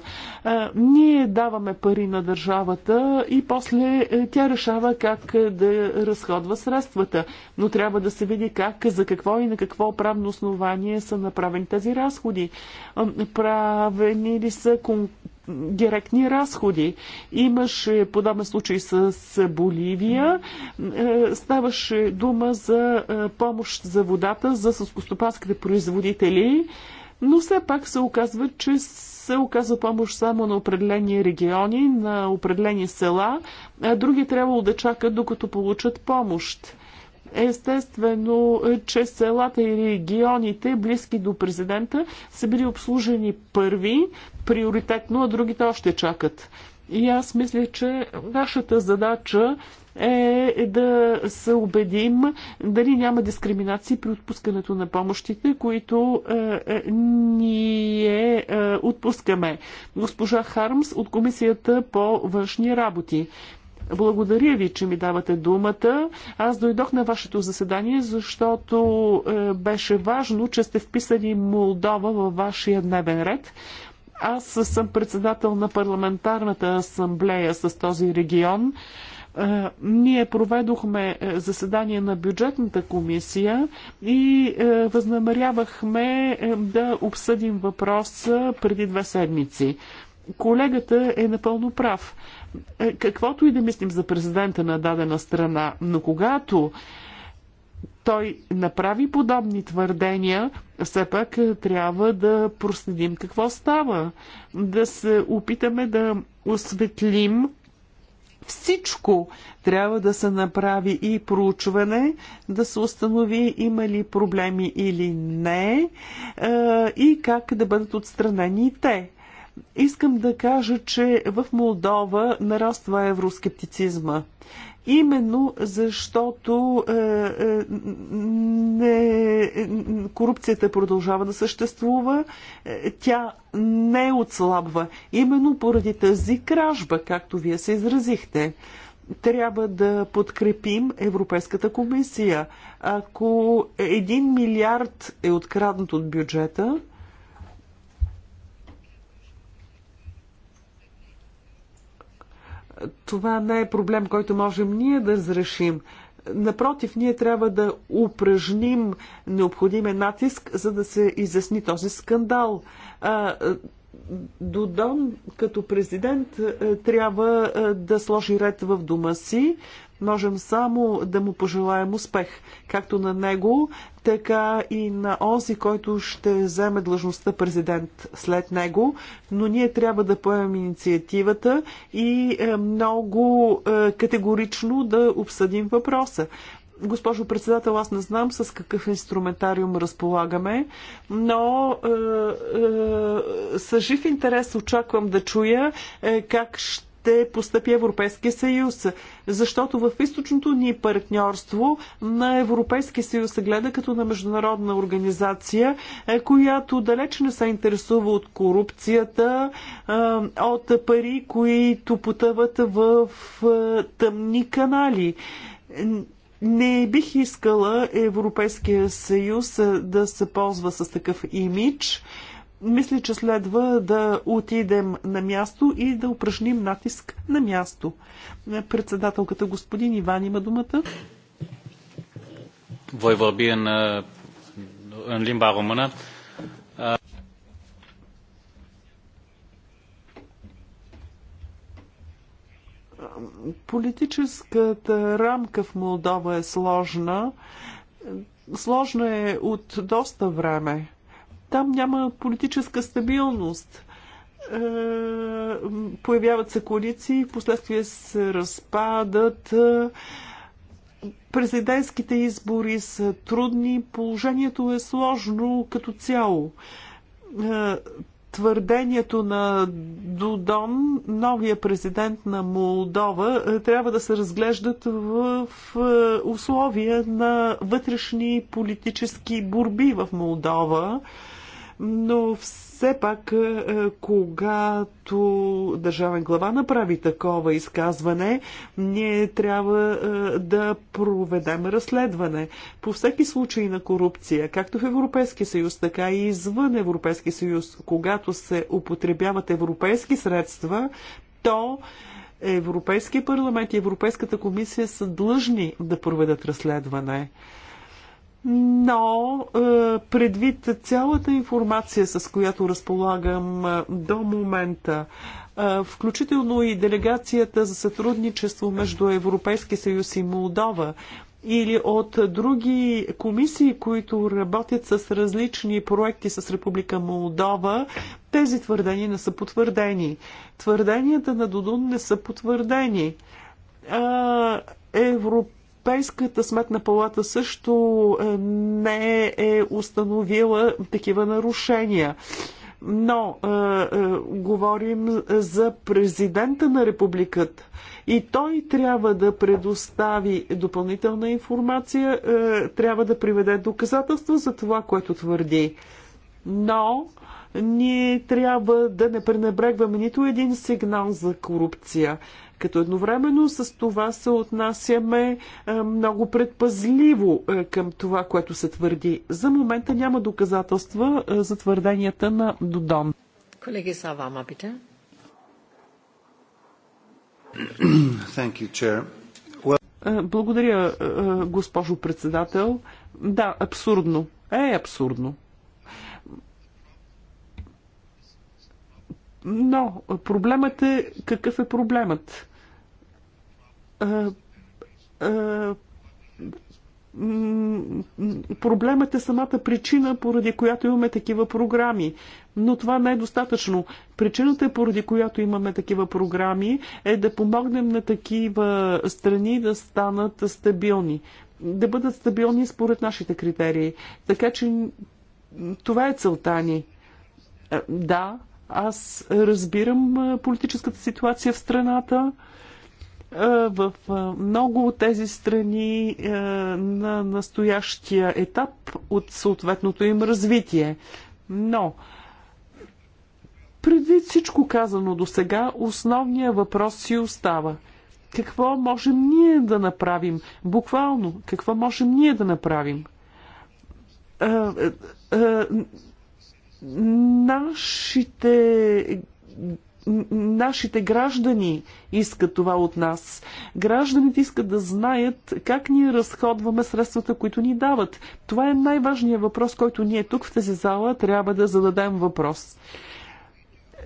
Ние даваме пари на държавата и после е, тя решава как е, да разходва средствата. Но трябва да се види как, за какво и на какво правно основание са направени тези разходи. Правени ли са конкурсите? директни разходи. Имаше подобен случай с Боливия. Е, ставаше дума за е, помощ за водата, за съскостопанските производители, но все пак се оказва, че се оказва помощ само на определени региони, на определени села, а други трябвало да чакат докато получат помощ. Естествено, че селата и регионите, близки до президента, са били обслужени първи, приоритетно, а другите още чакат. И аз мисля, че нашата задача е да се убедим дали няма дискриминации при отпускането на помощите, които е, е ние е, отпускаме. Госпожа Хармс от Комисията по външни работи. Благодаря ви, че ми давате думата. Аз дойдох на вашето заседание, защото е, беше важно, че сте вписали Молдова във вашия дневен ред. Аз съм председател на парламентарната асамблея с този регион. Е, ние проведохме е, заседание на бюджетната комисия и възнамерявахме да обсъдим въпроса преди две седмици. Колегата е напълно прав. Е, каквото и да мислим за президента на дадена страна, но когато той направи подобни твърдения, все пак е, трябва да проследим какво става. Да се опитаме да осветлим всичко. Трябва да се направи и проучване, да се установи има ли проблеми или не е, и как да бъдат отстранени те. Искам да кажа, че в Молдова нараства евроскептицизма. Именно защото е, е, не, корупцията продължава да съществува, е, тя не отслабва. Именно поради тази кражба, както вие се изразихте трябва да подкрепим Европейската комисия. Ако 1 милиард е откраднат от бюджета, това не е проблем, който можем ние да разрешим. Напротив, ние трябва да упражним необходимия натиск, за да се изясни този скандал. Додон като президент е, трябва е, да сложи ред в дома си, Можем само да му пожелаем успех, както на него, така и на онзи, който ще вземе длъжността президент след него, но ние трябва да поемем инициативата и е, много е, категорично да обсъдим въпроса. Госпожо председател, аз не знам с какъв инструментариум разполагаме, но е, е, с жив интерес очаквам да чуя е, как ще ще постъпи Европейския съюз. Защото в източното ни партньорство на Европейския съюз се гледа като на международна организация, е, която далеч не се интересува от корупцията, е, от пари, които потъват в е, тъмни канали. Не бих искала Европейския съюз да се ползва с такъв имидж мисля, че следва да отидем на място и да упражним натиск на място. Председателката господин Иван има думата. Вой vorbi на лимба румъна. Политическата рамка в Молдова е сложна. Сложна е от доста време там няма политическа стабилност. Е, появяват се коалиции, последствие се разпадат. Е, президентските избори са трудни, положението е сложно като цяло е, твърдението на Дудон, новия президент на Молдова, трябва да се разглеждат в условия на вътрешни политически борби в Молдова но все пак, е, е, когато държавен глава направи такова изказване, ние трябва е, да проведем разследване. По всеки случай на корупция, както в Европейския съюз, така и извън Европейския съюз, когато се употребяват европейски средства, то Европейския парламент и Европейската комисия са длъжни да проведат разследване но е, предвид цялата информация, с която разполагам е, до момента, е, включително и делегацията за сътрудничество между Европейския съюз и Молдова, или от други комисии, които работят с различни проекти с Република Молдова, тези твърдения не са потвърдени. Твърденията на Додун не са потвърдени. Европа Европейската сметна палата също е, не е установила такива нарушения но е, е, говорим за президента на републиката и той трябва да предостави допълнителна информация, е, трябва да приведе доказателства за това, което твърди. Но ние трябва да не пренебрегваме нито един сигнал за корупция. Като едновременно с това се отнасяме е, много предпазливо е, към това, което се твърди. За момента няма доказателства е, за твърденията на Додон. Колеги Савама, пите. Thank you, Chair. Благодаря, госпожо председател. Да, абсурдно. Е, абсурдно. Но проблемът е какъв е проблемът? проблемът е самата причина, поради която имаме такива програми. Но това не е достатъчно. Причината, поради която имаме такива програми, е да помогнем на такива страни да станат стабилни. Да бъдат стабилни според нашите критерии. Така че това е целта ни. Е, да, аз разбирам е, политическата ситуация в страната в много от тези страни на настоящия етап от съответното им развитие. Но предвид всичко казано до сега, основният въпрос си остава. Какво можем ние да направим? Буквално, какво можем ние да направим? А, а, нашите нашите граждани искат това от нас. Гражданите искат да знаят как ние разходваме средствата, които ни дават. Това е най-важният въпрос, който ние тук в тази зала трябва да зададем въпрос.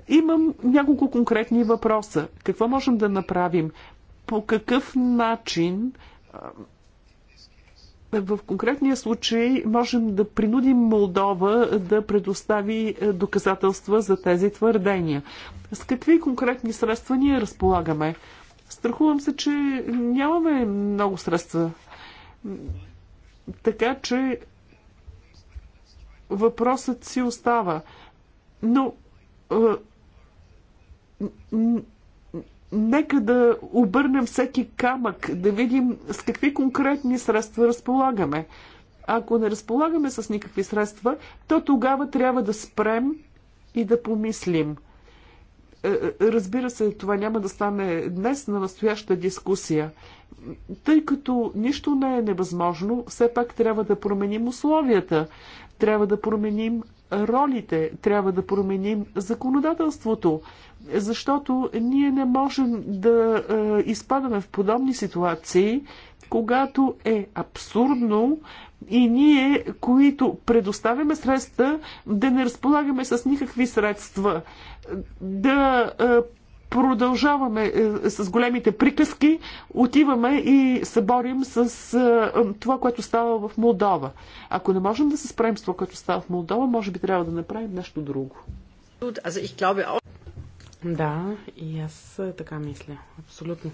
Имам няколко конкретни въпроса. Какво можем да направим? По какъв начин в конкретния случай можем да принудим Молдова да предостави е, доказателства за тези твърдения. С какви конкретни средства ние разполагаме? Страхувам се, че нямаме много средства. Така че въпросът си остава. Но е, Нека да обърнем всеки камък, да видим с какви конкретни средства разполагаме. Ако не разполагаме с никакви средства, то тогава трябва да спрем и да помислим. Е, е, разбира се, това няма да стане днес на настояща дискусия. Тъй като нищо не е невъзможно, все пак трябва да променим условията. Трябва да променим ролите, трябва да променим законодателството, защото ние не можем да е, изпадаме в подобни ситуации, когато е абсурдно и ние, които предоставяме средства, да не разполагаме с никакви средства, да е, продължаваме е, с големите приказки, отиваме и се борим с е, е, това, което става в Молдова. Ако не можем да се справим с това, което става в Молдова, може би трябва да направим нещо друго. Да, и аз така мисля. Абсолютно.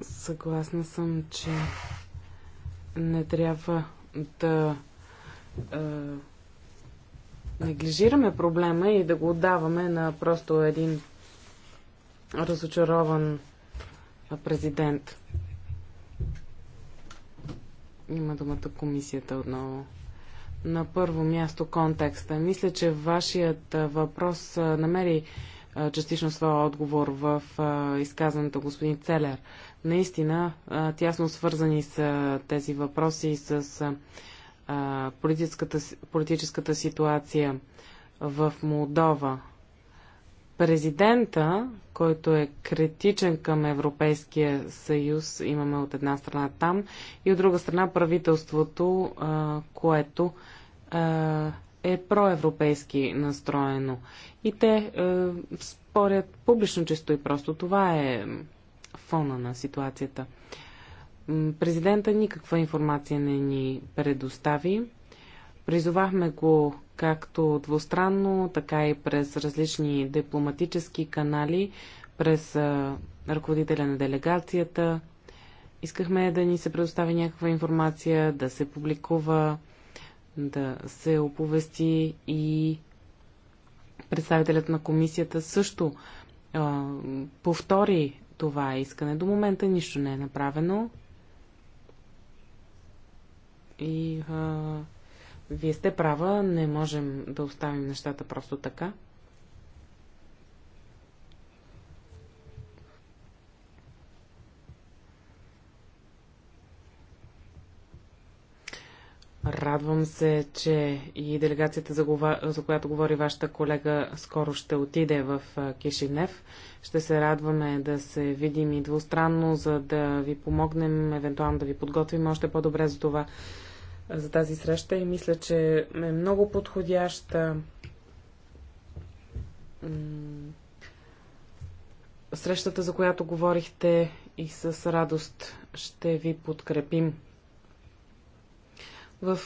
Съгласна съм, че не трябва да неглижираме проблема и да го отдаваме на просто един разочарован президент. Има думата комисията отново. На първо място контекста. Мисля, че вашият въпрос намери частично своя отговор в изказаната господин Целер. Наистина, тясно свързани с тези въпроси и с политическата, политическата ситуация в Молдова. Президента, който е критичен към Европейския съюз, имаме от една страна там, и от друга страна правителството, което е проевропейски настроено. И те спорят публично чисто и просто. Това е фона на ситуацията. Президента никаква информация не ни предостави. Призовахме го както двустранно, така и през различни дипломатически канали, през ръководителя на делегацията. Искахме да ни се предостави някаква информация, да се публикува, да се оповести и представителят на комисията също а, повтори това искане. До момента нищо не е направено. И а, вие сте права, не можем да оставим нещата просто така. Радвам се, че и делегацията, за която говори вашата колега, скоро ще отиде в Кишинев. Ще се радваме да се видим и двустранно, за да ви помогнем, евентуално да ви подготвим още по-добре за това, за тази среща. И мисля, че е много подходяща срещата, за която говорихте и с радост ще ви подкрепим. В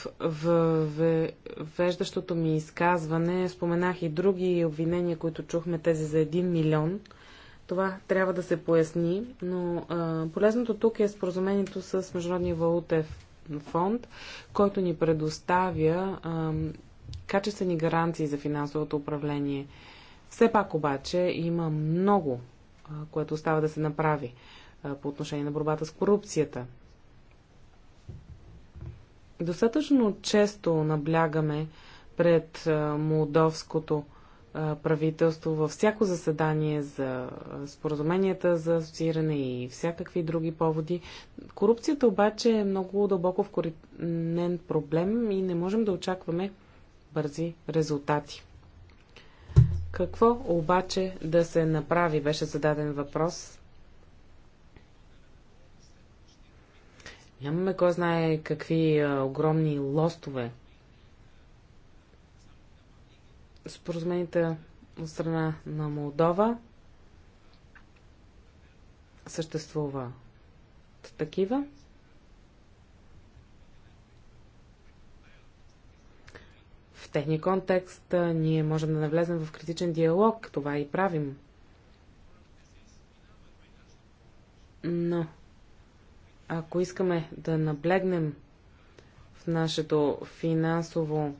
веждащото ми изказване споменах и други обвинения, които чухме, тези за 1 милион. Това трябва да се поясни, но а, полезното тук е споразумението с Международния валутен фонд, който ни предоставя а, качествени гаранции за финансовото управление. Все пак обаче има много, а, което остава да се направи а, по отношение на борбата с корупцията, достатъчно често наблягаме пред молдовското правителство във всяко заседание за споразуменията за асоцииране и всякакви други поводи. Корупцията обаче е много дълбоко вкоренен проблем и не можем да очакваме бързи резултати. Какво обаче да се направи, беше зададен въпрос Нямаме кой знае какви а, огромни лостове. Споразумените от страна на Молдова съществува такива. В техния контекст а, ние можем да навлезем в критичен диалог. Това и правим. Но ако искаме да наблегнем в нашето финансово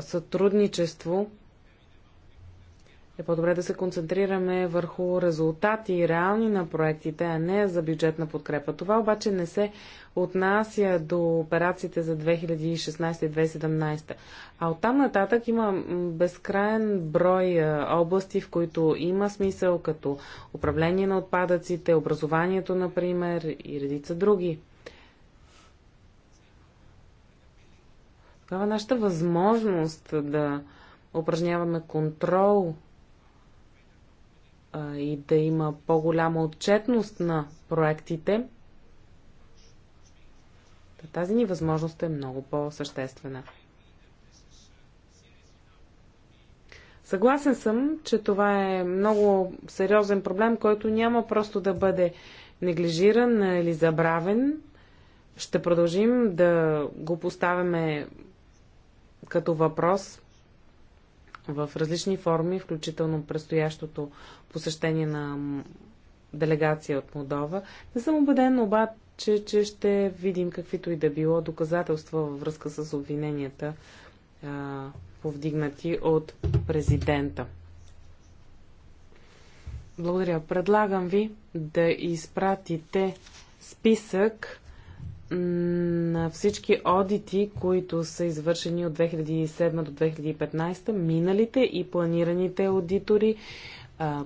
сътрудничество, е по-добре да се концентрираме върху резултати и реални на проектите, а не за бюджетна подкрепа. Това обаче не се отнася до операциите за 2016 и 2017. А оттам нататък има безкраен брой области, в които има смисъл, като управление на отпадъците, образованието, например, и редица други. Тогава нашата възможност да упражняваме контрол и да има по-голяма отчетност на проектите, тази ни възможност е много по-съществена. Съгласен съм, че това е много сериозен проблем, който няма просто да бъде неглижиран или нали, забравен. Ще продължим да го поставяме като въпрос в различни форми, включително предстоящото посещение на делегация от Молдова. Не съм убеден обаче, че ще видим каквито и да било доказателства във връзка с обвиненията, повдигнати от президента. Благодаря. Предлагам ви да изпратите списък на всички одити, които са извършени от 2007 до 2015, миналите и планираните аудитори,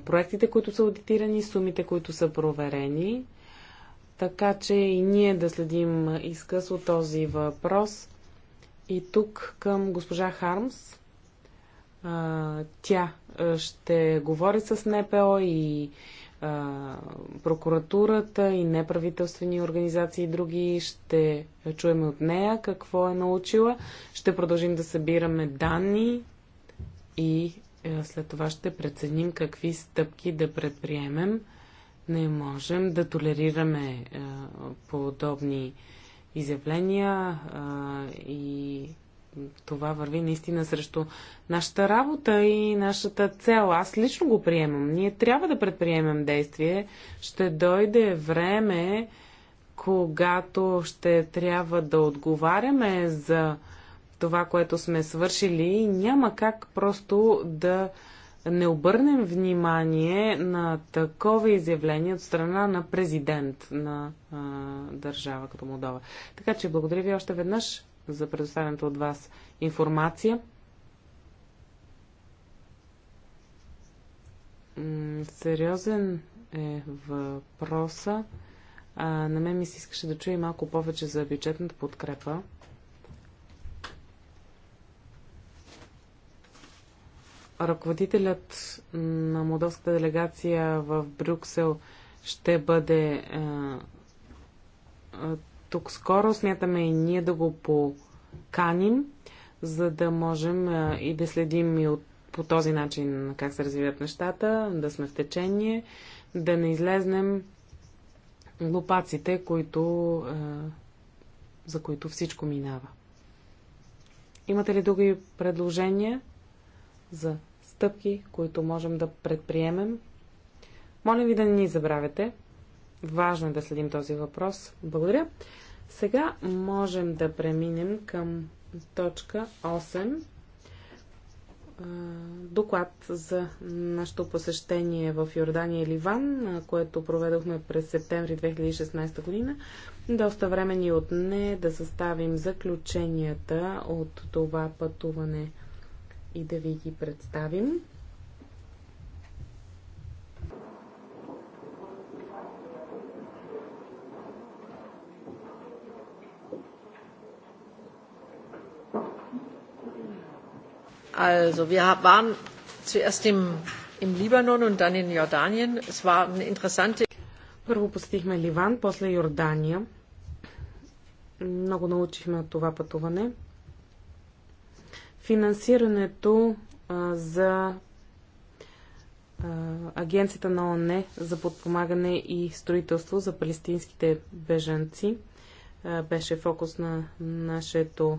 проектите, които са аудитирани, сумите, които са проверени. Така че и ние да следим изкъсно този въпрос. И тук към госпожа Хармс. Тя ще говори с НПО и прокуратурата и неправителствени организации и други. Ще чуем от нея какво е научила. Ще продължим да събираме данни и след това ще преценим какви стъпки да предприемем. Не можем да толерираме подобни изявления и това върви наистина срещу нашата работа и нашата цел. Аз лично го приемам. Ние трябва да предприемем действие. Ще дойде време, когато ще трябва да отговаряме за това, което сме свършили. Няма как просто да не обърнем внимание на такова изявление от страна на президент на а, държава като Молдова. Така че благодаря ви още веднъж за предоставената от вас информация. Сериозен е въпроса. А, на мен ми се искаше да чуя малко повече за бюджетната подкрепа. Ръководителят на молдовската делегация в Брюксел ще бъде а, тук скоро. Смятаме и ние да го поканим, за да можем и да следим и от, по този начин как се развиват нещата, да сме в течение, да не излезнем глупаците, които, за които всичко минава. Имате ли други предложения за стъпки, които можем да предприемем? Моля ви да не ни забравяте. Важно е да следим този въпрос. Благодаря. Сега можем да преминем към точка 8. Доклад за нашето посещение в Йордания и Ливан, което проведохме през септември 2016 година. Доста време ни е отне да съставим заключенията от това пътуване и да ви ги представим. Also wir waren zuerst im, im Libanon und dann in Jordanien. Es war eine interessante... Първо посетихме Ливан, после Йордания. Много научихме от това пътуване. Финансирането а, за а, Агенцията на ОНЕ за подпомагане и строителство за палестинските беженци беше фокус на нашето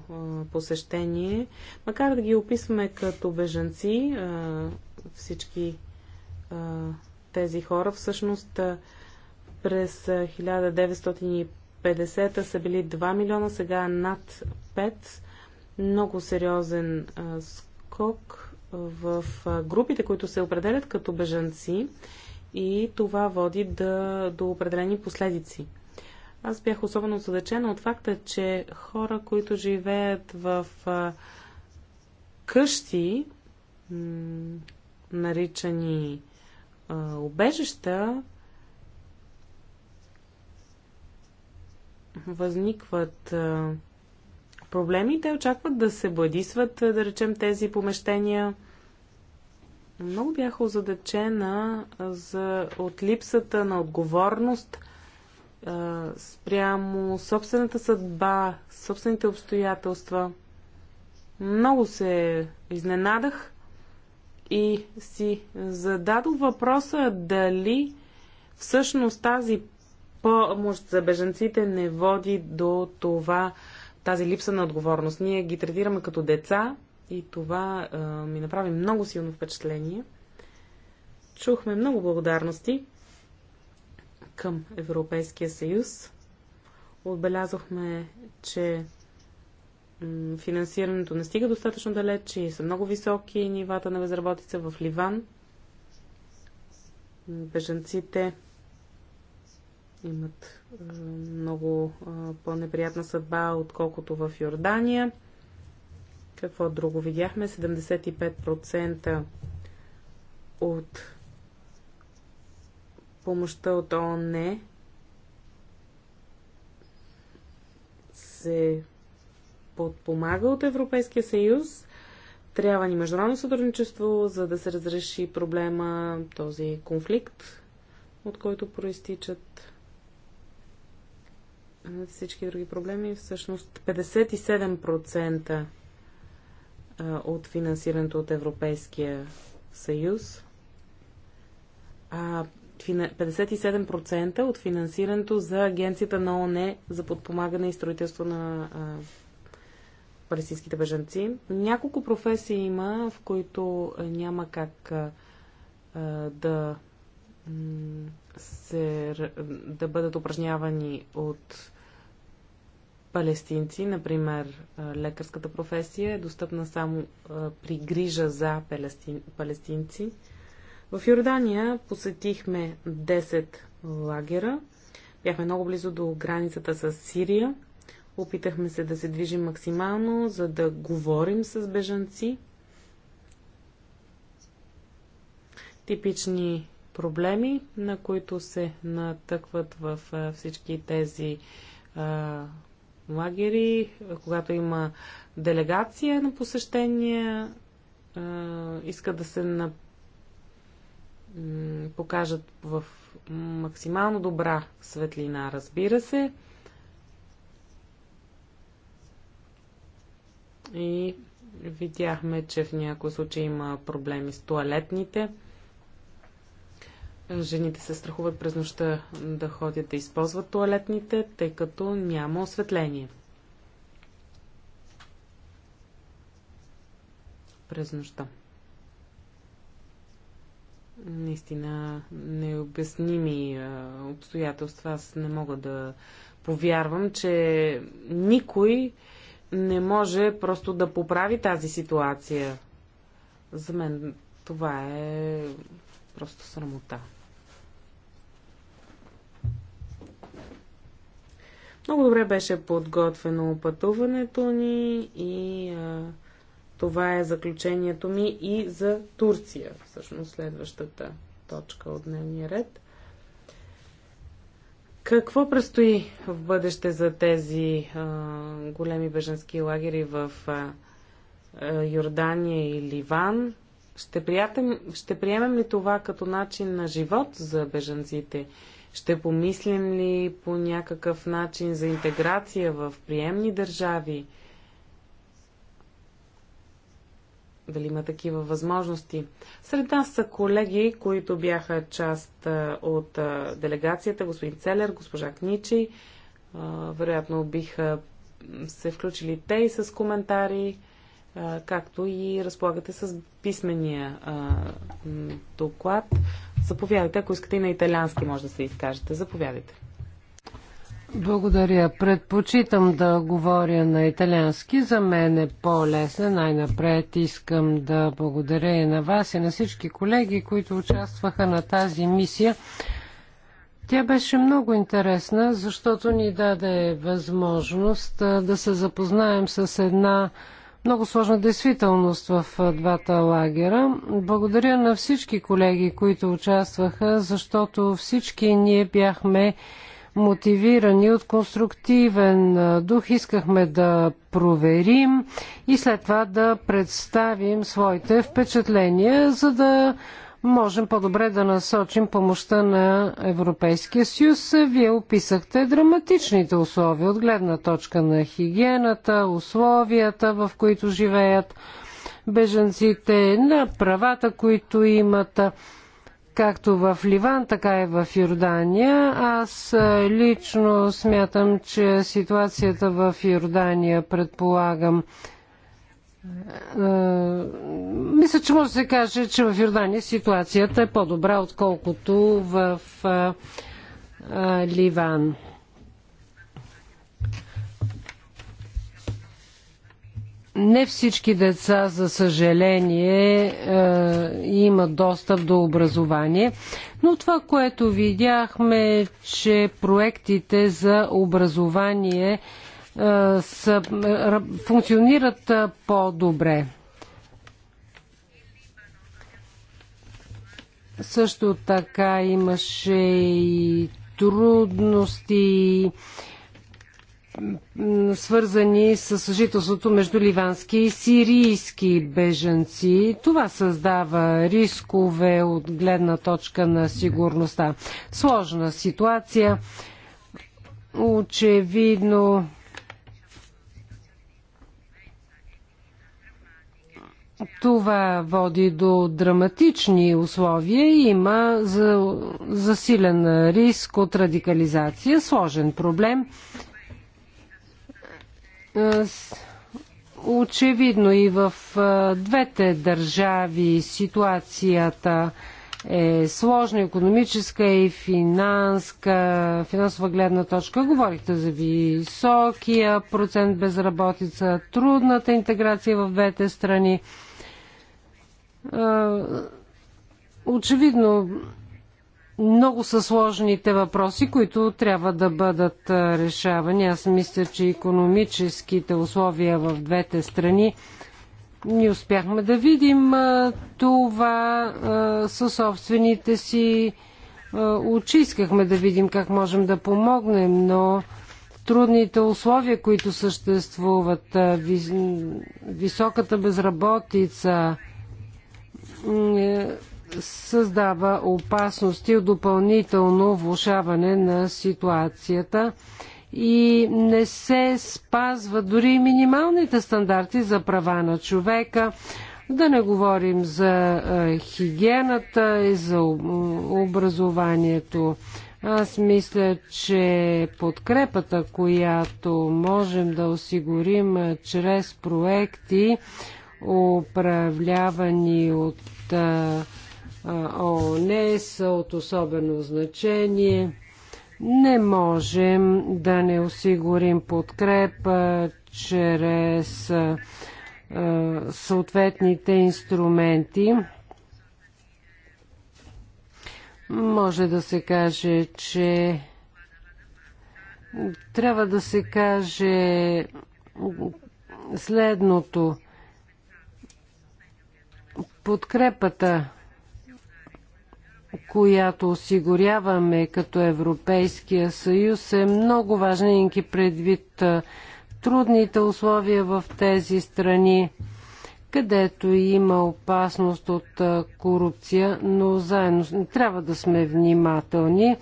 посещение. Макар да ги описваме като бежанци, всички тези хора, всъщност през 1950 са били 2 милиона, сега над 5. Много сериозен скок в групите, които се определят като бежанци и това води да, до определени последици аз бях особено задачена от факта, че хора, които живеят в а, къщи, наричани а, убежища, възникват а, проблеми. Те очакват да се бладисват, да речем, тези помещения. Много бях озадачена за, от липсата на отговорност спрямо собствената съдба, собствените обстоятелства. Много се изненадах и си зададох въпроса дали всъщност тази помощ за беженците не води до това, тази липса на отговорност. Ние ги третираме като деца и това а, ми направи много силно впечатление. Чухме много благодарности към Европейския съюз. Отбелязахме, че финансирането не стига достатъчно далеч и са много високи нивата на безработица в Ливан. Беженците имат много по-неприятна съдба, отколкото в Йордания. Какво друго видяхме? 75% от помощта от ООН се подпомага от Европейския съюз. Трябва ни международно сътрудничество, за да се разреши проблема, този конфликт, от който проистичат всички други проблеми. Всъщност 57% от финансирането от Европейския съюз а 57% от финансирането за Агенцията на ОНЕ за подпомагане и строителство на а, палестинските бежанци. Няколко професии има, в които няма как а, да, се, да бъдат упражнявани от палестинци. Например, лекарската професия е достъпна само а, при грижа за палестин, палестинци. В Йордания посетихме 10 лагера. Бяхме много близо до границата с Сирия. Опитахме се да се движим максимално, за да говорим с бежанци. Типични проблеми, на които се натъкват в всички тези а, лагери, когато има делегация на посещения, а, иска да се направи покажат в максимално добра светлина, разбира се. И видяхме, че в някои случаи има проблеми с туалетните. Жените се страхуват през нощта да ходят да използват туалетните, тъй като няма осветление. През нощта наистина необясними обстоятелства. Аз не мога да повярвам, че никой не може просто да поправи тази ситуация. За мен това е просто срамота. Много добре беше подготвено пътуването ни и а, това е заключението ми и за Турция, всъщност следващата точка от дневния ред. Какво предстои в бъдеще за тези а, големи беженски лагери в а, Йордания и Ливан? Ще, приятем, ще приемем ли това като начин на живот за беженците? Ще помислим ли по някакъв начин за интеграция в приемни държави? дали има такива възможности. Сред нас са колеги, които бяха част от делегацията, господин Целер, госпожа Кничи. Вероятно биха се включили те и с коментари, както и разполагате с писмения доклад. Заповядайте, ако искате и на италиански може да се изкажете. Заповядайте. Благодаря. Предпочитам да говоря на италиански. За мен е по-лесно. Най-напред искам да благодаря и на вас и на всички колеги, които участваха на тази мисия. Тя беше много интересна, защото ни даде възможност да се запознаем с една много сложна действителност в двата лагера. Благодаря на всички колеги, които участваха, защото всички ние бяхме мотивирани от конструктивен дух. Искахме да проверим и след това да представим своите впечатления, за да можем по-добре да насочим помощта на Европейския съюз. Вие описахте драматичните условия от гледна точка на хигиената, условията, в които живеят беженците, на правата, които имат както в Ливан, така и в Йордания. Аз лично смятам, че ситуацията в Йордания, предполагам, е, мисля, че може да се каже, че в Йордания ситуацията е по-добра, отколкото в е, е, Ливан. Не всички деца, за съжаление, е, имат достъп до образование, но това, което видяхме, че проектите за образование е, са, е, функционират по-добре. Също така имаше и трудности свързани с съжителството между ливански и сирийски беженци. Това създава рискове от гледна точка на сигурността. Сложна ситуация. Очевидно Това води до драматични условия. и Има засилен риск от радикализация. Сложен проблем. Е, очевидно и в е, двете държави ситуацията е сложна економическа и финанска, финансова гледна точка. Говорихте за високия процент безработица, трудната интеграция в двете страни. Е, очевидно много са сложните въпроси, които трябва да бъдат решавани. Аз мисля, че економическите условия в двете страни ни успяхме да видим това със собствените си очи. Искахме да видим как можем да помогнем, но трудните условия, които съществуват, високата безработица, е, създава опасности от допълнително влушаване на ситуацията и не се спазват дори минималните стандарти за права на човека. Да не говорим за хигиената и за образованието. Аз мисля, че подкрепата, която можем да осигурим чрез проекти, управлявани от ООН са от особено значение. Не можем да не осигурим подкрепа чрез съответните инструменти. Може да се каже, че трябва да се каже следното. Подкрепата която осигуряваме като Европейския съюз, е много важна, инки предвид трудните условия в тези страни, където има опасност от корупция, но заедно трябва да сме внимателни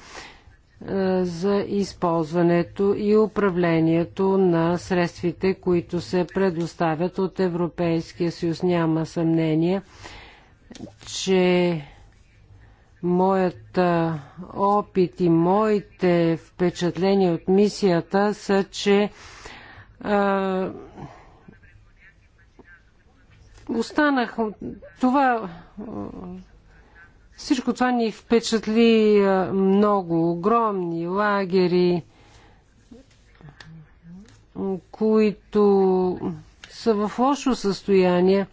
за използването и управлението на средствите, които се предоставят от Европейския съюз. Няма съмнение, че Моят опит и моите впечатления от мисията са, че а, останах. Това. Всичко това ни впечатли много. Огромни лагери, които са в лошо състояние.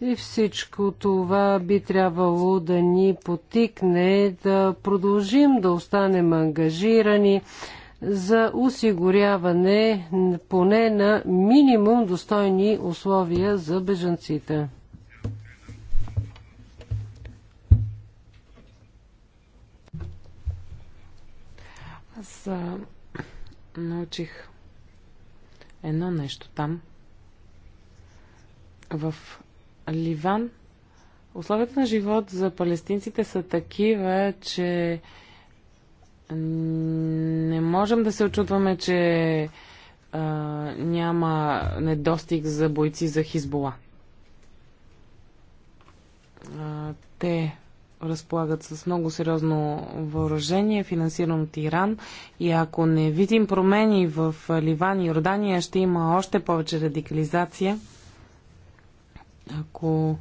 И всичко това би трябвало да ни потикне да продължим да останем ангажирани за осигуряване поне на минимум достойни условия за бежанците. Аз а, научих едно нещо там в Ливан, условията на живот за палестинците са такива, че не можем да се очудваме, че а, няма недостиг за бойци за Хизбола. А, те разполагат с много сериозно въоръжение, финансирано от Иран. И ако не видим промени в Ливан и Йордания, ще има още повече радикализация. Ако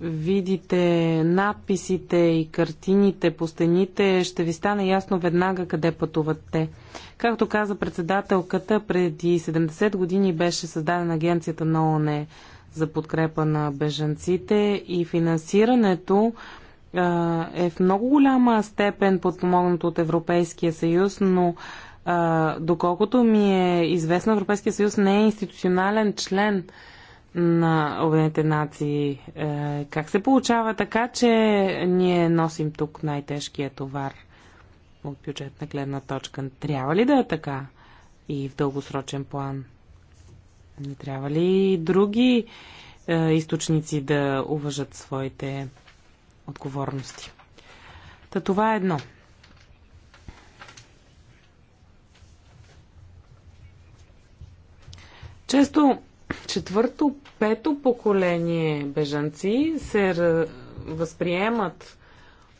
видите надписите и картините по стените, ще ви стане ясно веднага къде пътуват те. Както каза председателката, преди 70 години беше създадена агенцията на ООН за подкрепа на бежанците и финансирането е в много голяма степен подпомогнато от Европейския съюз, но доколкото ми е известно, Европейския съюз не е институционален член на Обединените нации. Е, как се получава така, че ние носим тук най-тежкия товар от бюджетна гледна точка? Трябва ли да е така и в дългосрочен план? Не трябва ли и други е, източници да уважат своите отговорности? Та това е едно. Често четвърто, пето поколение бежанци се възприемат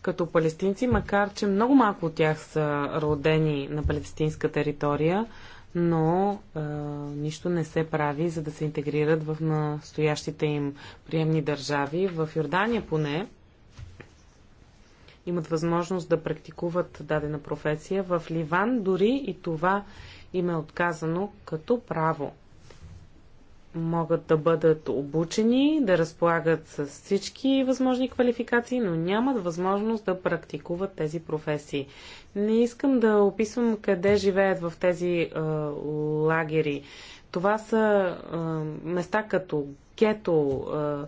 като палестинци, макар че много малко от тях са родени на палестинска територия, но е, нищо не се прави, за да се интегрират в настоящите им приемни държави. В Йордания поне имат възможност да практикуват дадена професия. В Ливан дори и това им е отказано като право могат да бъдат обучени, да разполагат с всички възможни квалификации, но нямат възможност да практикуват тези професии. Не искам да описвам къде живеят в тези е, лагери. Това са е, места като гето, е,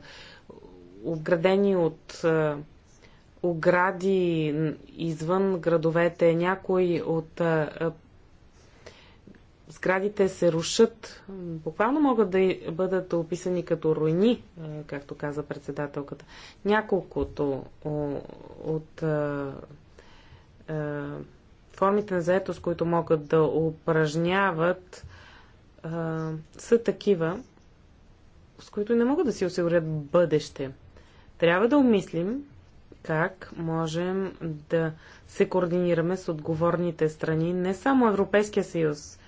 обградени от е, огради извън градовете, някои от сградите се рушат, буквално могат да бъдат описани като руини, е, както каза председателката. Няколкото от е, е, формите на заетост, които могат да упражняват, са такива, с които не могат да си осигурят бъдеще. Трябва да умислим как можем да се координираме с отговорните страни, не само Европейския съюз,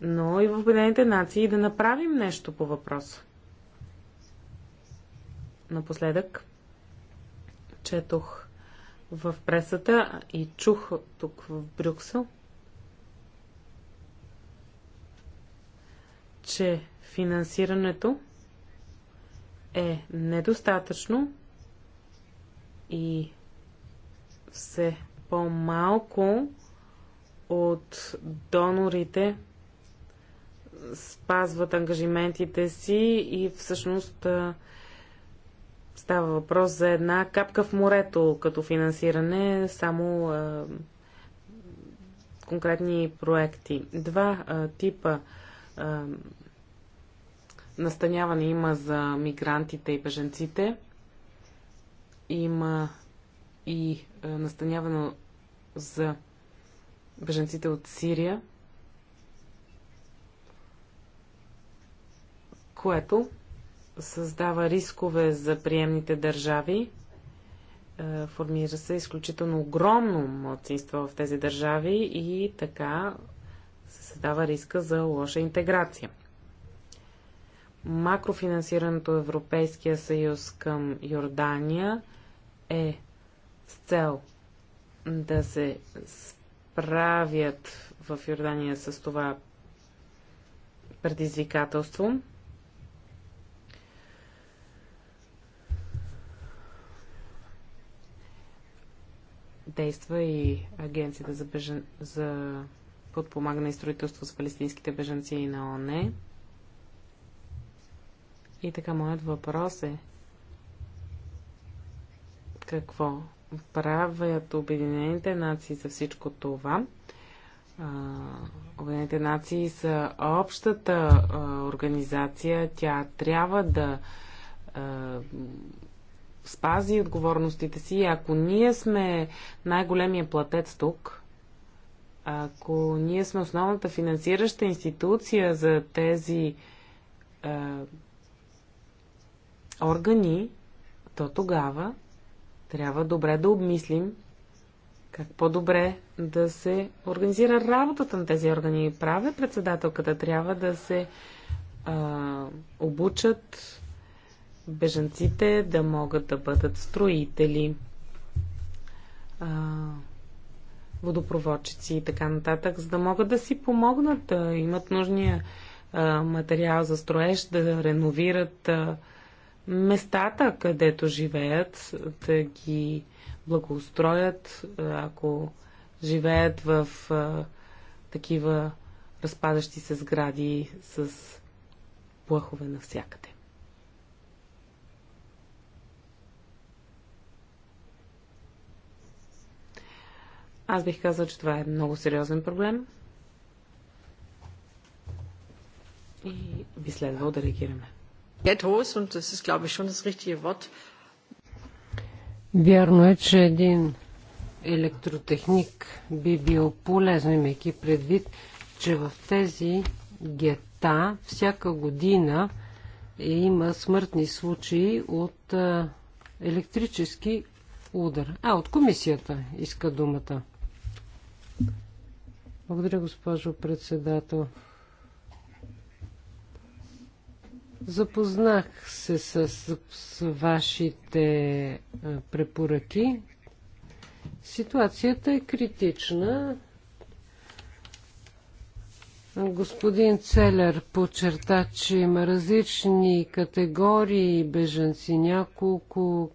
но и в Обединените нации да направим нещо по въпроса. Напоследък четох в пресата и чух тук в Брюксел, че финансирането е недостатъчно и все по-малко от донорите спазват ангажиментите си и всъщност става въпрос за една капка в морето като финансиране, само конкретни проекти. Два типа настаняване има за мигрантите и беженците. Има и настаняване за беженците от Сирия – което създава рискове за приемните държави. Е, формира се изключително огромно младсинство в тези държави и така се създава риска за лоша интеграция. Макрофинансирането Европейския съюз към Йордания е с цел да се справят в Йордания с това предизвикателство. действа и Агенцията за, бежен... за подпомагане и строителство с палестинските беженци и на ОНЕ. И така, моят въпрос е какво правят Обединените нации за всичко това? Обединените нации са общата организация. Тя трябва да а, спази отговорностите си. Ако ние сме най-големия платец тук, ако ние сме основната финансираща институция за тези е, органи, то тогава трябва добре да обмислим как по-добре да се организира работата на тези органи. Праве председателката, трябва да се е, обучат бежанците да могат да бъдат строители, водопроводчици и така нататък, за да могат да си помогнат, да имат нужния материал за строеж, да реновират местата, където живеят, да ги благоустроят, ако живеят в такива разпадащи се сгради с плъхове навсякъде. Аз бих казал, че това е много сериозен проблем. И би следвало да реагираме. Вярно е, че един електротехник би бил полезно, имайки предвид, че в тези гета всяка година има смъртни случаи от електрически удар. А, от комисията иска думата. Благодаря, госпожо председател. Запознах се с, с, с вашите препоръки. Ситуацията е критична. Господин Целер подчерта, че има различни категории беженци, няколко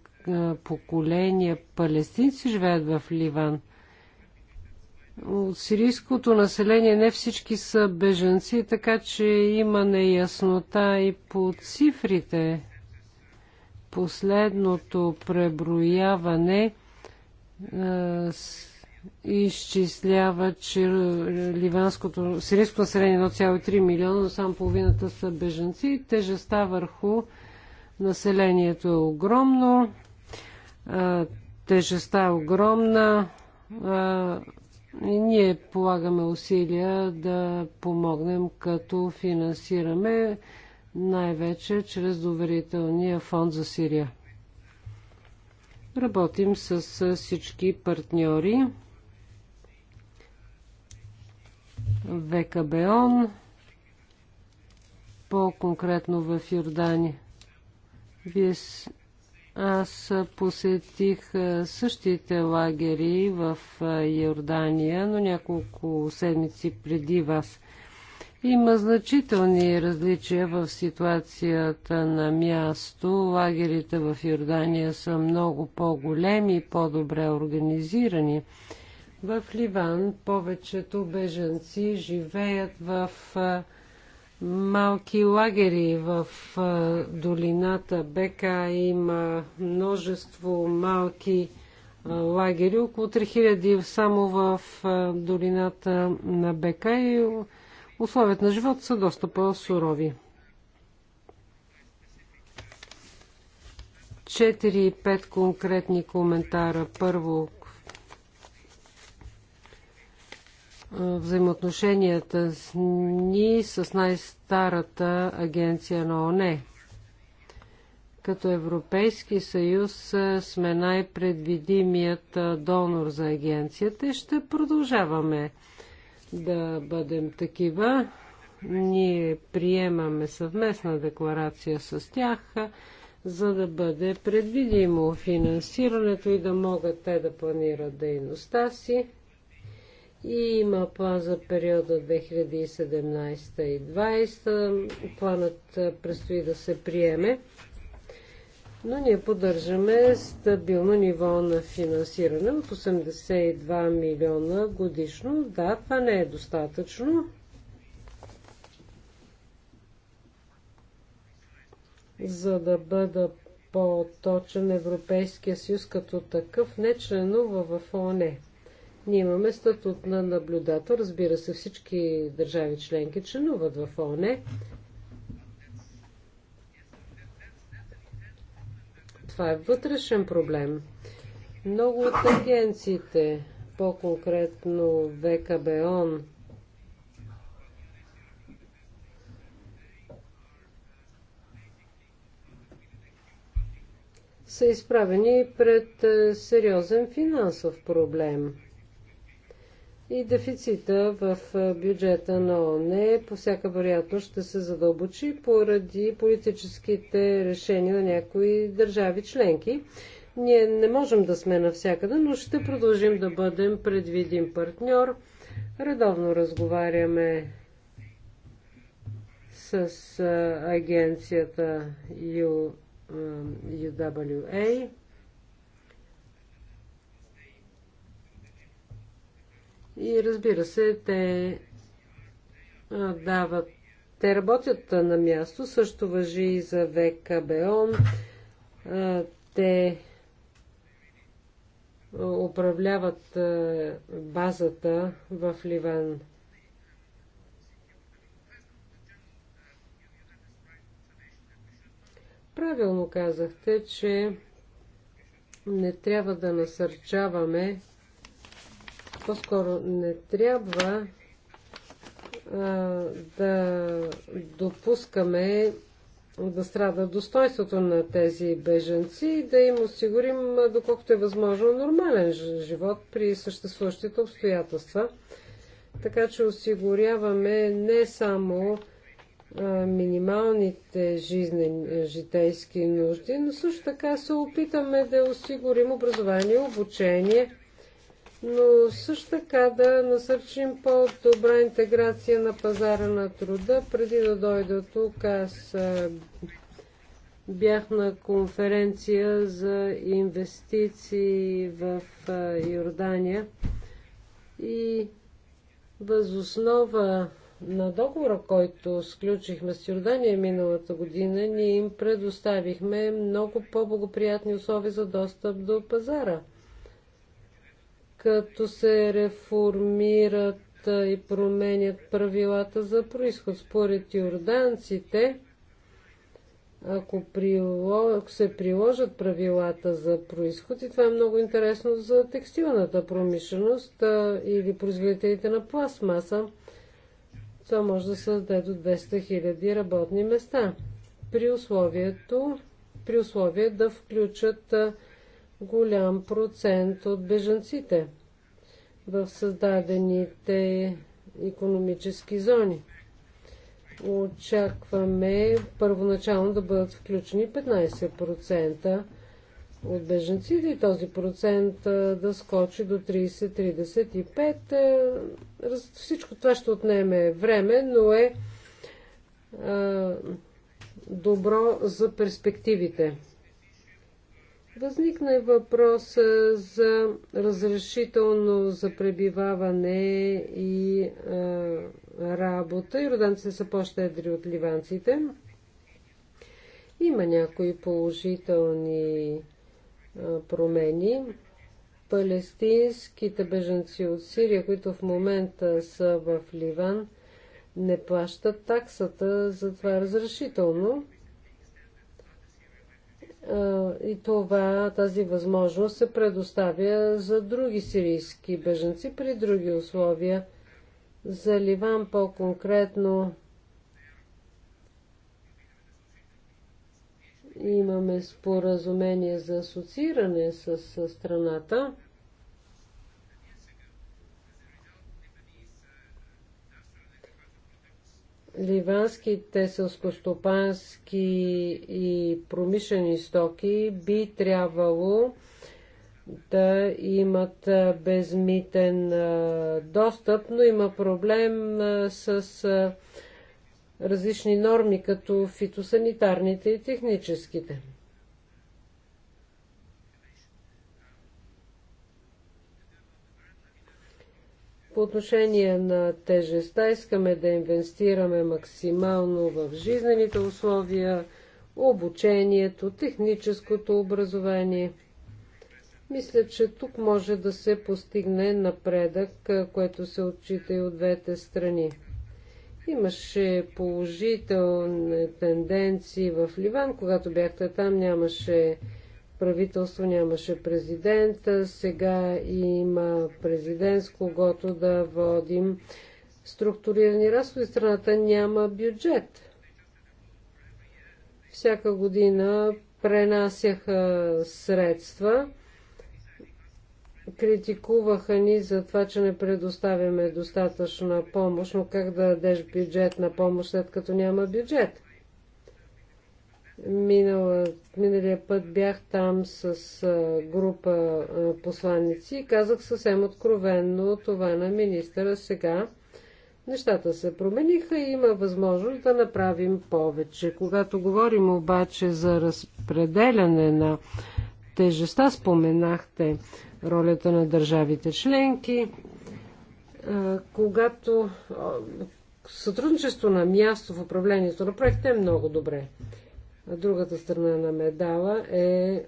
поколения палестинци живеят в Ливан. От сирийското население не всички са беженци, така че има неяснота и по цифрите. Последното преброяване изчислява, че ливанското, сирийското население 1,3 е милиона, но само половината са беженци. Тежестта върху населението е огромно. Тежестта е огромна. И Ние полагаме усилия да помогнем, като финансираме най-вече чрез доверителния фонд за Сирия. Работим с всички партньори. ВКБОН, по-конкретно в Йордания. Вие аз посетих същите лагери в Йордания, но няколко седмици преди вас. Има значителни различия в ситуацията на място. Лагерите в Йордания са много по-големи и по-добре организирани. В Ливан повечето беженци живеят в малки лагери в долината Бека. Има множество малки лагери, около 3000 само в долината на Бека и условията на живот са доста по-сурови. 4-5 конкретни коментара. Първо, взаимоотношенията с ни с най-старата агенция на ОНЕ. Като Европейски съюз сме най-предвидимият донор за агенцията и ще продължаваме да бъдем такива. Ние приемаме съвместна декларация с тях, за да бъде предвидимо финансирането и да могат те да планират дейността си. И има план за периода 2017 и 2020. Планът предстои да се приеме. Но ние поддържаме стабилно ниво на финансиране от 82 милиона годишно. Да, това не е достатъчно. За да бъда по-точен, Европейския съюз като такъв не членува в ОНЕ. Ние имаме статут на наблюдател. Разбира се, всички държави членки членуват в ОНЕ. Това е вътрешен проблем. Много от агенциите, по-конкретно ВКБОН, са изправени пред е, сериозен финансов проблем и дефицита в бюджета на ООН е, по всяка вероятност ще се задълбочи поради политическите решения на някои държави членки. Ние не можем да сме навсякъде, но ще продължим да бъдем предвидим партньор. Редовно разговаряме с агенцията UWA. И разбира се, те дават, те работят на място, също въжи и за ВКБОН. Те управляват базата в Ливан. Правилно казахте, че не трябва да насърчаваме по-скоро не трябва а, да допускаме да страда достойството на тези беженци и да им осигурим, доколкото е възможно, нормален живот при съществуващите обстоятелства. Така че осигуряваме не само а, минималните жизнен, житейски нужди, но също така се опитаме да осигурим образование, обучение – но също така да насърчим по-добра интеграция на пазара на труда. Преди да дойда тук, аз бях на конференция за инвестиции в Йордания и възоснова на договора, който сключихме с Йордания миналата година, ние им предоставихме много по-благоприятни условия за достъп до пазара – като се реформират и променят правилата за происход. Според юрданците, ако, ако се приложат правилата за происход, и това е много интересно за текстилната промишленост или производителите на пластмаса, това може да създаде до 200 000 работни места. При условието, при условие да включат а, голям процент от бежанците в създадените економически зони. Очакваме първоначално да бъдат включени 15% от беженците и този процент да скочи до 30-35. Е, всичко това ще отнеме време, но е добро за перспективите. Възникна и въпрос за разрешително за пребиваване и а, работа. роданците са по-щедри от ливанците. Има някои положителни а, промени. Палестинските беженци от Сирия, които в момента са в Ливан, не плащат таксата за това разрешително и това, тази възможност се предоставя за други сирийски беженци при други условия. За Ливан по-конкретно имаме споразумение за асоцииране с страната. ливанските сълскостопански и промишлени стоки би трябвало да имат безмитен достъп, но има проблем с различни норми, като фитосанитарните и техническите. По отношение на тежестта искаме да инвестираме максимално в жизнените условия, обучението, техническото образование. Мисля, че тук може да се постигне напредък, което се отчита и от двете страни. Имаше положителни тенденции в Ливан. Когато бяхте там, нямаше правителство нямаше президент, сега има президент, с когото да водим структурирани разходи. Страната няма бюджет. Всяка година пренасяха средства. Критикуваха ни за това, че не предоставяме достатъчна помощ, но как да дадеш бюджет на помощ, след като няма бюджет? Минала, миналия път бях там с а, група а, посланници и казах съвсем откровенно това на министъра. Сега нещата се промениха и има възможност да направим повече. Когато говорим обаче за разпределяне на тежеста, споменахте ролята на държавите членки. А, когато сътрудничество на място в управлението на проекта е много добре. Другата страна на медала е, е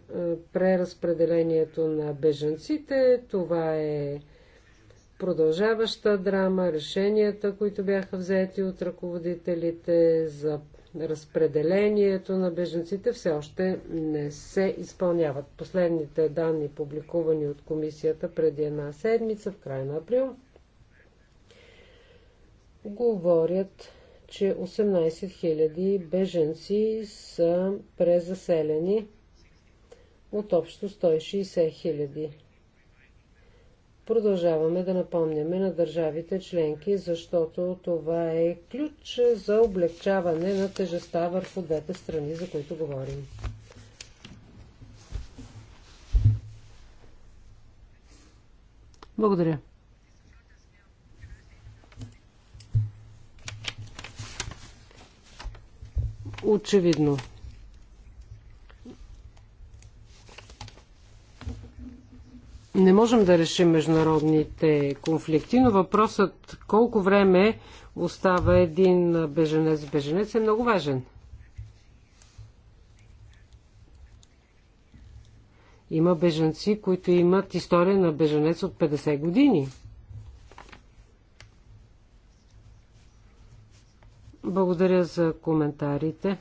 преразпределението на бежанците. Това е продължаваща драма, решенията, които бяха взети от ръководителите за разпределението на беженците все още не се изпълняват. Последните данни, публикувани от комисията преди една седмица, в края на април, говорят че 18 000 беженци са презаселени от общо 160 000. Продължаваме да напомняме на държавите членки, защото това е ключ за облегчаване на тежеста върху двете страни, за които говорим. Благодаря. очевидно. Не можем да решим международните конфликти, но въпросът колко време остава един беженец беженец е много важен. Има беженци, които имат история на беженец от 50 години – Благодаря за коментарите.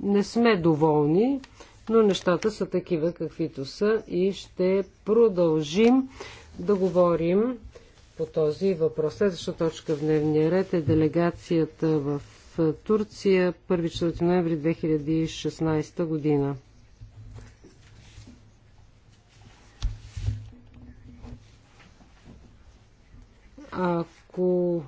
Не сме доволни, но нещата са такива каквито са и ще продължим да говорим по този въпрос. Следваща точка в дневния ред е делегацията в Турция 1-4 ноември 2016 година. Ако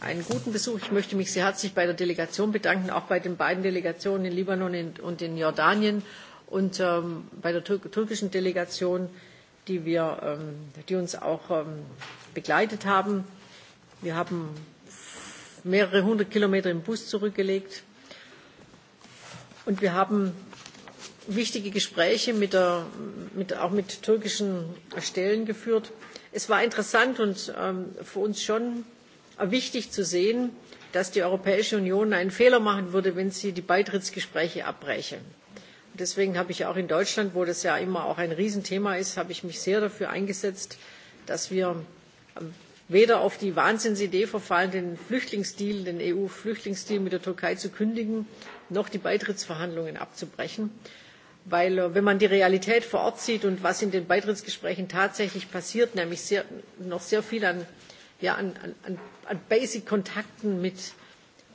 einen guten Besuch. Ich möchte mich sehr herzlich bei der Delegation bedanken, auch bei den beiden Delegationen in Libanon und in Jordanien und bei der türkischen Delegation, die, wir, die uns auch begleitet haben. Wir haben mehrere hundert Kilometer im Bus zurückgelegt und wir haben wichtige Gespräche mit der, mit, auch mit türkischen Stellen geführt. Es war interessant und für uns schon wichtig zu sehen, dass die Europäische Union einen Fehler machen würde, wenn sie die Beitrittsgespräche abbräche. Deswegen habe ich auch in Deutschland, wo das ja immer auch ein Riesenthema ist, habe ich mich sehr dafür eingesetzt, dass wir weder auf die Wahnsinnsidee verfallen, den Flüchtlingsdeal, den EU-Flüchtlingsdeal mit der Türkei zu kündigen, noch die Beitrittsverhandlungen abzubrechen. Weil wenn man die Realität vor Ort sieht und was in den Beitrittsgesprächen tatsächlich passiert, nämlich noch sehr viel an ja, an, an, an Basic-Kontakten mit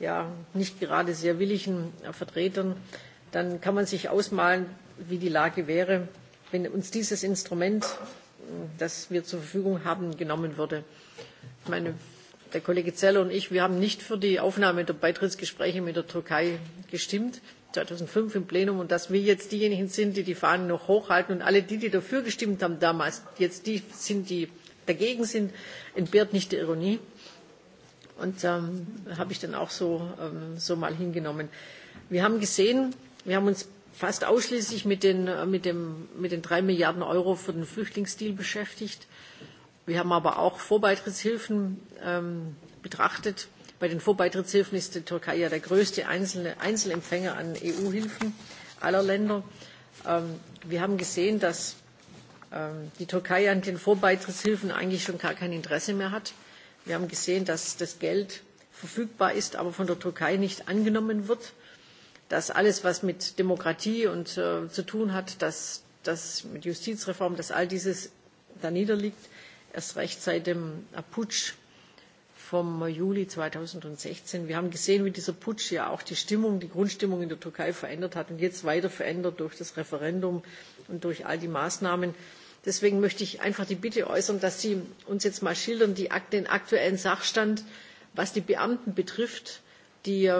ja, nicht gerade sehr willigen Vertretern, dann kann man sich ausmalen, wie die Lage wäre, wenn uns dieses Instrument, das wir zur Verfügung haben, genommen würde. Ich meine, der Kollege Zeller und ich, wir haben nicht für die Aufnahme der Beitrittsgespräche mit der Türkei gestimmt, 2005 im Plenum, und dass wir jetzt diejenigen sind, die die Fahnen noch hochhalten und alle die, die dafür gestimmt haben damals, jetzt die sind, die dagegen sind, entbehrt nicht die Ironie. Und ähm, habe ich dann auch so, ähm, so mal hingenommen. Wir haben gesehen, wir haben uns fast ausschließlich mit den, mit, dem, mit den drei Milliarden Euro für den Flüchtlingsdeal beschäftigt. Wir haben aber auch Vorbeitrittshilfen ähm, betrachtet. Bei den Vorbeitrittshilfen ist die Türkei ja der größte einzelne Einzelempfänger an EU-Hilfen aller Länder. Ähm, wir haben gesehen, dass die Türkei an den Vorbeitrittshilfen eigentlich schon gar kein Interesse mehr hat. Wir haben gesehen, dass das Geld verfügbar ist, aber von der Türkei nicht angenommen wird, dass alles, was mit Demokratie zu tun hat, dass das mit Justizreform, dass all dieses da niederliegt, erst recht seit dem Putsch vom Juli 2016. Wir haben gesehen, wie dieser Putsch ja auch die Stimmung, die Grundstimmung in der Türkei verändert hat und jetzt weiter verändert durch das Referendum und durch all die Maßnahmen. Deswegen möchte ich einfach die Bitte äußern, dass Sie uns jetzt mal schildern, den aktuellen Sachstand, was die Beamten betrifft, die,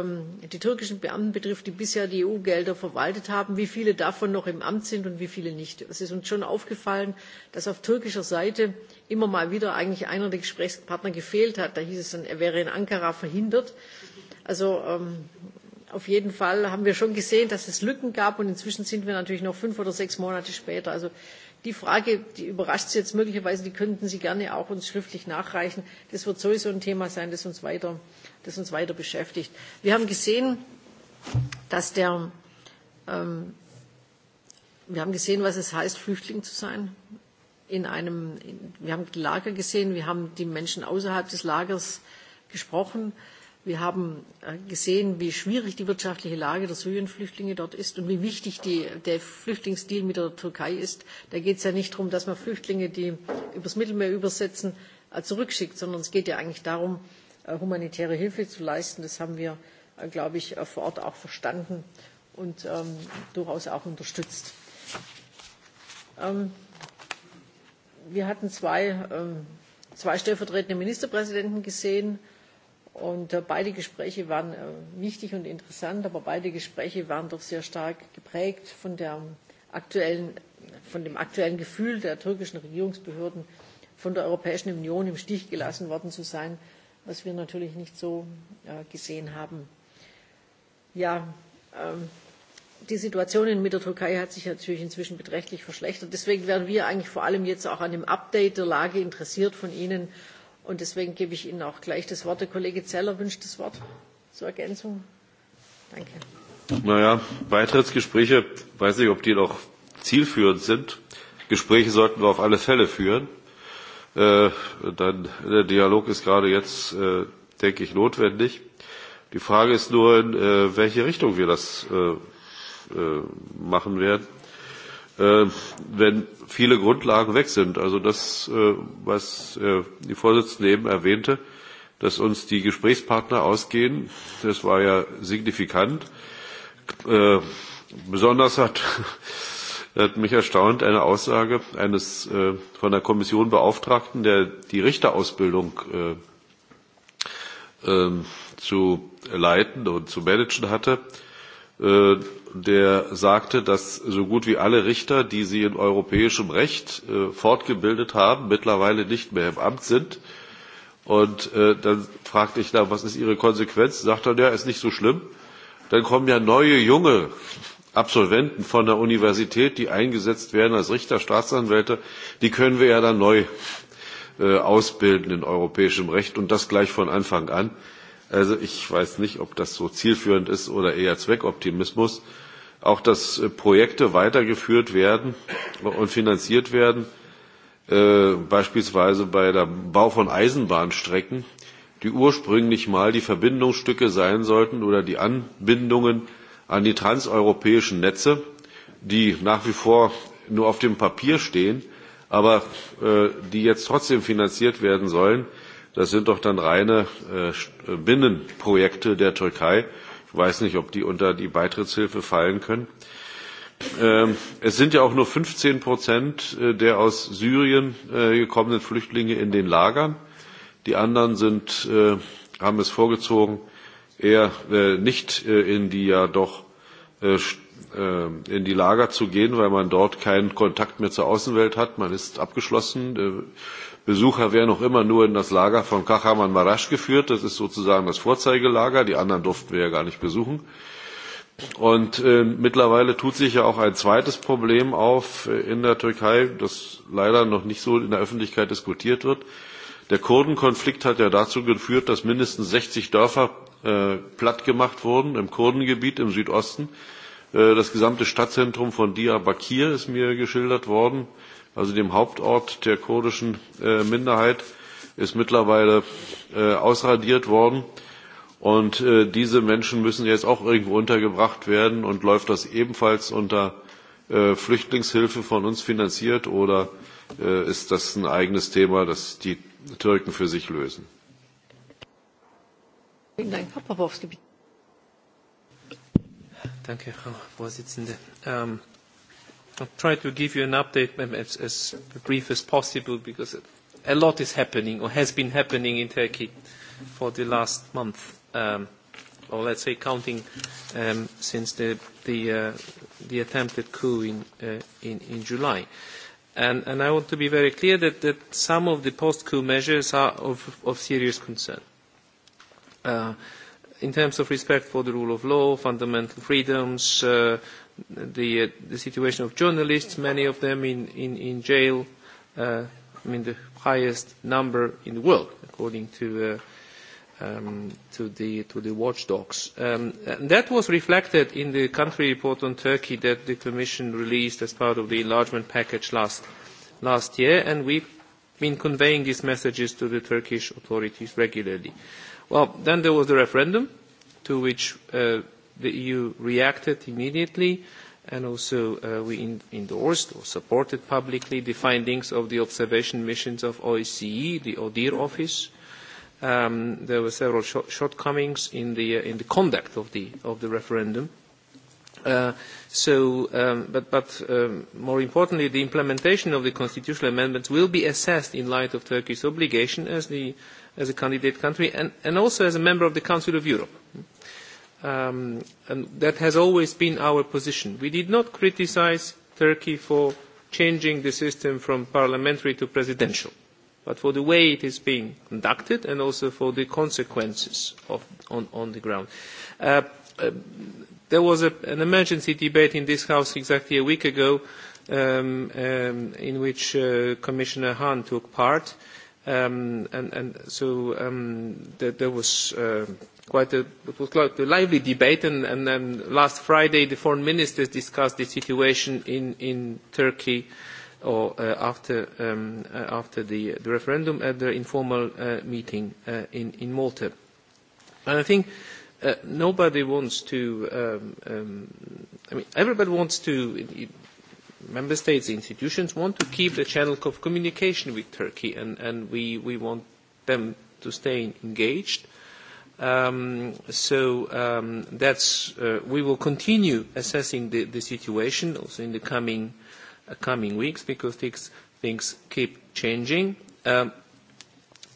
die türkischen Beamten betrifft, die bisher die EU-Gelder verwaltet haben, wie viele davon noch im Amt sind und wie viele nicht. Es ist uns schon aufgefallen, dass auf türkischer Seite immer mal wieder eigentlich einer der Gesprächspartner gefehlt hat. Da hieß es dann, er wäre in Ankara verhindert. Also auf jeden Fall haben wir schon gesehen, dass es Lücken gab und inzwischen sind wir natürlich noch fünf oder sechs Monate später. Also Die Frage, die überrascht Sie jetzt möglicherweise, die könnten Sie gerne auch uns schriftlich nachreichen. Das wird sowieso ein Thema sein, das uns weiter, das uns weiter beschäftigt. Wir haben gesehen, dass der, ähm, wir haben gesehen, was es heißt, Flüchtling zu sein. In einem, wir haben Lager gesehen, wir haben die Menschen außerhalb des Lagers gesprochen. Wir haben gesehen, wie schwierig die wirtschaftliche Lage der Syrien-Flüchtlinge dort ist und wie wichtig der Flüchtlingsdeal mit der Türkei ist. Da geht es ja nicht darum, dass man Flüchtlinge, die übers Mittelmeer übersetzen, zurückschickt, sondern es geht ja eigentlich darum, humanitäre Hilfe zu leisten. Das haben wir, glaube ich, vor Ort auch verstanden und durchaus auch unterstützt. wir hatten zwei stellvertretende Ministerpräsidenten gesehen Und beide Gespräche waren wichtig und interessant, aber beide Gespräche waren doch sehr stark geprägt von, der aktuellen, von dem aktuellen Gefühl der türkischen Regierungsbehörden, von der Europäischen Union im Stich gelassen worden zu sein, was wir natürlich nicht so gesehen haben. Ja, die Situation mit der Türkei hat sich natürlich inzwischen beträchtlich verschlechtert. Deswegen wären wir eigentlich vor allem jetzt auch an dem Update der Lage interessiert von Ihnen, Und deswegen gebe ich Ihnen auch gleich das Wort. Der Kollege Zeller wünscht das Wort zur Ergänzung. Danke. Naja, Beitrittsgespräche, weiß nicht, ob die noch zielführend sind. Gespräche sollten wir auf alle Fälle führen. dann, der Dialog ist gerade jetzt, denke ich, notwendig. Die Frage ist nur, in welche Richtung wir das machen werden wenn viele Grundlagen weg sind. Also das, was die Vorsitzende eben erwähnte, dass uns die Gesprächspartner ausgehen, das war ja signifikant. Besonders hat, hat mich erstaunt eine Aussage eines von der Kommission Beauftragten, der die Richterausbildung zu leiten und zu managen hatte, der sagte, dass so gut wie alle Richter, die sie in europäischem Recht fortgebildet haben, mittlerweile nicht mehr im Amt sind. Und dann fragte ich nach, was ist Ihre Konsequenz? Sagt er, ja, ist nicht so schlimm. Dann kommen ja neue, junge Absolventen von der Universität, die eingesetzt werden als Richter, Staatsanwälte, die können wir ja dann neu ausbilden in europäischem Recht und das gleich von Anfang an. Also ich weiß nicht, ob das so zielführend ist oder eher Zweckoptimismus. Auch dass Projekte weitergeführt werden und finanziert werden, beispielsweise bei dem Bau von Eisenbahnstrecken, die ursprünglich mal die Verbindungsstücke sein sollten oder die Anbindungen an die transeuropäischen Netze, die nach wie vor nur auf dem Papier stehen, aber die jetzt trotzdem finanziert werden sollen Das sind doch dann reine Binnenprojekte der Türkei. Ich weiß nicht, ob die unter die Beitrittshilfe fallen können. Es sind ja auch nur 15 Prozent der aus Syrien gekommenen Flüchtlinge in den Lagern. Die anderen sind, haben es vorgezogen, eher nicht in die ja doch in die Lager zu gehen, weil man dort keinen Kontakt mehr zur Außenwelt hat. Man ist abgeschlossen. Besucher werden auch immer nur in das Lager von Kachaman Marasch geführt. Das ist sozusagen das Vorzeigelager. Die anderen durften wir ja gar nicht besuchen. Und äh, mittlerweile tut sich ja auch ein zweites Problem auf in der Türkei, das leider noch nicht so in der Öffentlichkeit diskutiert wird. Der Kurdenkonflikt hat ja dazu geführt, dass mindestens 60 Dörfer äh, platt gemacht wurden im Kurdengebiet im Südosten. Äh, das gesamte Stadtzentrum von Diyarbakir ist mir geschildert worden. Äh, also dem Hauptort der kurdischen Minderheit, ist mittlerweile ausradiert worden. Und diese Menschen müssen jetzt auch irgendwo untergebracht werden und läuft das ebenfalls unter Flüchtlingshilfe von uns finanziert oder ist das ein eigenes Thema, das die Türken für sich lösen? Danke, Frau Vorsitzende. Ähm, I'll try to give you an update as, as brief as possible because a lot is happening or has been happening in Turkey for the last month, um, or let's say counting um, since the, the, uh, the attempted coup in, uh, in, in July. And, and I want to be very clear that, that some of the post-coup measures are of, of serious concern. Uh, in terms of respect for the rule of law, fundamental freedoms, uh, the, uh, the situation of journalists, many of them in, in, in jail, uh, I mean the highest number in the world, according to, uh, um, to, the, to the watchdogs. Um, and that was reflected in the country report on Turkey that the Commission released as part of the enlargement package last, last year, and we've been conveying these messages to the Turkish authorities regularly. Well, then there was the referendum, to which uh, the EU reacted immediately and also uh, we in endorsed or supported publicly the findings of the observation missions of OSCE, the ODIR office. Um, there were several shortcomings in the, uh, in the conduct of the, of the referendum. Uh, so, um, but, but um, more importantly, the implementation of the constitutional amendments will be assessed in light of Turkey's obligation as, the, as a candidate country and, and also as a member of the Council of Europe. Uh, um, and that has always been our position. We did not criticise Turkey for changing the system from parliamentary to presidential, but for the way it is being conducted and also for the consequences of, on, on the ground. Uh, there was a, an emergency debate in this House exactly a week ago um, um, in which uh, Commissioner Hahn took part. Um, and, and so um, there, there was uh, quite a, it was quite a lively debate, and, and then last Friday the foreign ministers discussed the situation in, in Turkey or uh, after, um, uh, after the, the referendum at the informal uh, meeting uh, in, in Malta. And I think uh, nobody wants to, um, um, I mean, everybody wants to, member states, institutions want to keep the channel of communication with Turkey, and, and we, we want them to stay engaged so that's, we will continue assessing the, the situation also in the coming, weeks because things, things keep changing. Um,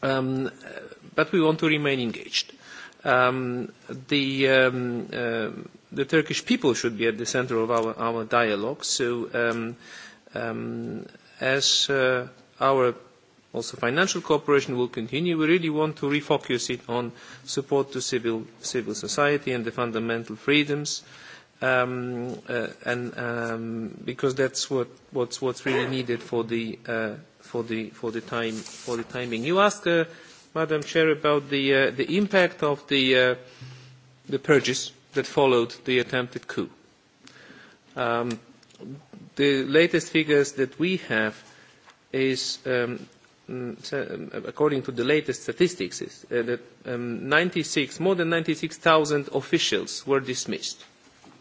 but we want to remain engaged. Um, the, um, the Turkish people should be at the center of our, our dialogue. So um, as uh, our Also, financial cooperation will continue. We really want to refocus it on support to civil, civil society and the fundamental freedoms, um, uh, and um, because that's what, what's, what's really needed for the, uh, for the, for the, time, for the timing. You asked, uh, Madam Chair, about the, uh, the impact of the, uh, the purges that followed the attempted coup. Um, the latest figures that we have is um, according to the latest statistics, is that um, 96, more than 96,000 officials were dismissed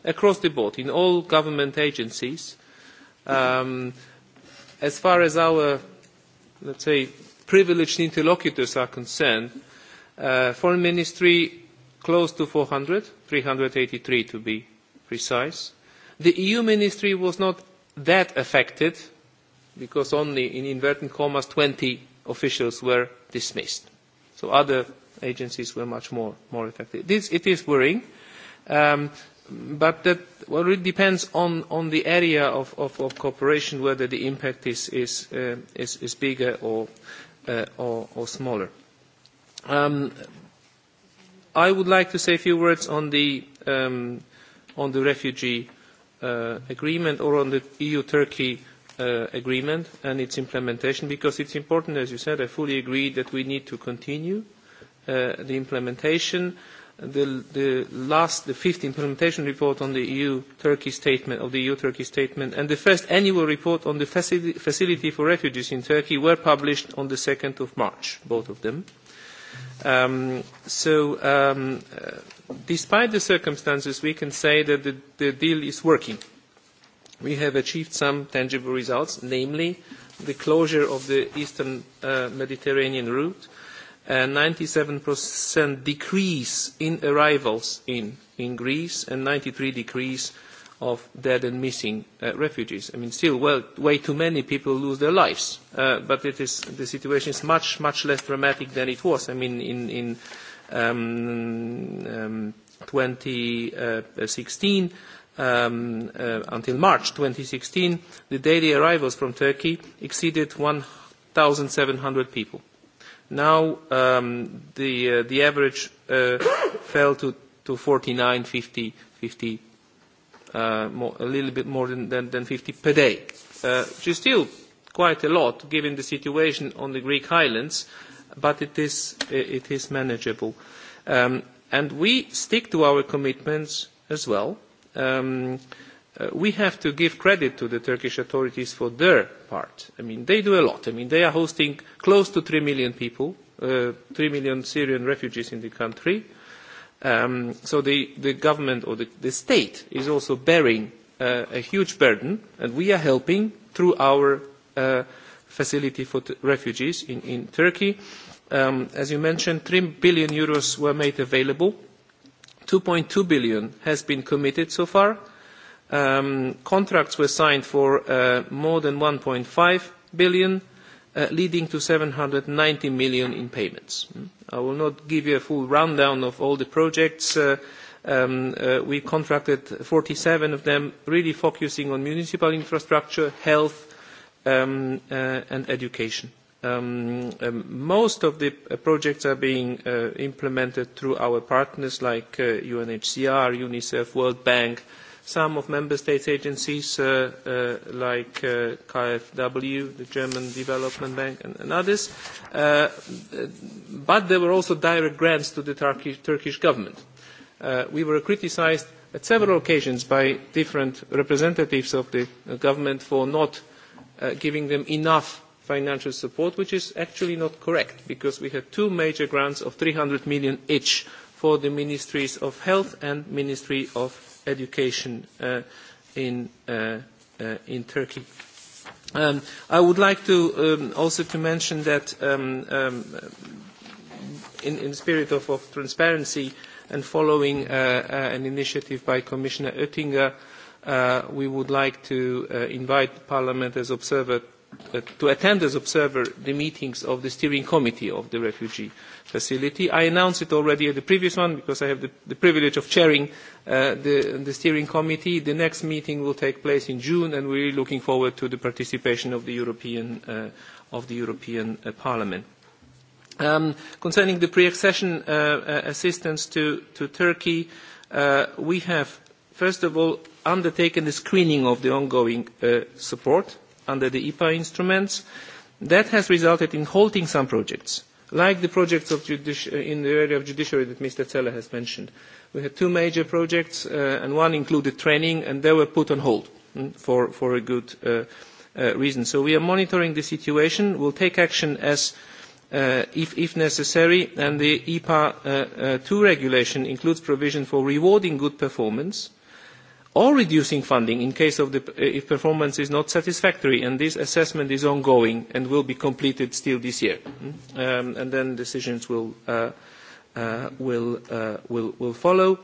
across the board in all government agencies. Um, as far as our, let's say, privileged interlocutors are concerned, uh, Foreign Ministry close to 400, 383 to be precise. The EU Ministry was not that affected because only, in inverted commas, 20 officials were dismissed. So other agencies were much more, more effective. This, it is worrying, um, but that well, it depends on, on the area of, of, of cooperation, whether the impact is, is, uh, is, is bigger or, uh, or, or smaller. Um, I would like to say a few words on the, um, on the refugee uh, agreement or on the EU-Turkey agreement and its implementation because it's important, as you said, I fully agree that we need to continue the implementation. The, the last, the fifth implementation report on the EU-Turkey statement, of the EU-Turkey statement, and the first annual report on the facility for refugees in Turkey were published on the 2nd of March, both of them. Um, so, um, uh, despite the circumstances, we can say that the, the deal is working we have achieved some tangible results, namely the closure of the eastern Mediterranean route, a 97% decrease in arrivals in, in Greece, and 93 decrease of dead and missing refugees. I mean, still, well, way too many people lose their lives, but it is, the situation is much, much less dramatic than it was. I mean, in, in um, um, 2016, um, uh, until March 2016, the daily arrivals from Turkey exceeded 1,700 people. Now um, the, uh, the average uh, fell to, to 49, 50, 50 uh, more, a little bit more than, than, than 50 per day, uh, which is still quite a lot given the situation on the Greek islands, but it is, it is manageable. Um, and we stick to our commitments as well we have to give credit to the Turkish authorities for their part. I mean, they do a lot. I mean, they are hosting close to three million people, three million Syrian refugees in the country. so the, the government or the, the state is also bearing a huge burden, and we are helping through our facility for refugees in, in Turkey. as you mentioned, EUR three billion euros were made available 2.2 billion has been committed so far. Contracts were signed for more than 1.5 billion, leading to 790 million in payments. I will not give you a full rundown of all the projects. We contracted 47 of them, really focusing on municipal infrastructure, health, and education most of the projects are being implemented through our partners like UNHCR, UNICEF, World Bank, some of member states agencies like KfW, the German Development Bank, and, others. but there were also direct grants to the Turkish, government. we were criticised at several occasions by different representatives of the government for not giving them enough financial support, which is actually not correct because we have two major grants of 300 million each for the Ministries of Health and Ministry of Education in, Turkey. I would like to also to mention that in, in the spirit of, of transparency and following an initiative by Commissioner Oettinger, we would like to invite Parliament as observer to attend as observer the meetings of the steering committee of the refugee facility. I announced it already at the previous one because I have the, the privilege of chairing uh, the, the steering committee. The next meeting will take place in June and we're looking forward to the participation of the European, uh, of the European uh, Parliament. Um, concerning the pre-accession uh, assistance to, to Turkey, uh, we have, first of all, undertaken the screening of the ongoing uh, support under the IPA instruments. That has resulted in halting some projects, like the projects of in the area of judiciary that Mr. Zeller has mentioned. We had two major projects, uh, and one included training, and they were put on hold for, for a good uh, uh, reason. So we are monitoring the situation. We'll take action as uh, if, if necessary, and the EPA uh, uh, 2 regulation includes provision for rewarding good performance or reducing funding in case of the, if performance is not satisfactory and this assessment is ongoing and will be completed still this year and then decisions will uh, uh, will, uh, will will follow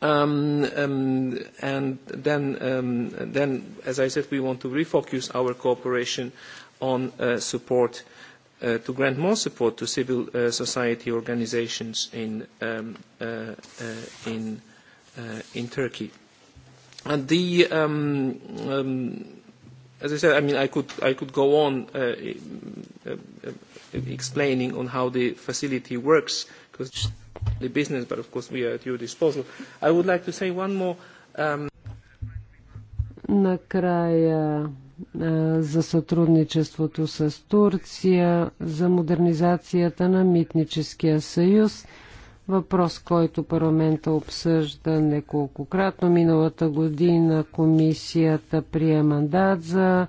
um, um, and then um, then as I said we want to refocus our cooperation on uh, support uh, to grant more support to civil uh, society organizations in um, uh, uh, in uh, in Turkey And the um, um, as I said, I mean, I could I could go on uh, uh, explaining on how the facility works because the business, but of course we are at your disposal. I would like to say one more. Um, Накрая за сътрудничеството с Турция, за модернизацията на митническия съюз – Въпрос, който парламента обсъжда неколкократно. Миналата година комисията прие мандат за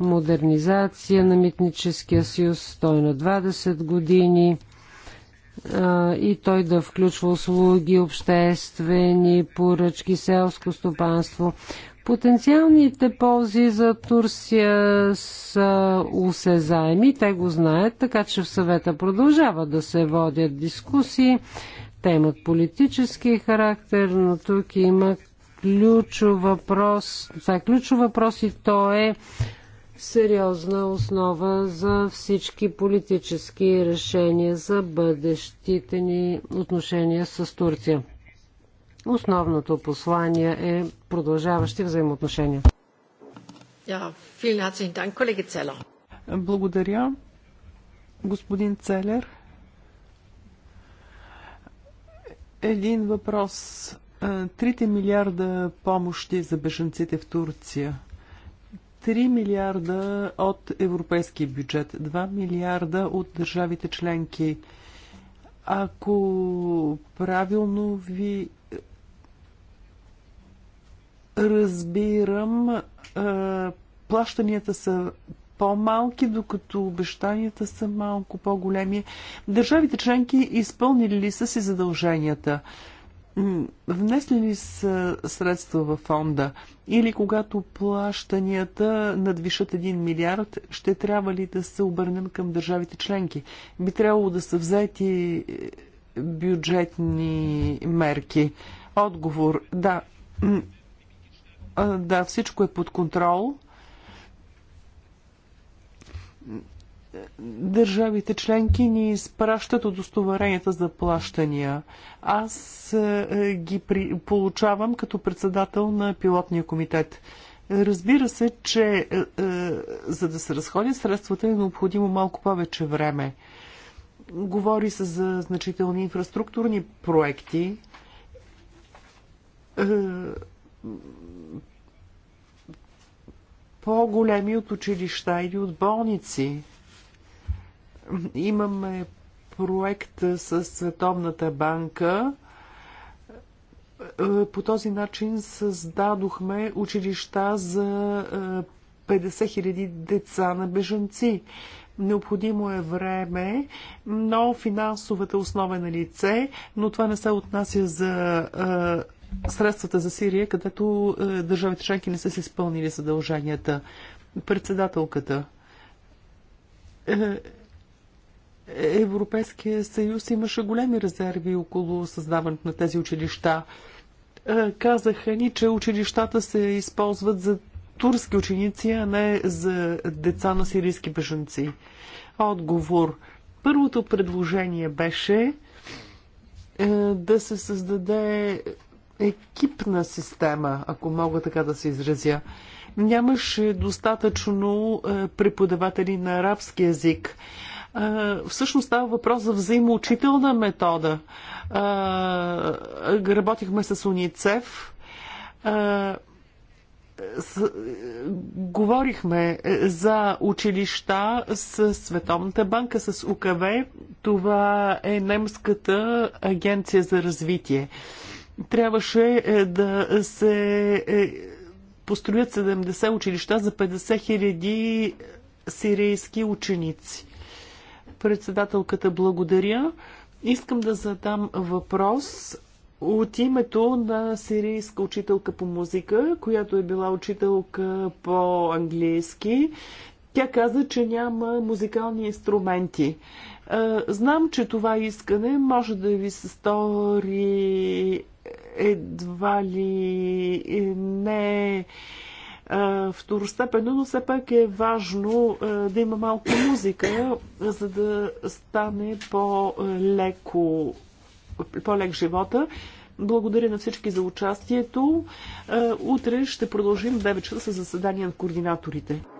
модернизация на Митническия съюз. Той на 20 години и той да включва услуги, обществени поръчки, селско стопанство. Потенциалните ползи за Турция са усезаеми, те го знаят, така че в съвета продължават да се водят дискусии. Те имат политически характер, но тук има ключов въпрос. Това е ключов въпрос и то е сериозна основа за всички политически решения за бъдещите ни отношения с Турция. Основното послание е продължаващи взаимоотношения. Благодаря. Господин Целер. Един въпрос. Е, трите милиарда помощи за беженците в Турция. 3 милиарда от европейски бюджет, 2 милиарда от държавите членки. Ако правилно ви разбирам, плащанията са по-малки, докато обещанията са малко по-големи. Държавите членки изпълнили ли са си задълженията? Внесли ли са средства във фонда? Или когато плащанията надвишат 1 милиард, ще трябва ли да се обърнем към държавите членки? Би трябвало да са взети е, бюджетни мерки. Отговор – да. Да, всичко е под контрол. Държавите членки ни изпращат удостоверенията за плащания. Аз е, ги при... получавам като председател на пилотния комитет. Разбира се, че е, е, за да се разходят средствата е необходимо малко повече време. Говори се за значителни инфраструктурни проекти. Е, по-големи от училища или от болници. Имаме проект с Световната банка. Е, по този начин създадохме училища за 50 е, 000 деца на бежанци. Необходимо е време, но финансовата основа е на лице, но това не се отнася за е, средствата за Сирия, където е, държавите членки не са си изпълнили задълженията. Председателката. Е, Европейския съюз имаше големи резерви около създаването на тези училища. Е, казаха ни, че училищата се използват за турски ученици, а не за деца на сирийски бежанци. Отговор. Първото предложение беше да се създаде екипна система, ако мога така да се изразя. Нямаше достатъчно е, преподаватели на арабски язик. Е, всъщност става въпрос за взаимоучителна метода. Е, работихме с уницев говорихме за училища с Световната банка, с УКВ. Това е немската агенция за развитие трябваше е, да се е, построят 70 училища за 50 хиляди сирийски ученици. Председателката благодаря. Искам да задам въпрос от името на сирийска учителка по музика, която е била учителка по английски. Тя каза, че няма музикални инструменти. Е, знам, че това искане може да ви се стори едва ли не е второстепенно, но все пак е важно да има малко музика, за да стане по-леко, по-лек живота. Благодаря на всички за участието. Утре ще продължим 9 часа с заседание на координаторите.